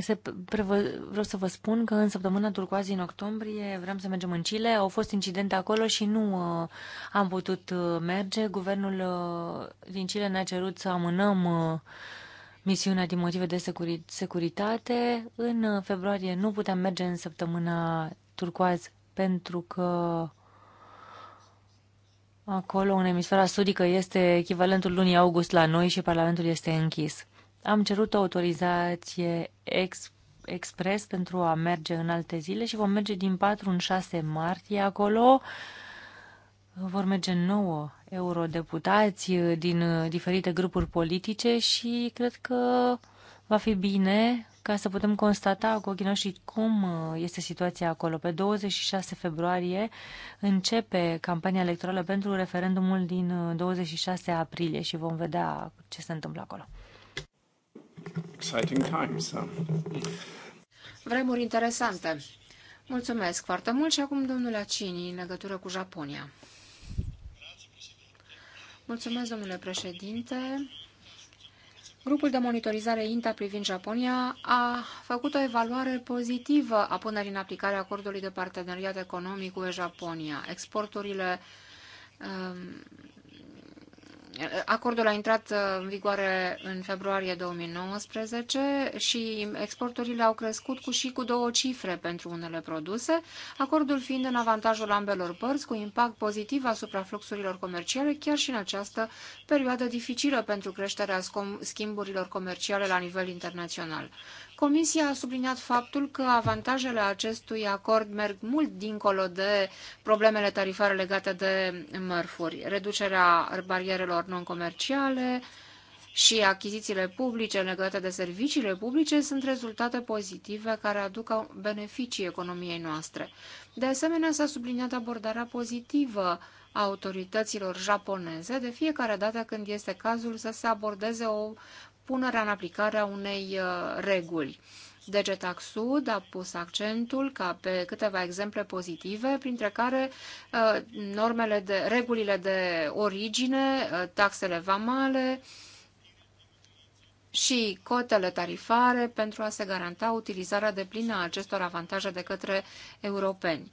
se prevă... vreau să vă spun că în săptămâna turcoazii, în octombrie, vrem să mergem în Chile. Au fost incidente acolo și nu uh, am putut eh, merge. Guvernul uh, din Chile ne-a cerut să amânăm uh, misiunea din motive de securi securitate. În uh, februarie nu puteam merge în săptămâna turcoaz pentru că acolo, în emisfera sudică, este echivalentul lunii august la noi și Parlamentul este închis. Am cerut o autorizație ex expres pentru a merge în alte zile și vom merge din 4 în 6 martie acolo. Uh, vor merge 9 eurodeputați uh, din uh, diferite grupuri politice și cred că va fi bine ca să putem constata cu ochii noștri cum uh, este situația acolo. Pe 26 februarie începe campania electorală pentru referendumul din 26 aprilie și vom vedea ce se întâmplă acolo. Exciting times. So. Vremuri interesante. Mulțumesc foarte mult și acum domnul Acini în legătură cu Japonia. Mulțumesc, domnule președinte. Grupul de monitorizare INTA privind Japonia a făcut o evaluare pozitivă a punerii în aplicare a acordului de parteneriat economic cu Japonia. Exporturile um, Acordul a intrat uh, în vigoare în februarie 2019 și exporturile au crescut cu și cu două cifre pentru unele produse, acordul fiind în avantajul ambelor părți, cu impact pozitiv asupra fluxurilor comerciale, chiar și în această perioadă dificilă pentru creșterea schimburilor comerciale la nivel internațional. Comisia a subliniat faptul că avantajele acestui acord merg mult dincolo de problemele tarifare legate de mărfuri, reducerea barierelor non-comerciale, și achizițiile publice legate de serviciile publice sunt rezultate pozitive care aduc beneficii economiei noastre. De asemenea, s-a subliniat abordarea pozitivă a autorităților japoneze de fiecare dată când este cazul să se abordeze o punerea în aplicare a unei uh, reguli. Degetax Sud a pus accentul ca pe câteva exemple pozitive, printre care uh, normele de, regulile de origine, uh, taxele vamale și cotele tarifare pentru a se garanta utilizarea deplină a acestor avantaje de către europeni.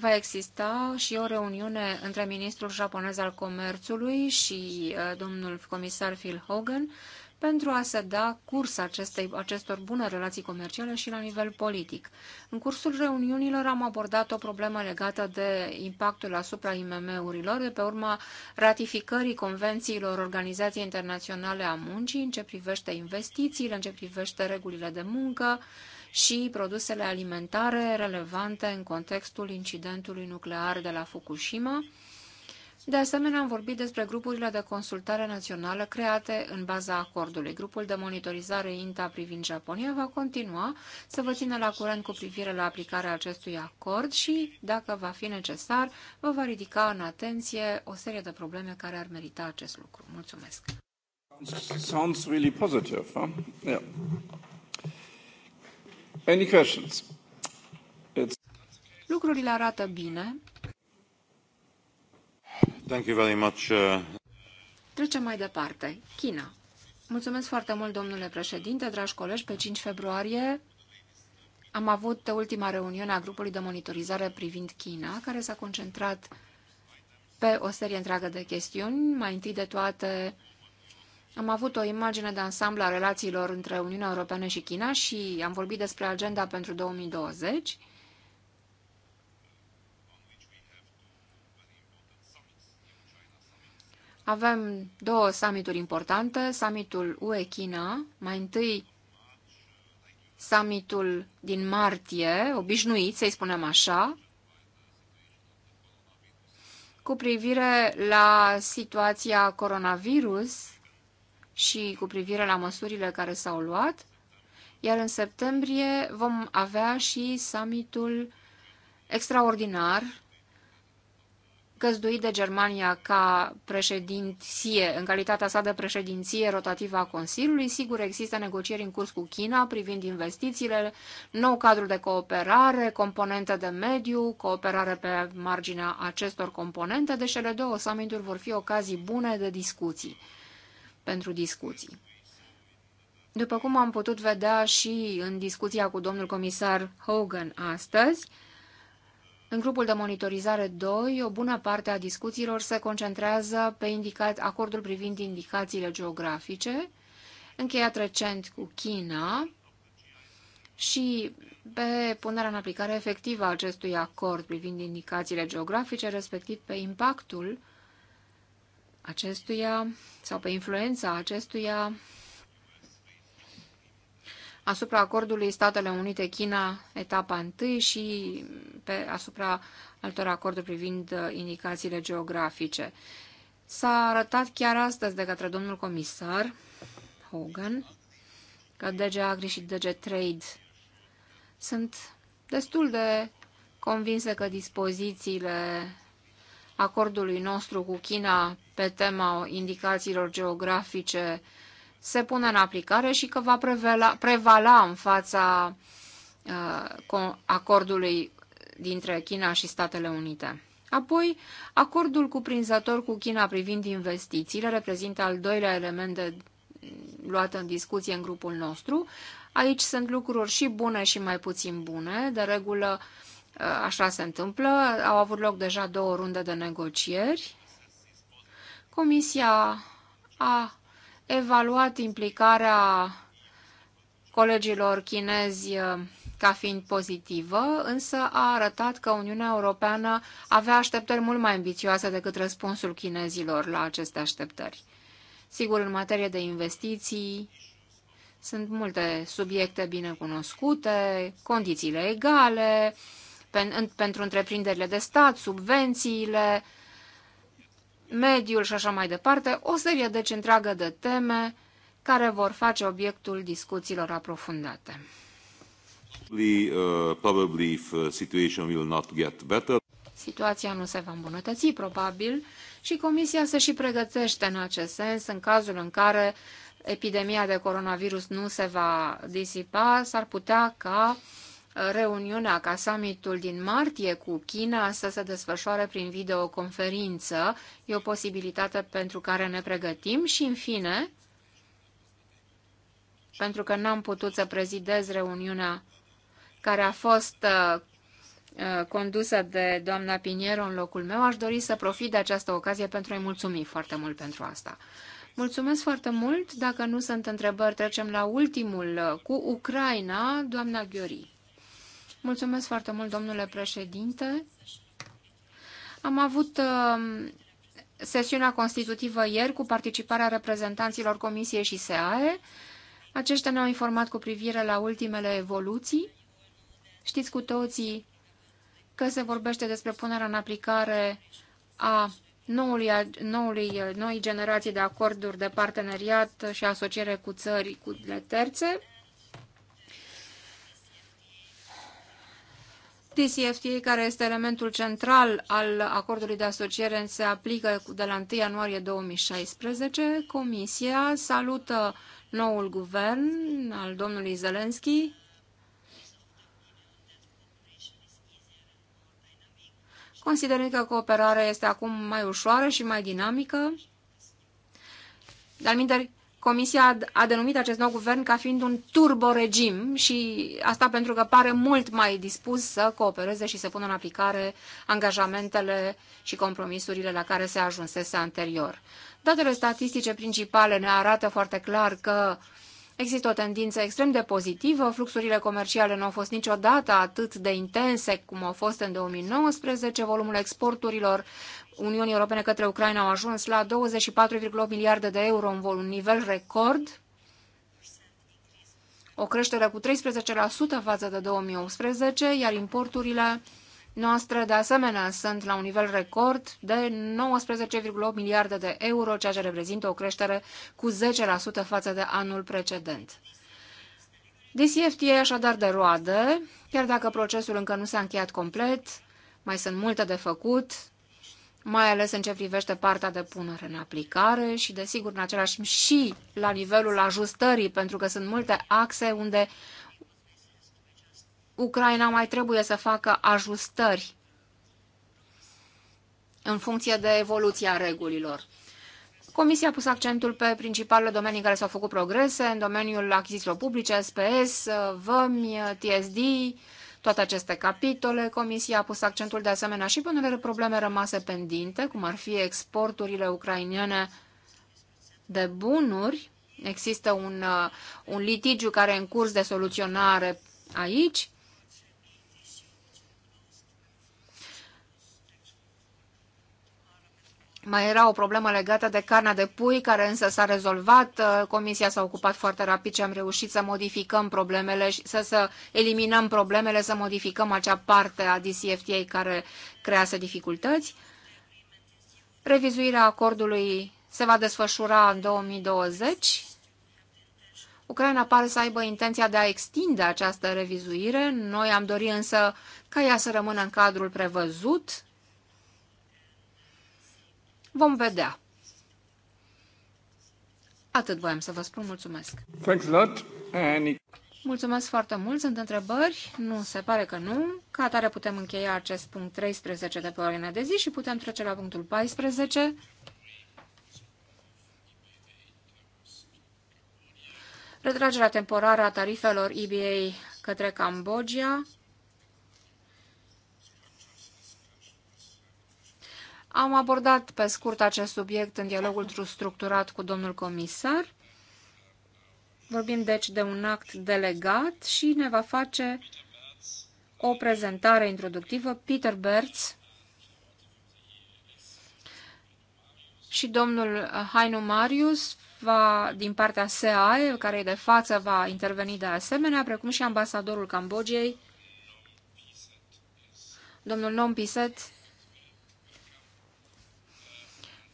Va exista și o reuniune între ministrul japonez al comerțului și uh, domnul comisar Phil Hogan pentru a se da curs acestei, acestor bune relații comerciale și la nivel politic. În cursul reuniunilor am abordat o problemă legată de impactul asupra IMM-urilor de pe urma ratificării convențiilor Organizației Internaționale a Muncii în ce privește investițiile, în ce privește regulile de muncă, și produsele alimentare relevante în contextul incidentului nuclear de la Fukushima. De asemenea, am vorbit despre grupurile de consultare națională create în baza acordului. Grupul de monitorizare INTA privind Japonia va continua să vă țină la curent cu privire la aplicarea acestui acord și, dacă va fi necesar, vă va ridica în atenție o serie de probleme care ar merita acest lucru. Mulțumesc! Sounds really positive, huh? Yeah. Any questions? It's... Lucrurile arată bine. Thank you very much. Uh... Trecem mai departe. China. Mulțumesc foarte mult, domnule președinte, dragi colegi. Pe 5 februarie am avut ultima reuniune a grupului de monitorizare privind China, care s-a concentrat pe o serie întreagă de chestiuni, mai întâi de toate am avut o imagine de ansamblu a relațiilor între Uniunea Europeană și China și am vorbit despre agenda pentru 2020, Avem două summituri importante, summitul UE-China, mai întâi summitul din martie, obișnuit să-i spunem așa, cu privire la situația coronavirus și cu privire la măsurile care s-au luat, iar în septembrie vom avea și summitul extraordinar căzduit de Germania ca președinție, în calitatea sa de președinție rotativă a Consiliului. Sigur, există negocieri în curs cu China privind investițiile, nou cadru de cooperare, componente de mediu, cooperare pe marginea acestor componente, deci cele două summituri vor fi ocazii bune de discuții pentru discuții. După cum am putut vedea și în discuția cu domnul comisar Hogan astăzi, în grupul de monitorizare 2, o bună parte a discuțiilor se concentrează pe acordul privind indicațiile geografice, încheiat recent cu China și pe punerea în aplicare efectivă a acestui acord privind indicațiile geografice, respectiv pe impactul acestuia sau pe influența acestuia asupra acordului Statele Unite-China, etapa 1 și pe, asupra altor acorduri privind uh, indicațiile geografice. S-a arătat chiar astăzi de către domnul comisar Hogan că DG Agri și DG Trade sunt destul de convinsă că dispozițiile acordului nostru cu China pe tema indicațiilor geografice se pune în aplicare și că va prevela, prevala în fața uh, acordului dintre China și Statele Unite. Apoi, acordul cuprinzător cu China privind investițiile reprezintă al doilea element de luat în discuție în grupul nostru. Aici sunt lucruri și bune și mai puțin bune. De regulă, uh, Așa se întâmplă. Au avut loc deja două runde de negocieri. Comisia a evaluat implicarea colegilor chinezi uh, ca fiind pozitivă, însă a arătat că Uniunea Europeană avea așteptări mult mai ambițioase decât răspunsul chinezilor la aceste așteptări. Sigur, în materie de investiții, sunt multe subiecte bine cunoscute, condițiile egale, uh, pentru întreprinderile de stat, subvențiile, mediul și așa mai departe, o serie deci întreagă de teme care vor face obiectul discuțiilor aprofundate. Uh, uh, Situația nu se va îmbunătăți, probabil, și Comisia se și pregătește în acest sens în cazul în care epidemia de coronavirus nu se va disipa, s-ar putea ca uh, reuniunea ca summitul din martie cu China să se desfășoare prin videoconferință. E o posibilitate pentru care ne pregătim și, în fine, pentru că n-am putut să prezidez reuniunea care a fost uh, uh, condusă de doamna Piniero în locul meu, aș dori să profit de această ocazie pentru a-i mulțumi foarte mult pentru asta. Mulțumesc foarte mult. Dacă nu sunt întrebări, trecem la ultimul uh, cu Ucraina, doamna Ghiori. Mulțumesc foarte mult, domnule președinte. Am avut um, sesiunea constitutivă ieri cu participarea reprezentanților Comisiei și SEAE. Aceștia ne-au informat cu privire la ultimele evoluții. Știți cu toții că se vorbește despre punerea în aplicare a noului, noului, noi generații de acorduri de parteneriat și asociere cu țări cu terțe. DCFTA, care este elementul central al acordului de asociere, se aplică de la 1 ianuarie 2016. Comisia salută noul guvern al domnului Zelenski, considerând că cooperarea este acum mai ușoară și mai dinamică. Dar minteri, Comisia a denumit acest nou guvern ca fiind un turboregim și asta pentru că pare mult mai dispus să coopereze și să pună în aplicare angajamentele și compromisurile la care se ajunsese anterior. Datele statistice principale ne arată foarte clar că uh, Există o tendință extrem de pozitivă, fluxurile comerciale nu au fost niciodată atât de intense cum au fost în 2019, volumul exporturilor Uniunii Europene către Ucraina au ajuns la 24,8 miliarde de euro, în volum nivel record, o creștere cu 13% față de 2018, iar importurile noastre de asemenea, sunt la un nivel record de 19,8 miliarde de euro, ceea ce reprezintă o creștere cu 10% față de anul precedent. DCFT e așadar de roade, chiar dacă procesul încă nu s-a încheiat complet, mai sunt multe de făcut, mai ales în ce privește partea de punere în aplicare și, desigur, în același timp și la nivelul ajustării, pentru că sunt multe axe unde Ucraina mai trebuie să facă ajustări în funcție de evoluția regulilor. Comisia a pus accentul pe principalele domenii în care s-au făcut progrese, în domeniul achizițiilor publice, SPS, VAMI, TSD, toate aceste capitole. Comisia a pus accentul de asemenea și pe unele probleme rămase pendinte, cum ar fi exporturile ucrainene de bunuri. Există un, uh, un litigiu care e în curs de soluționare aici. Mai era o problemă legată de carnea de pui, care însă s-a rezolvat. Uh, Comisia s-a ocupat foarte rapid și am reușit să modificăm problemele, să, să eliminăm problemele, să modificăm acea parte a DCFTA care crease dificultăți. Revizuirea acordului se va desfășura în 2020. Ucraina pare să aibă intenția de a extinde această revizuire. Noi am dorit însă ca ea să rămână în cadrul prevăzut Vom vedea. Atât voiam să vă spun. Mulțumesc. Thanks a lot. Mulțumesc foarte mult. Sunt întrebări? Nu, se pare că nu. Ca atare putem încheia acest punct 13 de pe ordinea de zi și putem trece la punctul 14. Retragerea temporară a tarifelor EBA către Cambodgia. Am abordat pe scurt acest subiect în dialogul structurat cu domnul comisar. Vorbim deci de un act delegat și ne va face o prezentare introductivă Peter Bertz și domnul Hainu Marius va, din partea SAE, care e de față, va interveni de asemenea, precum și ambasadorul Cambogiei, domnul Nompiset. Piset,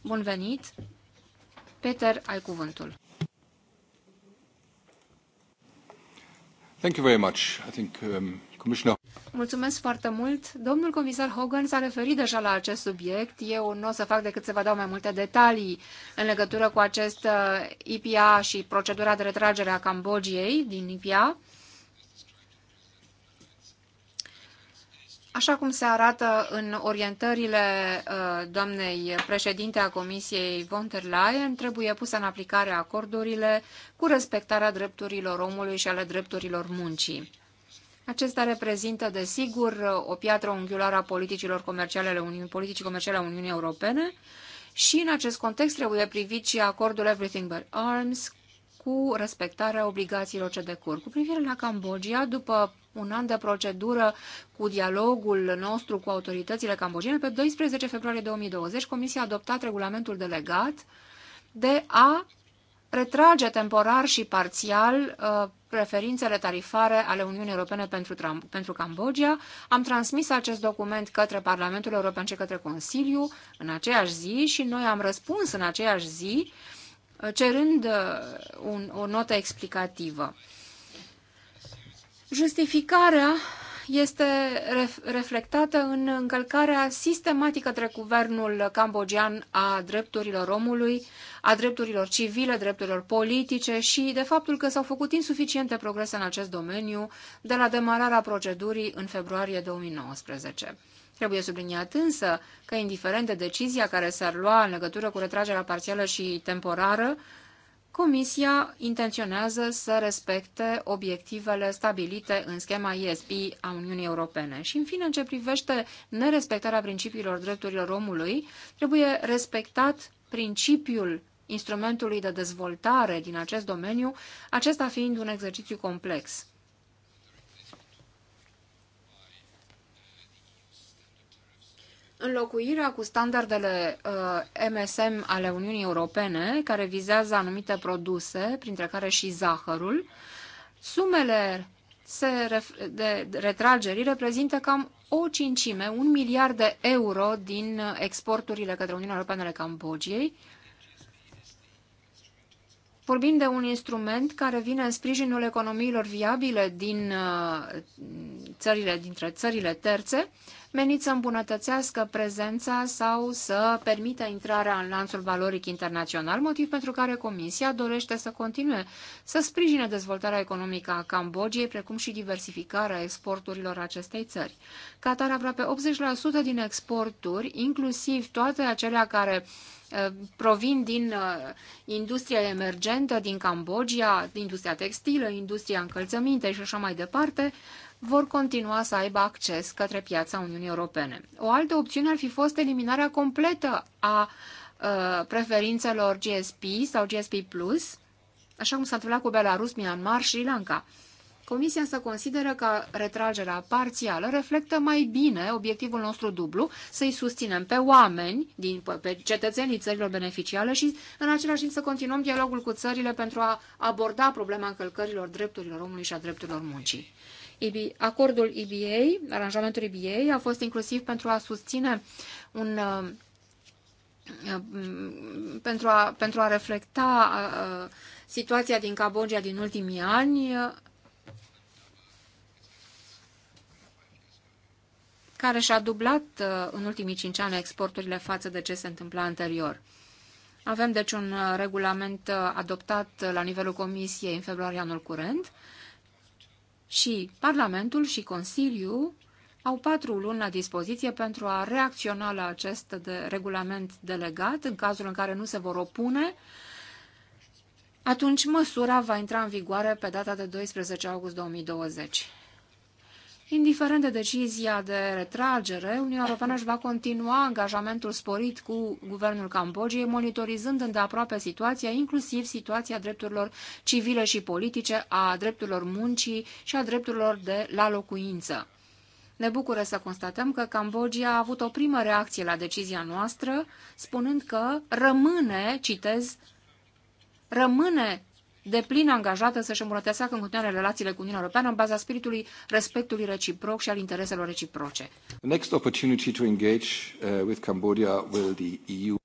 Bun venit! Peter, ai cuvântul. Thank you very much. I think, um, Commissioner... Mulțumesc foarte mult. Domnul comisar Hogan s-a referit deja la acest subiect. Eu nu o să fac decât să vă dau mai multe detalii în legătură cu acest uh, IPA și procedura de retragere a Cambodgiei din IPA. Așa cum se arată în orientările uh, doamnei președinte a Comisiei von der Leyen, trebuie pusă în aplicare acordurile cu respectarea drepturilor omului și ale drepturilor muncii. Acesta reprezintă, desigur, o piatră unghiulară a politicilor comerciale ale Uniunii, politicii comerciale a Uniunii Europene și în acest context trebuie privit și acordul Everything But Arms cu respectarea obligațiilor ce decur. Cu privire la Cambodgia, după un an de procedură cu dialogul nostru cu autoritățile cambogiene, pe 12 februarie 2020 Comisia a adoptat regulamentul delegat de a retrage temporar și parțial uh, preferințele tarifare ale Uniunii Europene pentru, pentru Cambodgia. Am transmis acest document către Parlamentul European și către Consiliu în aceeași zi și noi am răspuns în aceeași zi uh, cerând uh, un, o notă explicativă. Justificarea este reflectată în încălcarea sistematică de guvernul cambogian a drepturilor omului, a drepturilor civile, drepturilor politice și de faptul că s-au făcut insuficiente progrese în acest domeniu de la demararea procedurii în februarie 2019. Trebuie subliniat însă că, indiferent de decizia care s-ar lua în legătură cu retragerea parțială și temporară, Comisia intenționează să respecte obiectivele stabilite în schema ISP a Uniunii Europene. Și, în fine, în ce privește nerespectarea principiilor drepturilor omului, trebuie respectat principiul instrumentului de dezvoltare din acest domeniu, acesta fiind un exercițiu complex. Înlocuirea cu standardele MSM uh, ale Uniunii Europene, care vizează anumite produse, printre care și zahărul, sumele de retrageri reprezintă cam o cincime, un miliard de euro din exporturile către Uniunea Europeană ale Cambogiei, Vorbim de un instrument care vine în sprijinul economiilor viabile din uh, țările, dintre țările terțe, menit să îmbunătățească prezența sau să permită intrarea în lanțul valoric internațional, motiv pentru care Comisia dorește să continue să sprijine dezvoltarea economică a Cambodgiei, precum și diversificarea exporturilor acestei țări. Qatar aproape 80% din exporturi, inclusiv toate acelea care Eh, provin din eh, industria emergentă din Cambodgia, industria textilă, industria încălțăminte și așa mai departe, vor continua să aibă acces către piața Uniunii Europene. O altă opțiune ar fi fost eliminarea completă a eh, preferințelor GSP sau GSP+, Plus, așa cum s-a întâmplat cu Belarus, Myanmar și Sri Lanka. Comisia să consideră că retragerea parțială reflectă mai bine obiectivul nostru dublu, să-i susținem pe oameni, din, pe cetățenii țărilor beneficiale și în același timp să continuăm dialogul cu țările pentru a aborda problema încălcărilor drepturilor omului și a drepturilor muncii. Acordul EBA, aranjamentul EBA, a fost inclusiv pentru a susține un uh, uh, pentru a, pentru a reflecta uh, situația din Cambodgia din ultimii ani, care și-a dublat uh, în ultimii cinci ani exporturile față de ce se întâmpla anterior. Avem deci un uh, regulament uh, adoptat la nivelul Comisiei în februarie anul curent și Parlamentul și Consiliul au patru luni la dispoziție pentru a reacționa la acest de regulament delegat în cazul în care nu se vor opune atunci măsura va intra în vigoare pe data de 12 august 2020. Indiferent de decizia de retragere, Uniunea Europeană își va continua angajamentul sporit cu guvernul Cambodgiei, monitorizând îndeaproape situația, inclusiv situația drepturilor civile și politice, a drepturilor muncii și a drepturilor de la locuință. Ne bucură să constatăm că Cambodgia a avut o primă reacție la decizia noastră, spunând că rămâne, citez, rămâne de plin angajată să-și îmbunătățească în continuare relațiile cu Uniunea Europeană în baza spiritului respectului reciproc și al intereselor reciproce. The next opportunity to engage uh, with Cambodia will the EU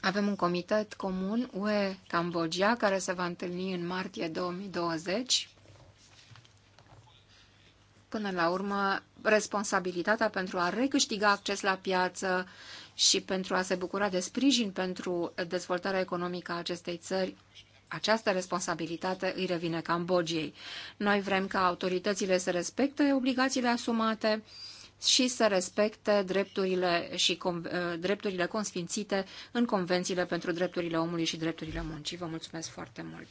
avem un comitet comun UE-Cambodgia care se va întâlni în martie 2020 Până la urmă, responsabilitatea pentru a recâștiga acces la piață și pentru a se bucura de sprijin pentru dezvoltarea economică a acestei țări, această responsabilitate îi revine Cambodgiei. Noi vrem ca autoritățile să respecte obligațiile asumate și să respecte drepturile, și ă, drepturile consfințite în convențiile pentru drepturile omului și drepturile muncii. Vă mulțumesc foarte mult!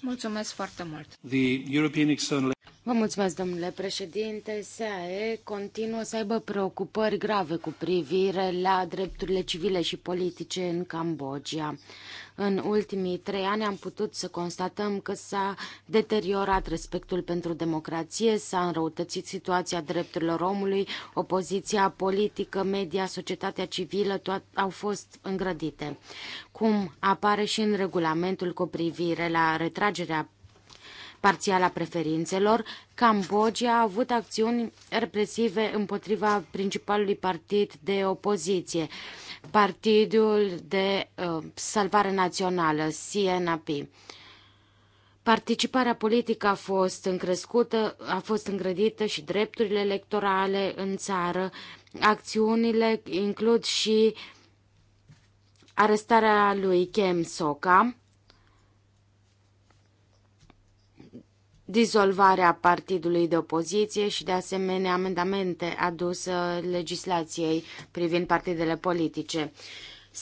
Mulțumesc foarte mult! The Vă mulțumesc, domnule președinte. SAE continuă să aibă preocupări grave cu privire la drepturile civile și politice în Cambodgia. În ultimii trei ani am putut să constatăm că s-a deteriorat respectul pentru democrație, s-a înrăutățit situația drepturilor omului, opoziția politică, media, societatea civilă, toate au fost îngrădite. Cum apare și în regulamentul cu privire la retragerea parțial a preferințelor, Cambodgia a avut acțiuni represive împotriva principalului partid de opoziție, Partidul de uh, Salvare Națională, CNAP. Participarea politică a fost încrescută, a fost îngrădită și drepturile electorale în țară. Acțiunile includ și arestarea lui Kem Soka, dizolvarea partidului de opoziție și de asemenea amendamente aduse legislației privind partidele politice.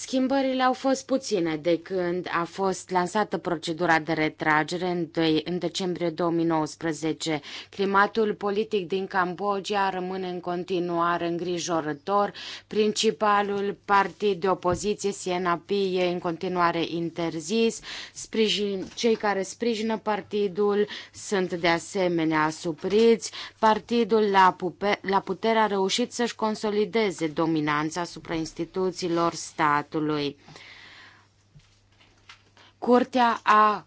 Schimbările au fost puține de când a fost lansată procedura de retragere în, de- în decembrie 2019. Climatul politic din Cambodgia rămâne în continuare îngrijorător. Principalul partid de opoziție, CNAP, e în continuare interzis. Sprijin, cei care sprijină partidul sunt de asemenea supriți. Partidul la, pupe, la putere a reușit să-și consolideze dominanța asupra instituțiilor stat statului. Curtea a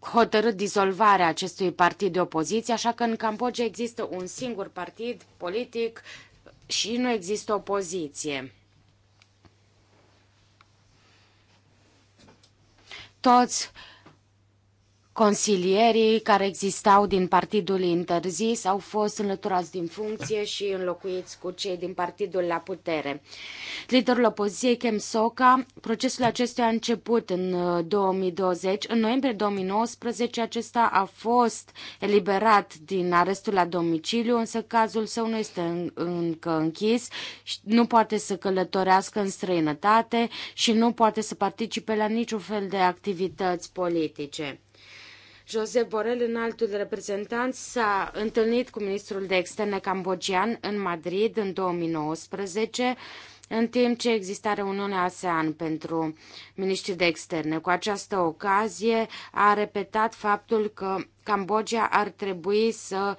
hotărât dizolvarea acestui partid de opoziție, așa că în Cambodgia există un singur partid politic și nu există opoziție. Toți Consilierii care existau din partidul interzis au fost înlăturați din funcție și înlocuiți cu cei din partidul la putere. Liderul opoziției, Kem Soka, procesul acestuia a început în 2020. Uh, în noiembrie 2019 acesta a fost eliberat din arestul la domiciliu, însă cazul său nu este încă închis, și nu poate să călătorească în străinătate și nu poate să participe la niciun fel de activități politice. Josep Borel, înaltul reprezentant, s-a întâlnit cu ministrul de externe cambogian în Madrid în 2019, în timp ce exista reuniunea ASEAN pentru miniștrii de externe. Cu această ocazie a repetat faptul că Cambodgia ar trebui să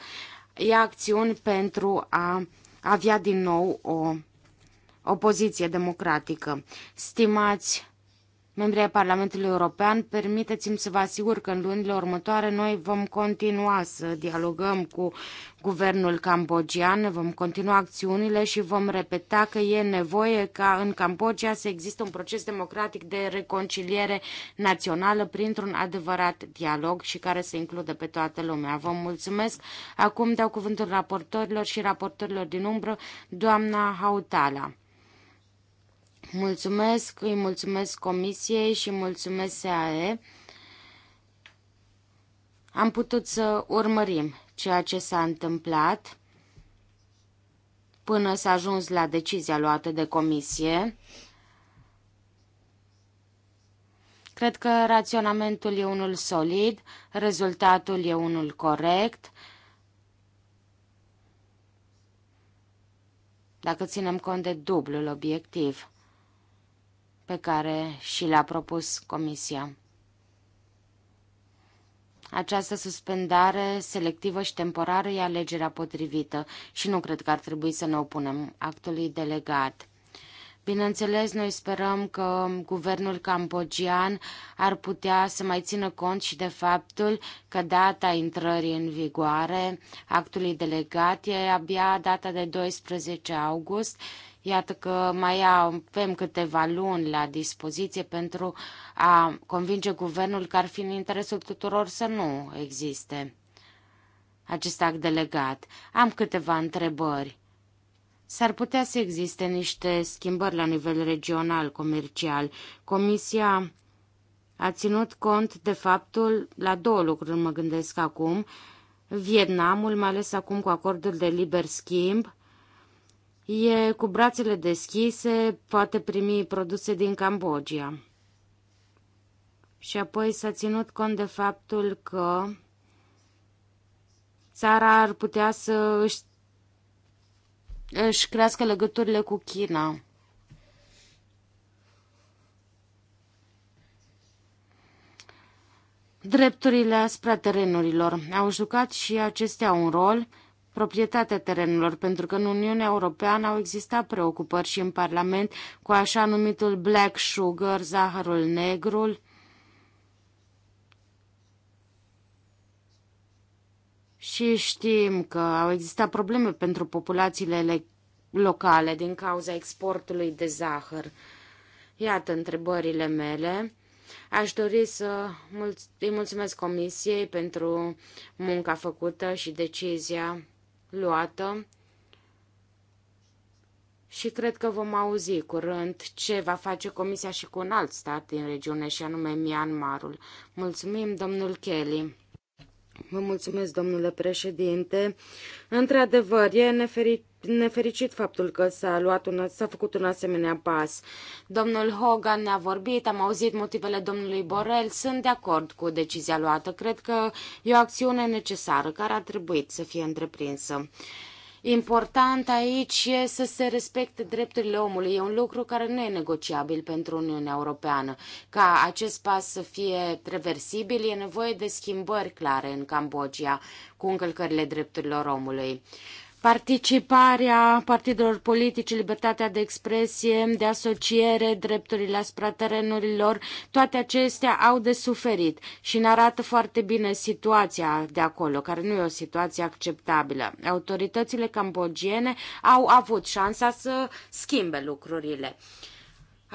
ia acțiuni pentru a avea din nou o opoziție democratică. Stimați membri ai Parlamentului European, permiteți-mi să vă asigur că în lunile următoare noi vom continua să dialogăm cu guvernul cambogian, vom continua acțiunile și vom repeta că e nevoie ca în Cambodgia să existe un proces democratic de reconciliere națională printr-un adevărat dialog și care să includă pe toată lumea. Vă mulțumesc. Acum dau cuvântul raportorilor și raportorilor din umbră, doamna Hautala. Mulțumesc, îi mulțumesc Comisiei și mulțumesc SAE. Am putut să urmărim ceea ce s-a întâmplat până s-a ajuns la decizia luată de Comisie. Cred că raționamentul e unul solid, rezultatul e unul corect. Dacă ținem cont de dublul obiectiv pe care și l-a propus Comisia. Această suspendare selectivă și temporară e alegerea potrivită și nu cred că ar trebui să ne opunem actului delegat. Bineînțeles, noi sperăm că guvernul cambogian ar putea să mai țină cont și de faptul că data intrării în vigoare actului delegat e abia data de 12 august Iată că mai avem câteva luni la dispoziție pentru a convinge guvernul că ar fi în interesul tuturor să nu existe acest act delegat. Am câteva întrebări. S-ar putea să existe niște schimbări la nivel regional comercial. Comisia a ținut cont de faptul, la două lucruri mă gândesc acum, Vietnamul, mai ales acum cu acordul de liber schimb, e cu brațele deschise, poate primi produse din Cambodgia. Și apoi s-a ținut cont de faptul că țara ar putea să își, își crească legăturile cu China. Drepturile asupra terenurilor au jucat și acestea un rol proprietatea terenurilor, pentru că în Uniunea Europeană au existat preocupări și în Parlament cu așa numitul black sugar, zahărul negrul. Și știm că au existat probleme pentru populațiile locale din cauza exportului de zahăr. Iată întrebările mele. Aș dori să îi mulțumesc Comisiei pentru munca făcută și decizia luată și cred că vom auzi curând ce va face Comisia și cu un alt stat din regiune, și anume Myanmarul. Mulțumim, domnul Kelly! Vă mulțumesc, domnule președinte. Într-adevăr, e neferit nefericit faptul că s-a, luat un, s-a făcut un asemenea pas. Domnul Hogan ne-a vorbit, am auzit motivele domnului Borel, sunt de acord cu decizia luată. Cred că e o acțiune necesară care a trebuit să fie întreprinsă. Important aici e să se respecte drepturile omului. E un lucru care nu e negociabil pentru Uniunea Europeană. Ca acest pas să fie reversibil, e nevoie de schimbări clare în Cambodgia cu încălcările drepturilor omului participarea partidelor politice, libertatea de expresie, de asociere, drepturile asupra terenurilor, toate acestea au de suferit și ne arată foarte bine situația de acolo, care nu e o situație acceptabilă. Autoritățile cambogiene au avut șansa să schimbe lucrurile. Uh,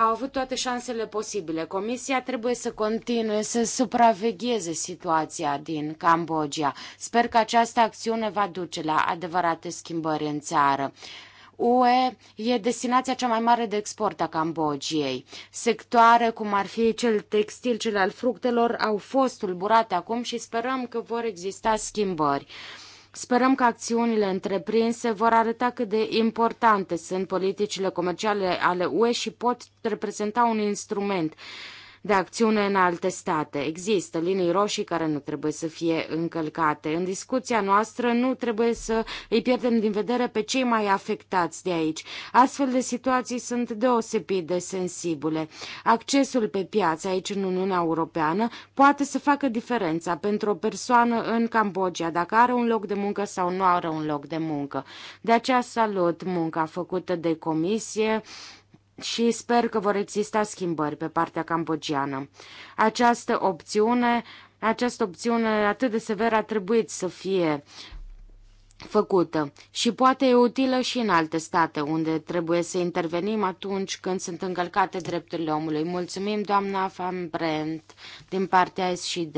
au avut toate șansele posibile. Comisia trebuie să continue să supravegheze situația din Cambodgia. Sper că această acțiune va duce la adevărate schimbări în țară. UE e destinația cea mai mare de export a Cambodgiei. Sectoare cum ar fi cel textil, cel al fructelor, au fost tulburate acum și sperăm că vor exista schimbări. Sperăm că acțiunile întreprinse vor arăta cât de importante sunt politicile comerciale ale UE și pot reprezenta un instrument de acțiune în alte state. Există linii roșii care nu trebuie să fie încălcate. În discuția noastră nu trebuie să îi pierdem din vedere pe cei mai afectați de aici. Astfel de situații sunt deosebit de sensibile. Accesul pe piață aici în Uniunea Europeană poate să facă diferența pentru o persoană în Cambodgia, dacă are un loc de muncă sau nu are un loc de muncă. De aceea salut munca făcută de comisie, și sper că vor exista schimbări pe partea cambogiană. Această opțiune, această opțiune atât de severă a trebuit să fie făcută și poate e utilă și în alte state unde trebuie să intervenim atunci când sunt încălcate drepturile omului. Mulțumim, doamna Van Brent, din partea SD.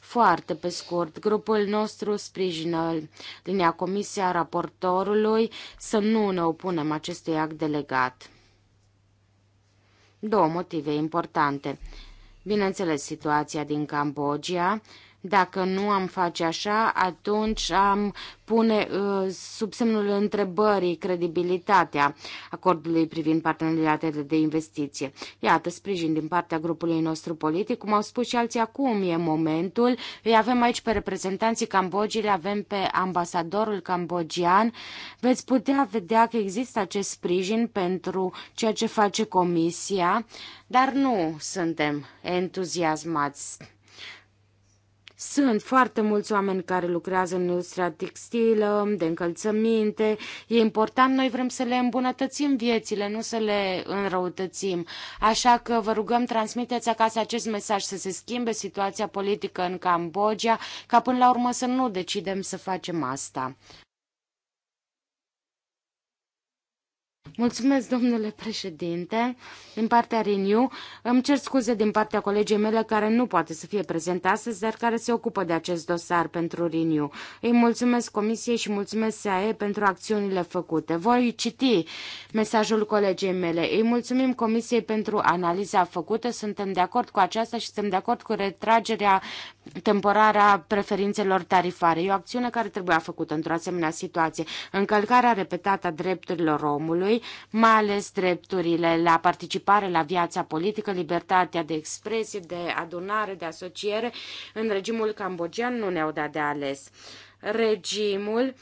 Foarte pe scurt, grupul nostru sprijină linia comisia raportorului să nu ne opunem acestui act delegat. Două motive importante. Bineînțeles, situația din Cambodgia, dacă nu am face așa, atunci am pune uh, sub semnul întrebării credibilitatea acordului privind parteneriatele de investiție. Iată, sprijin din partea grupului nostru politic, cum au spus și alții acum, e momentul. Îi avem aici pe reprezentanții Cambogii, le avem pe ambasadorul cambogian. Veți putea vedea că există acest sprijin pentru ceea ce face Comisia, dar nu suntem entuziasmați sunt foarte mulți oameni care lucrează în industria textilă, de încălțăminte. E important, noi vrem să le îmbunătățim viețile, nu să le înrăutățim. Așa că vă rugăm, transmiteți acasă acest mesaj să se schimbe situația politică în Cambodgia, ca până la urmă să nu decidem să facem asta. Mulțumesc, domnule președinte, din partea Renew. Îmi cer scuze din partea colegii mele care nu poate să fie prezentă astăzi, dar care se ocupă de acest dosar pentru Renew. Îi mulțumesc Comisiei și mulțumesc SAE pentru acțiunile făcute. Voi citi mesajul colegii mele. Îi mulțumim Comisiei pentru analiza făcută. Suntem de acord cu aceasta și suntem de acord cu retragerea a preferințelor tarifare. E o acțiune care trebuia făcută într-o asemenea situație. Încălcarea repetată a drepturilor omului, mai ales drepturile la participare la viața politică, libertatea de expresie, de adunare, de asociere. În regimul cambogian nu ne-au dat de ales. Regimul,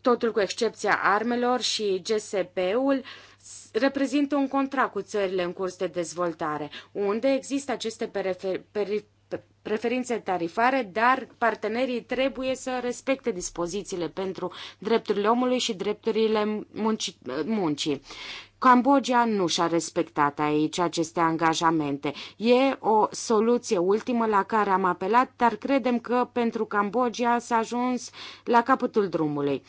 totul cu excepția armelor și GSP-ul, reprezintă un contract cu țările în curs de dezvoltare, unde există aceste periferi preferințe tarifare, dar partenerii trebuie să respecte dispozițiile pentru drepturile omului și drepturile munci, muncii. Cambodgia nu și-a respectat aici aceste angajamente. E o soluție ultimă la care am apelat, dar credem că pentru Cambodgia s-a ajuns la capătul drumului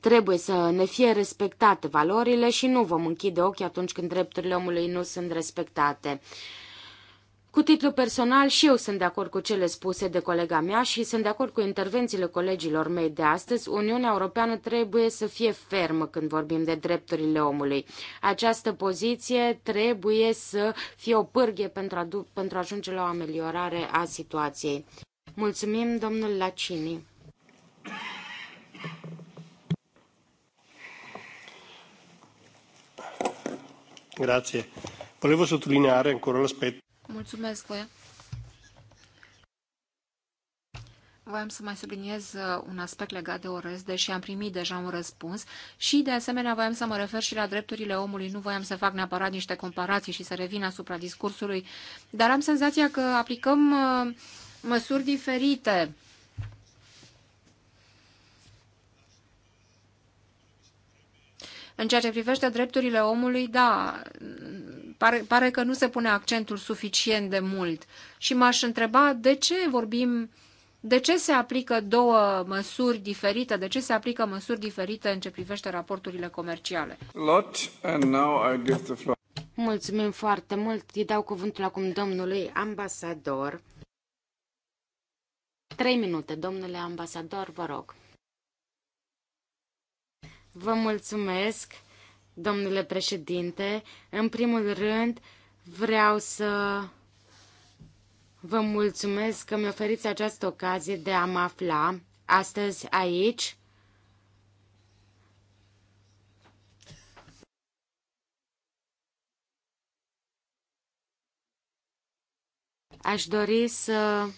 trebuie să ne fie respectate valorile și nu vom închide ochii atunci când drepturile omului nu sunt respectate. Cu titlu personal și eu sunt de acord cu cele spuse de colega mea și sunt de acord cu intervențiile colegilor mei de astăzi. Uniunea Europeană trebuie să fie fermă când vorbim de drepturile omului. Această poziție trebuie să fie o pârghie pentru a, pentru a ajunge la o ameliorare a situației. Mulțumim, domnul Lacini. Grazie. Volevo sottolineare ancora l'aspetto Mulțumesc! Voiam să mai subliniez uh, un aspect legat de orez, deși am primit deja un răspuns și, de asemenea, voiam să mă refer și la drepturile omului. Nu voiam să fac neapărat niște comparații și să revin asupra discursului, dar am senzația că aplicăm uh, măsuri diferite. În ceea ce privește drepturile omului, da, Pare, pare că nu se pune accentul suficient de mult. Și m-aș întreba de ce vorbim, de ce se aplică două măsuri diferite, de ce se aplică măsuri diferite în ce privește raporturile comerciale. Lot, and now I give the floor. Mulțumim foarte mult. Îi dau cuvântul acum domnului ambasador. Trei minute, domnule ambasador, vă rog. Vă mulțumesc domnule președinte. În primul rând, vreau să vă mulțumesc că mi oferiți această ocazie de a mă afla astăzi aici. Aș dori să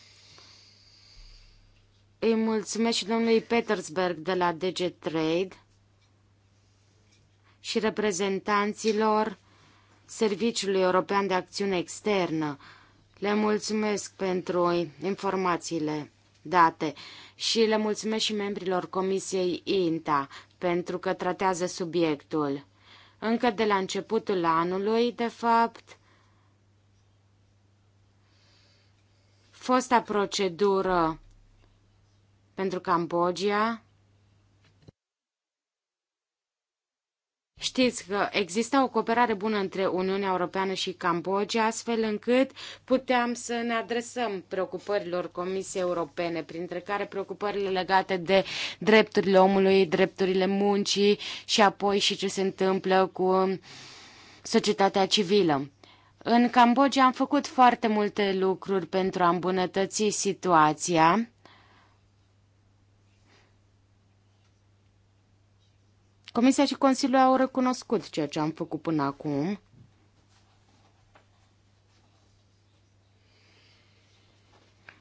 îi mulțumesc și domnului Petersberg de la DG Trade și reprezentanților Serviciului European de Acțiune Externă. Le mulțumesc pentru informațiile date și le mulțumesc și membrilor Comisiei INTA pentru că tratează subiectul. Încă de la începutul anului, de fapt, fosta procedură pentru Cambodgia Știți că exista o cooperare bună între Uniunea Europeană și Cambodgia, astfel încât puteam să ne adresăm preocupărilor Comisiei Europene, printre care preocupările legate de drepturile omului, drepturile muncii și apoi și ce se întâmplă cu societatea civilă. În Cambodgia am făcut foarte multe lucruri pentru a îmbunătăți situația Comisia și Consiliul au recunoscut ceea ce am făcut până acum.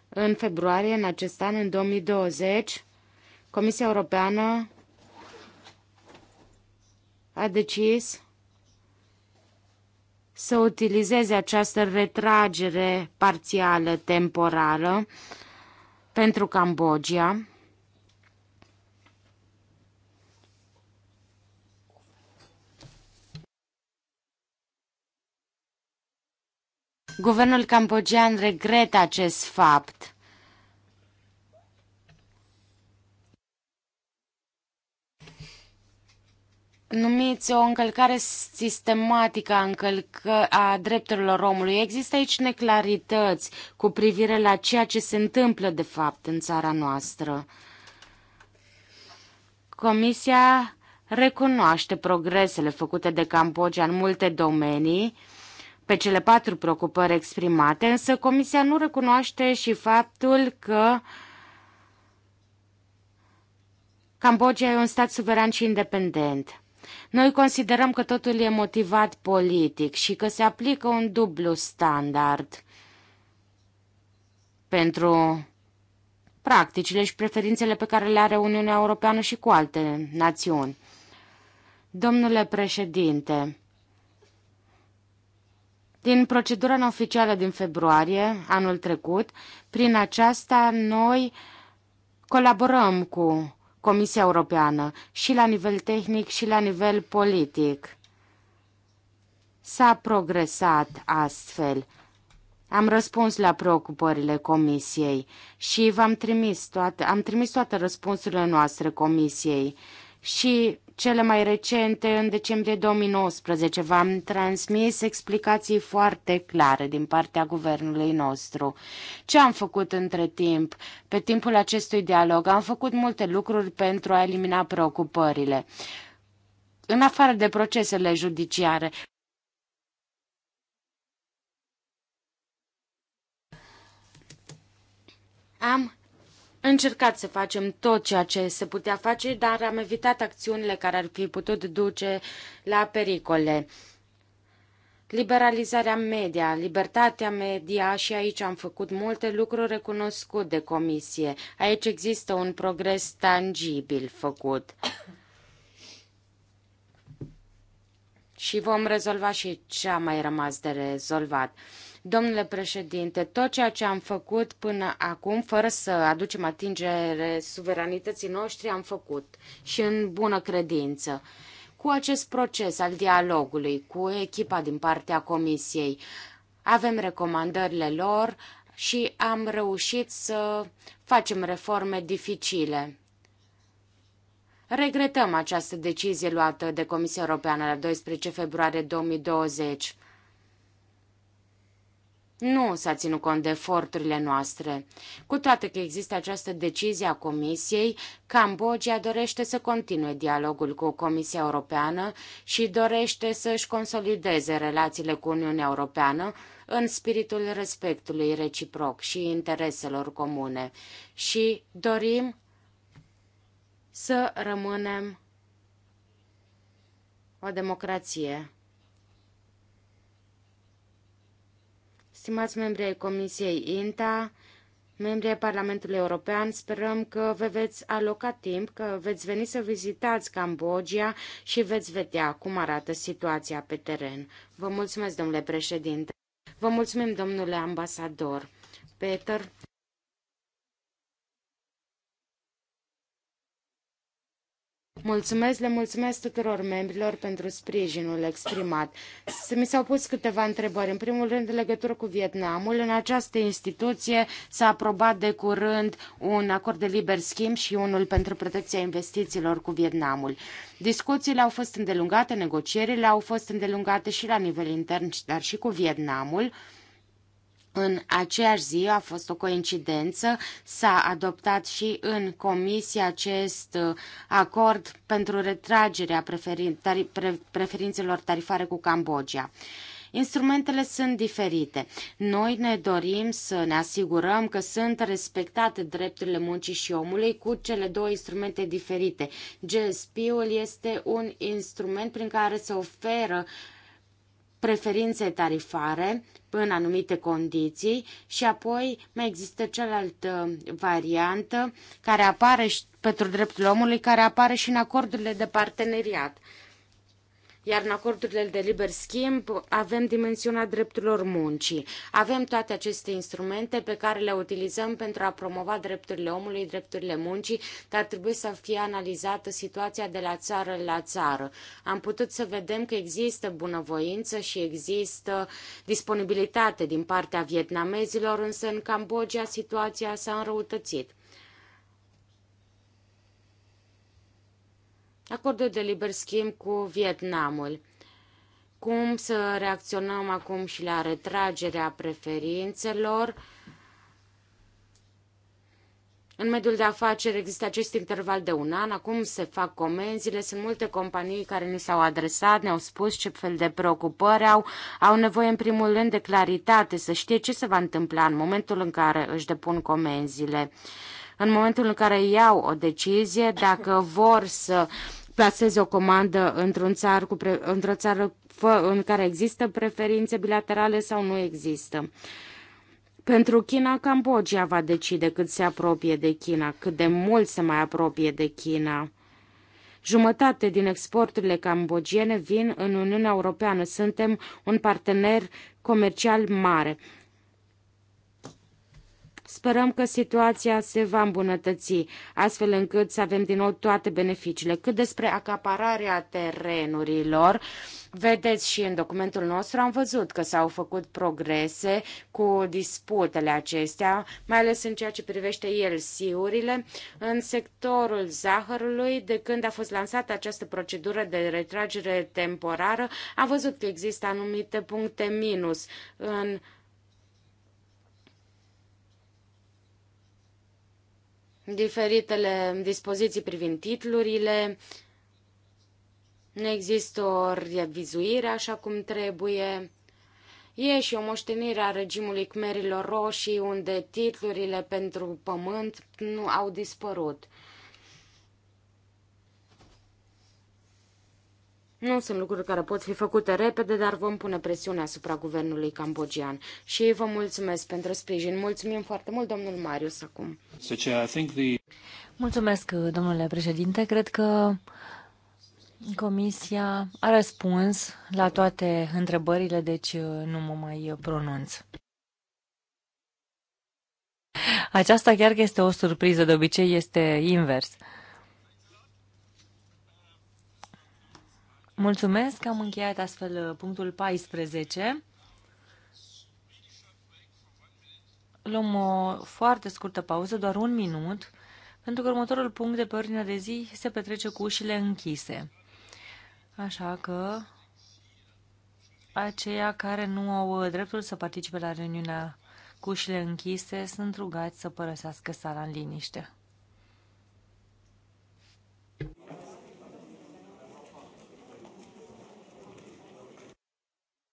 În februarie, în acest an, în 2020, Comisia Europeană a decis să utilizeze această retragere parțială, temporală pentru Cambodgia. Guvernul cambogian regretă acest fapt. numiți o încălcare sistematică a, încălcă, a drepturilor omului. Există aici neclarități cu privire la ceea ce se întâmplă de fapt în țara noastră. Comisia recunoaște progresele făcute de Cambogia în multe domenii, pe cele patru preocupări exprimate, însă Comisia nu recunoaște și faptul că Cambodgia e un stat suveran și independent. Noi considerăm că totul e motivat politic și că se aplică un dublu standard pentru practicile și preferințele pe care le are Uniunea Europeană și cu alte națiuni. Domnule președinte, din procedura oficială din februarie anul trecut, prin aceasta noi colaborăm cu Comisia Europeană și la nivel tehnic și la nivel politic. S-a progresat astfel. Am răspuns la preocupările comisiei și v-am trimis toate, am trimis toate răspunsurile noastre comisiei și cele mai recente, în decembrie 2019, v-am transmis explicații foarte clare din partea guvernului nostru. Ce am făcut între timp? Pe timpul acestui dialog am făcut multe lucruri pentru a elimina preocupările. În afară de procesele judiciare, am încercat să facem tot ceea ce se putea face, dar am evitat acțiunile care ar fi putut duce la pericole. Liberalizarea media, libertatea media și aici am făcut multe lucruri recunoscut de comisie. Aici există un progres tangibil făcut. și vom rezolva și ce a mai rămas de rezolvat. Domnule președinte, tot ceea ce am făcut până acum, fără să aducem atingere suveranității noștri, am făcut și în bună credință cu acest proces al dialogului cu echipa din partea comisiei. Avem recomandările lor și am reușit să facem reforme dificile. Regretăm această decizie luată de Comisia Europeană la 12 februarie 2020 nu s-a ținut cont de eforturile noastre. Cu toate că există această decizie a Comisiei, Cambodgia dorește să continue dialogul cu Comisia Europeană și dorește să-și consolideze relațiile cu Uniunea Europeană în spiritul respectului reciproc și intereselor comune și dorim să rămânem o democrație stimați membri ai Comisiei INTA, membri ai Parlamentului European, sperăm că vă veți aloca timp, că veți veni să vizitați Cambodgia și veți vedea cum arată situația pe teren. Vă mulțumesc, domnule președinte. Vă mulțumim, domnule ambasador. Peter. Mulțumesc, le mulțumesc tuturor membrilor pentru sprijinul exprimat. Mi s-au pus câteva întrebări. În primul rând, în legătură cu Vietnamul, în această instituție s-a aprobat de curând un acord de liber schimb și unul pentru protecția investițiilor cu Vietnamul. Discuțiile au fost îndelungate, negocierile au fost îndelungate și la nivel intern, dar și cu Vietnamul în aceeași zi, a fost o coincidență, s-a adoptat și în comisie acest uh, acord pentru retragerea preferin, tari, pre, preferințelor tarifare cu Cambodgia. Instrumentele sunt diferite. Noi ne dorim să ne asigurăm că sunt respectate drepturile muncii și omului cu cele două instrumente diferite. GSP-ul este un instrument prin care se oferă preferințe tarifare în anumite condiții și apoi mai există cealaltă variantă care apare și pentru dreptul omului, care apare și în acordurile de parteneriat. Iar în acordurile de liber schimb avem dimensiunea drepturilor muncii. Avem toate aceste instrumente pe care le utilizăm pentru a promova drepturile omului, drepturile muncii, dar trebuie să fie analizată situația de la țară la țară. Am putut să vedem că există bunăvoință și există disponibilitate din partea vietnamezilor, însă în Cambodgia situația s-a înrăutățit. acordul de liber schimb cu Vietnamul. Cum să reacționăm acum și la retragerea preferințelor? În mediul de afaceri există acest interval de un an, acum se fac comenzile, sunt multe companii care ni s-au adresat, ne-au spus ce fel de preocupări au, au nevoie în primul rând de claritate, să știe ce se va întâmpla în momentul în care își depun comenzile în momentul în care iau o decizie, dacă vor să plaseze o comandă într-un țar cu pre, într-o țară fă, în care există preferințe bilaterale sau nu există. Pentru China, Cambodgia va decide cât se apropie de China, cât de mult se mai apropie de China. Jumătate din exporturile cambogiene vin în Uniunea Europeană. Suntem un partener comercial mare. Sperăm că situația se va îmbunătăți, astfel încât să avem din nou toate beneficiile. Cât despre acapararea terenurilor, Vedeți și în documentul nostru am văzut că s-au făcut progrese cu disputele acestea, mai ales în ceea ce privește elc În sectorul zahărului, de când a fost lansată această procedură de retragere temporară, am văzut că există anumite puncte minus în diferitele dispoziții privind titlurile, nu există o revizuire așa cum trebuie. E și o moștenire a regimului Cmerilor Roșii, unde titlurile pentru pământ nu au dispărut. Nu sunt lucruri care pot fi făcute repede, dar vom pune presiune asupra guvernului cambogian. Și vă mulțumesc pentru sprijin. Mulțumim foarte mult, domnul Marius, acum. Mulțumesc, domnule președinte. Cred că Comisia a răspuns la toate întrebările, deci uh, nu mă mai pronunț. Aceasta chiar că este o surpriză, de obicei este invers. Mulțumesc, am încheiat astfel uh, punctul 14. Luăm o foarte scurtă pauză, doar un minut, pentru că următorul punct de pe ordinea de zi se petrece cu ușile închise. Așa că aceia care nu au uh, dreptul să participe la reuniunea cu ușile închise sunt rugați să părăsească sala în liniște.